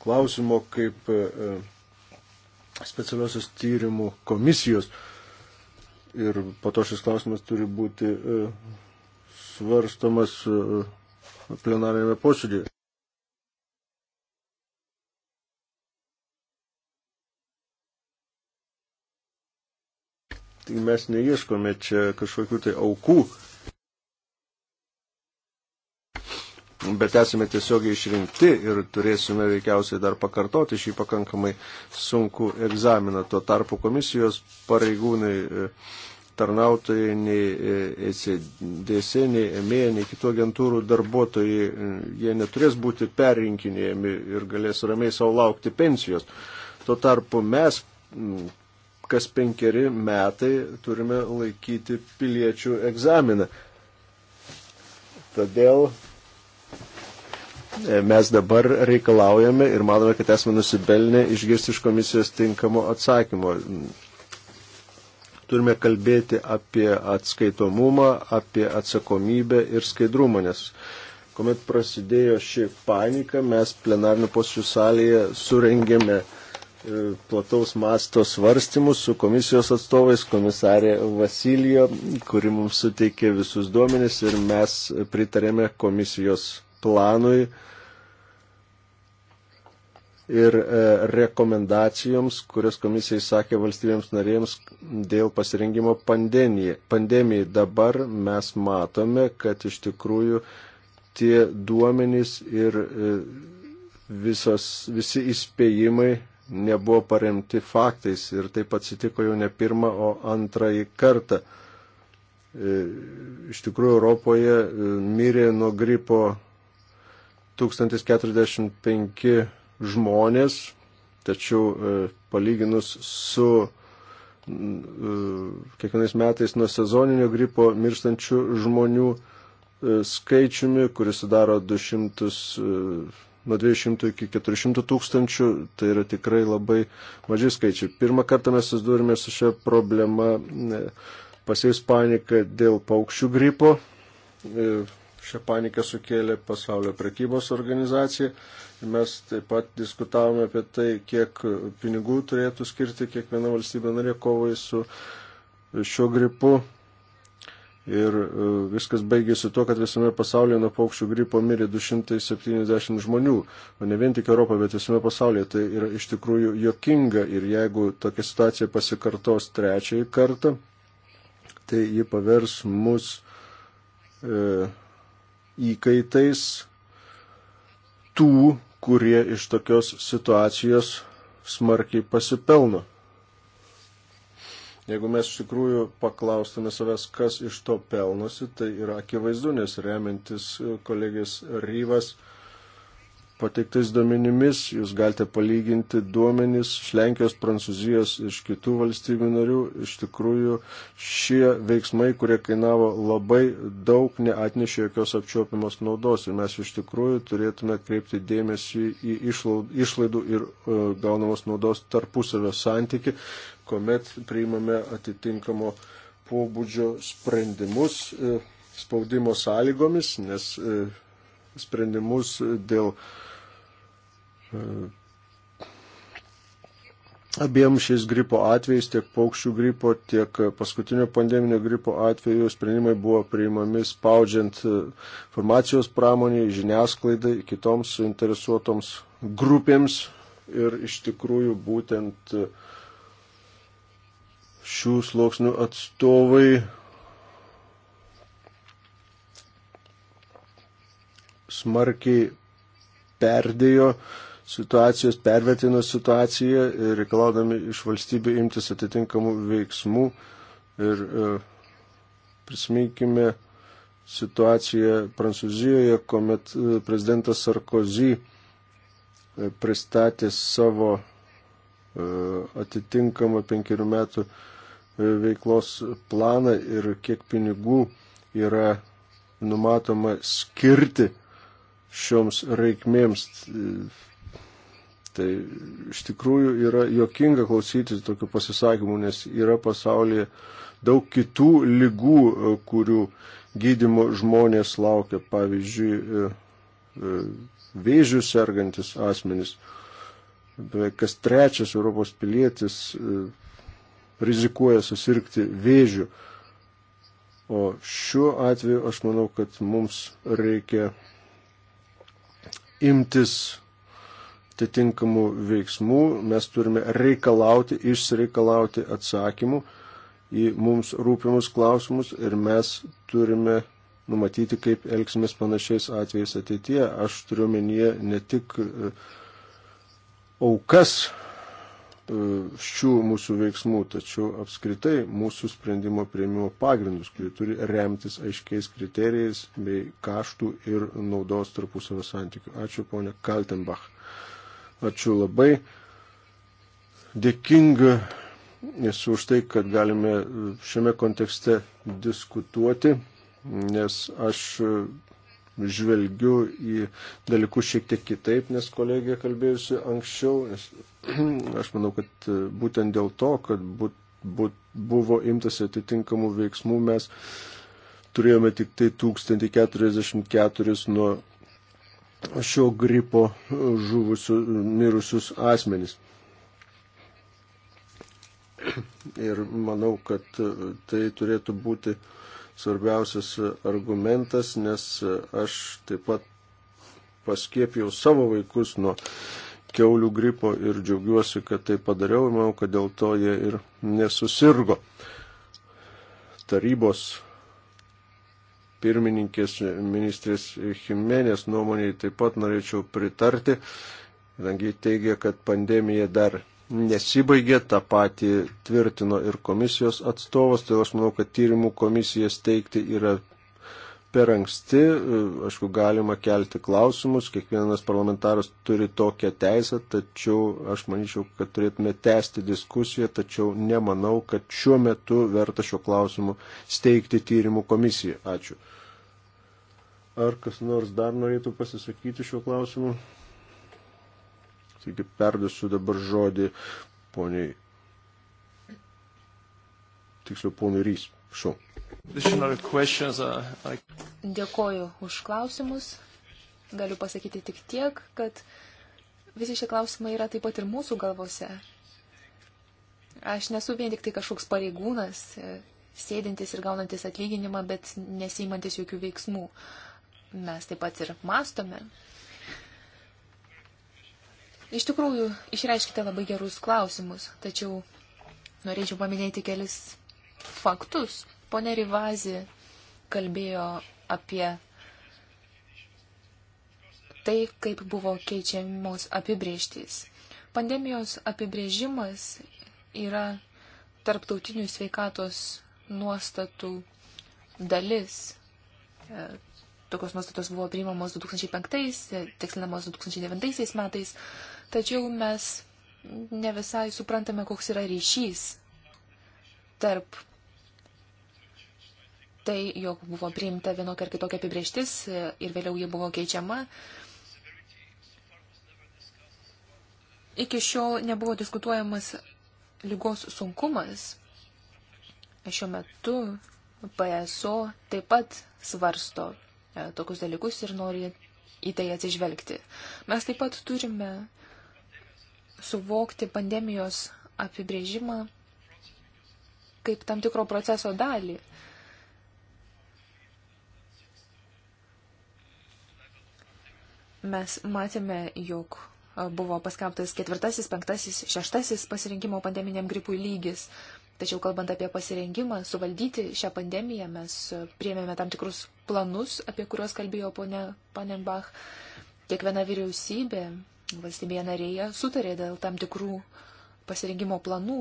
klausimo kaip e, specialiosios tyrimų komisijos. Ir po to šis klausimas turi būti e, svarstomas e, plenarinėme posėdėje. Taigi mes neieškome čia kažkokių tai aukų, bet esame tiesiogiai išrinkti ir turėsime veikiausiai dar pakartoti šį pakankamai sunkų egzaminą. Tuo tarpu komisijos pareigūnai tarnautojai, nei ECDC, e nei EMEA, nei kitų agentūrų darbuotojai, e, jie neturės būti perrinkinėjami ir galės ramiai savo laukti pensijos. Tuo tarpu mes kas penkeri metai turime laikyti piliečių egzaminą. Todėl e, mes dabar reikalaujame ir manome, kad esame nusibelnę išgirsti iš komisijos tinkamo atsakymo turime kalbėti apie atskaitomumą, apie atsakomybę ir skaidrumą, nes kuomet prasidėjo ši panika, mes plenarnių posėdžių salėje surengėme e, plataus masto svarstymus su komisijos atstovais, komisarė Vasilijo, kuri mums suteikė visus duomenis ir mes pritarėme komisijos planui ir e, rekomendacijoms, kurias komisijai sakė valstybėms narėms dėl pasirengimo pandemijai. pandemijai. Dabar mes matome, kad iš tikrųjų tie duomenys ir e, visos, visi įspėjimai nebuvo paremti faktais ir taip atsitiko jau ne pirmą, o antrąjį kartą. E, iš tikrųjų, Europoje mirė nuo gripo 1045 žmonės, tačiau e, palyginus su e, kiekvienais metais nuo sezoninio gripo mirštančių žmonių e, skaičiumi, kuris sudaro 200, nuo 200 iki 400 tūkstančių, tai yra tikrai labai maži skaičiai. Pirmą kartą mes susidūrėme su šia problema pasėjus paniką dėl paukščių gripo. Šią paniką sukėlė pasaulio prekybos organizacija. Mes taip pat diskutavome apie tai, kiek pinigų turėtų skirti kiekviena valstybė narė kovai su šiuo gripu. Ir e, viskas baigėsi tuo, kad visame pasaulyje nuo paukščių gripo mirė 270 žmonių, o ne vien tik Europoje, bet visame pasaulyje. Tai yra iš tikrųjų jokinga ir jeigu tokia situacija pasikartos trečiąjį kartą, tai ji pavers mus e, įkaitais tų, kurie iš tokios situacijos smarkiai pasipelno. Jeigu mes iš tikrųjų paklaustume savęs, kas iš to pelnosi, tai yra akivaizdu, nes remiantis kolegės Ryvas pateiktais duomenimis. Jūs galite palyginti duomenys iš Lenkijos, Prancūzijos, iš kitų valstybių narių. Iš tikrųjų, šie veiksmai, kurie kainavo labai daug, neatnešė jokios apčiopimos naudos. Ir mes iš tikrųjų turėtume kreipti dėmesį į išlaidų ir e, gaunamos naudos tarpusavio santyki, kuomet priimame atitinkamo pobūdžio sprendimus e, spaudimo sąlygomis, nes e, sprendimus dėl uh, Abiem šiais gripo atvejais, tiek paukščių gripo, tiek paskutinio pandeminio gripo atveju sprendimai buvo priimami spaudžiant e, formacijos pramoniai, žiniasklaidai, kitoms suinteresuotoms grupėms ir iš tikrųjų būtent e, šių sluoksnių atstovai smarkiai perdėjo uh, situacijos, pervertino situaciją ir reikalaudami iš valstybių imtis atitinkamų veiksmų. Ir e, prisiminkime situaciją Prancūzijoje, kuomet e, prezidentas Sarkozy e, pristatė savo atitinkamą penkerių metų veiklos planą ir kiek pinigų yra numatoma skirti šioms reikmėms Tai iš tikrųjų yra jokinga klausytis tokių pasisakymų, nes yra pasaulyje daug kitų lygų, e, kurių gydimo žmonės laukia. Pavyzdžiui, e, e, vėžių sergantis asmenys. Beveik kas trečias Europos pilietis rizikuoja susirgti vėžių. O šiuo atveju aš manau, kad mums reikia imtis atitinkamų veiksmų, mes turime reikalauti, išsireikalauti atsakymų į mums rūpimus klausimus ir mes turime numatyti, kaip elgsimės panašiais atvejais ateityje. Aš turiu menyje ne tik e, aukas e, šių mūsų veiksmų, tačiau apskritai mūsų sprendimo prieimimo pagrindus, kurie turi remtis aiškiais kriterijais bei kaštų ir naudos tarpusavio santykių. Ačiū, ponia Kaltenbach. Ačiū labai. Dėkinga esu už tai, kad galime šiame kontekste diskutuoti, nes aš žvelgiu į dalykus šiek tiek kitaip, nes kolegija kalbėjusi anksčiau. Nes *clears throat* aš manau, kad e, būtent dėl to, kad būt, būt, buvo imtas atitinkamų veiksmų, mes turėjome tik tai 1044 nuo šio gripo žuvusių, mirusius asmenys. Ir manau, kad tai turėtų būti svarbiausias argumentas, nes aš taip pat paskėpiau savo vaikus nuo keulių gripo ir džiaugiuosi, kad tai padariau ir manau, kad dėl to jie ir nesusirgo. Tarybos pirmininkės ministrės Jimenės nuomonėje taip pat norėčiau pritarti, kadangi teigia, kad pandemija dar nesibaigė, tą patį tvirtino ir komisijos atstovas, tai aš manau, kad tyrimų komisijas teikti yra per anksti, e, aišku, galima kelti klausimus, kiekvienas parlamentaras turi tokią teisę, tačiau aš manyčiau, kad turėtume tęsti diskusiją, tačiau nemanau, kad šiuo metu verta šiuo klausimu steigti tyrimų komisiją. Ačiū. Ar kas nors dar norėtų pasisakyti šiuo klausimu? Taigi perdusiu dabar žodį poniai, tiksliau ponui Rys. Šau. Dėkoju už klausimus. Galiu pasakyti tik tiek, kad visi šie klausimai yra taip pat ir mūsų galvose. Aš nesu vien tik tai kažkoks pareigūnas, e, sėdintis ir gaunantis atlyginimą, bet nesimantis jokių veiksmų. Mes taip pat ir mastome. Iš tikrųjų, išreiškite labai gerus klausimus, tačiau norėčiau paminėti kelis faktus. Pone Rivazi kalbėjo apie tai, kaip buvo keičiamos apibrieštys. Pandemijos apibrėžimas yra tarptautinių sveikatos nuostatų dalis. E, tokios nuostatos buvo priimamos 2005, e, tikslinamos 2009 metais, tačiau mes ne visai suprantame, koks yra ryšys tarp tai, jog buvo priimta vienokia ar kitokia apibrieštis ir vėliau ji buvo keičiama. Iki šiol nebuvo diskutuojamas lygos sunkumas. Šiuo metu PSO taip pat svarsto e, tokius dalykus ir nori į tai atsižvelgti. Mes taip pat turime suvokti pandemijos apibrėžimą kaip tam tikro proceso dalį. Mes matėme, jog buvo paskelbtas ketvirtasis, penktasis, šeštasis pasirinkimo pandeminiam gripui lygis. Tačiau kalbant apie pasirengimą suvaldyti šią pandemiją, mes priemėme tam tikrus planus, apie kuriuos kalbėjo ponė Panenbach. Kiekviena vyriausybė valstybėje narėje sutarė dėl tam tikrų pasirengimo planų.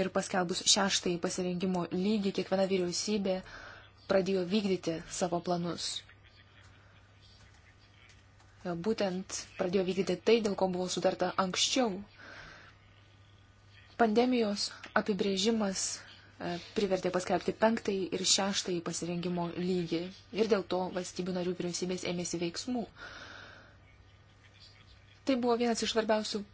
Ir paskelbus šeštąjį pasirengimo lygį, kiekviena vyriausybė pradėjo vykdyti savo planus būtent pradėjo vykdyti tai, dėl ko buvo sutarta anksčiau. Pandemijos apibrėžimas e, privertė paskelbti penktąjį ir šeštąjį pasirengimo lygį ir dėl to valstybių narių vyriausybės ėmėsi veiksmų. Tai buvo vienas iš svarbiausių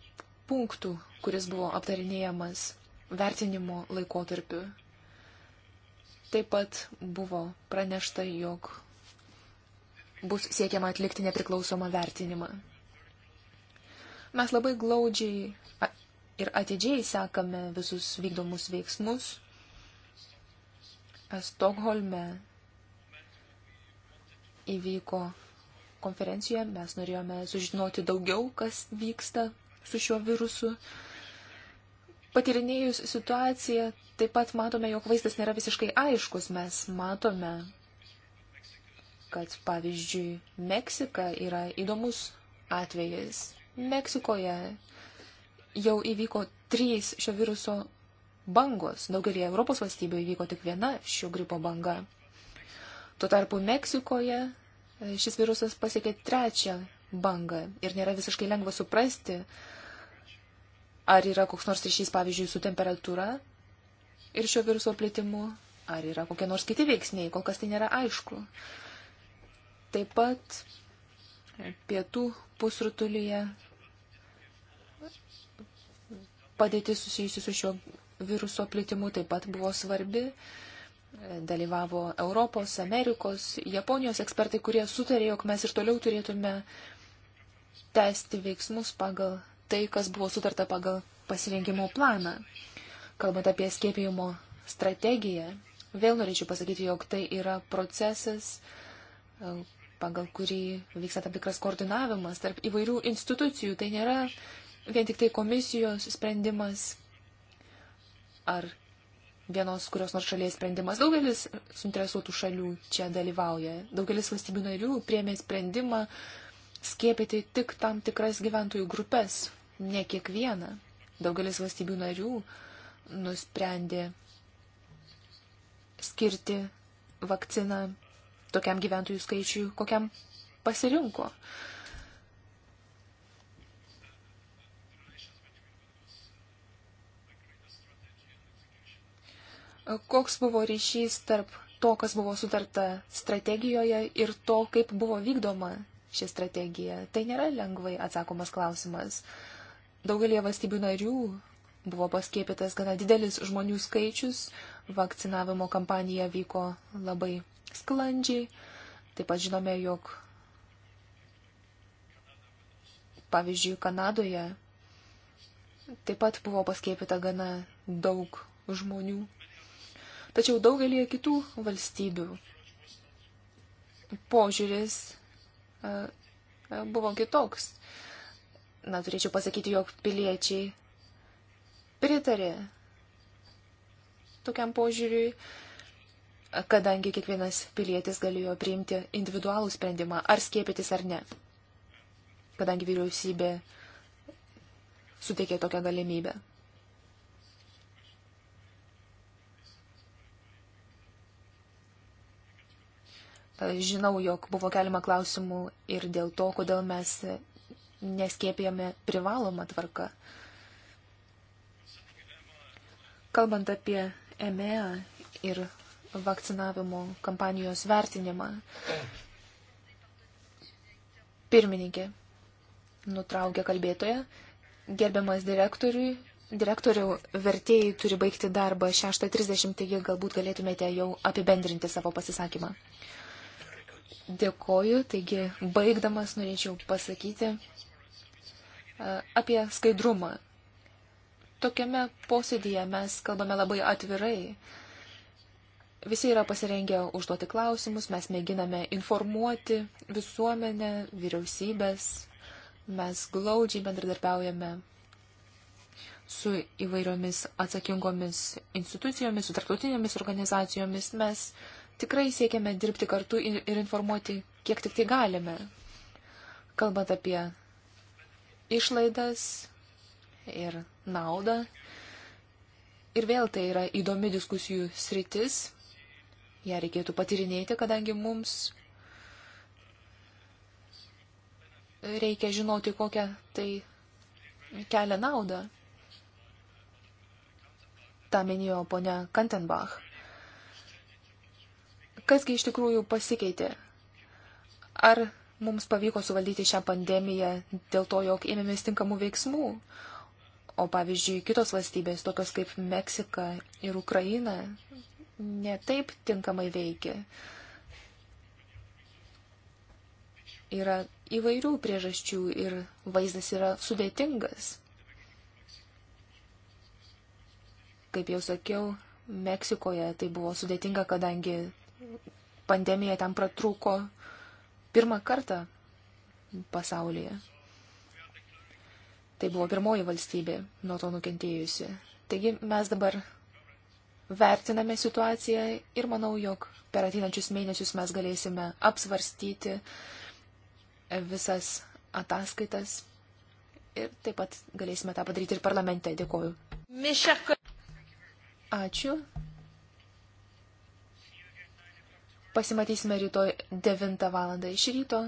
punktų, kuris buvo aptarinėjamas vertinimo laikotarpiu. Taip pat buvo pranešta, jog bus siekiama atlikti nepriklausomą vertinimą. Mes labai glaudžiai ir atidžiai sekame visus vykdomus veiksmus. Stokholme įvyko konferencijoje, mes norėjome sužinoti daugiau, kas vyksta su šiuo virusu. Patirinėjus situaciją, taip pat matome, jog vaizdas nėra visiškai aiškus. Mes matome, kad pavyzdžiui Meksika yra įdomus atvejis. Meksikoje jau įvyko trys šio viruso bangos. Daugelį Europos valstybių įvyko tik viena šio gripo banga. Tuo tarpu Meksikoje e, šis virusas pasiekė trečią bangą ir nėra visiškai lengva suprasti, ar yra koks nors ryšys, pavyzdžiui, su temperatūra ir šio viruso plėtimu, ar yra kokie nors kiti veiksniai, kol kas tai nėra aišku. Taip pat pietų pusrutulyje padėtis susijusi su šiuo viruso plitimu taip pat buvo svarbi. Dalyvavo Europos, Amerikos, Japonijos ekspertai, kurie sutarė, jog mes ir toliau turėtume tęsti veiksmus pagal tai, kas buvo sutarta pagal pasirinkimo planą. Kalbant apie skiepijimo strategiją, vėl norėčiau pasakyti, jog tai yra procesas, pagal kurį vyksta tam tikras koordinavimas tarp įvairių institucijų. Tai nėra vien tik tai komisijos sprendimas ar vienos kurios nors šalies sprendimas. Daugelis suinteresuotų šalių čia dalyvauja. Daugelis valstybių narių priemė sprendimą skiepyti tik tam tikras gyventojų grupės, ne kiekvieną. Daugelis valstybių narių nusprendė skirti vakciną tokiam gyventojų skaičiui, kokiam pasirinko. Koks buvo ryšys tarp to, kas buvo sutarta strategijoje ir to, kaip buvo vykdoma ši strategija? Tai nėra lengvai atsakomas klausimas. Daugelie valstybių narių Buvo paskėpytas gana didelis žmonių skaičius, vakcinavimo kampanija vyko labai sklandžiai. Taip pat žinome, jog pavyzdžiui Kanadoje taip pat buvo paskėpyta gana daug žmonių. Tačiau daugelį kitų valstybių požiūris e, e, buvo kitoks. Na, turėčiau pasakyti, jog piliečiai pritarė tokiam požiūriui, kadangi kiekvienas pilietis galėjo priimti individualų sprendimą, ar skiepytis ar ne, kadangi vyriausybė suteikė tokią galimybę. Žinau, jog buvo keliama klausimų ir dėl to, kodėl mes neskėpėjame privalomą tvarką. Kalbant apie EMEA ir vakcinavimo kampanijos vertinimą, pirmininkė nutraukė kalbėtoje, gerbiamas direktoriui, direktoriau, vertėjai turi baigti darbą 6.30, taigi galbūt galėtumėte jau apibendrinti savo pasisakymą. Dėkoju, taigi baigdamas norėčiau pasakyti apie skaidrumą Tokiame posėdėje mes kalbame labai atvirai. Visi yra pasirengę užduoti klausimus, mes mėginame informuoti visuomenę, vyriausybės, mes glaudžiai bendradarbiaujame su įvairiomis atsakingomis institucijomis, su tarptautinėmis organizacijomis. Mes tikrai siekiame dirbti kartu ir informuoti, kiek tik tai galime. Kalbant apie išlaidas ir naudą. Ir vėl tai yra įdomi diskusijų sritis. Ja reikėtų patirinėti, kadangi mums reikia žinoti, kokią tai kelia naudą. Ta minėjo ponia Kantenbach. Kasgi iš tikrųjų pasikeitė? Ar mums pavyko suvaldyti šią pandemiją dėl to, jog ėmėmės tinkamų veiksmų? O pavyzdžiui, kitos valstybės, tokios kaip Meksika ir Ukraina, netaip tinkamai veikia. Yra įvairių priežasčių ir vaizdas yra sudėtingas. Kaip jau sakiau, Meksikoje tai buvo sudėtinga, kadangi pandemija ten pratrūko pirmą kartą pasaulyje. Tai buvo pirmoji valstybė nuo to nukentėjusi. Taigi mes dabar vertiname situaciją ir manau, jog per ateinančius mėnesius mes galėsime apsvarstyti visas ataskaitas ir taip pat galėsime tą padaryti ir parlamente. Dėkoju. Ačiū. Pasimatysime rytoj 9 val. iš ryto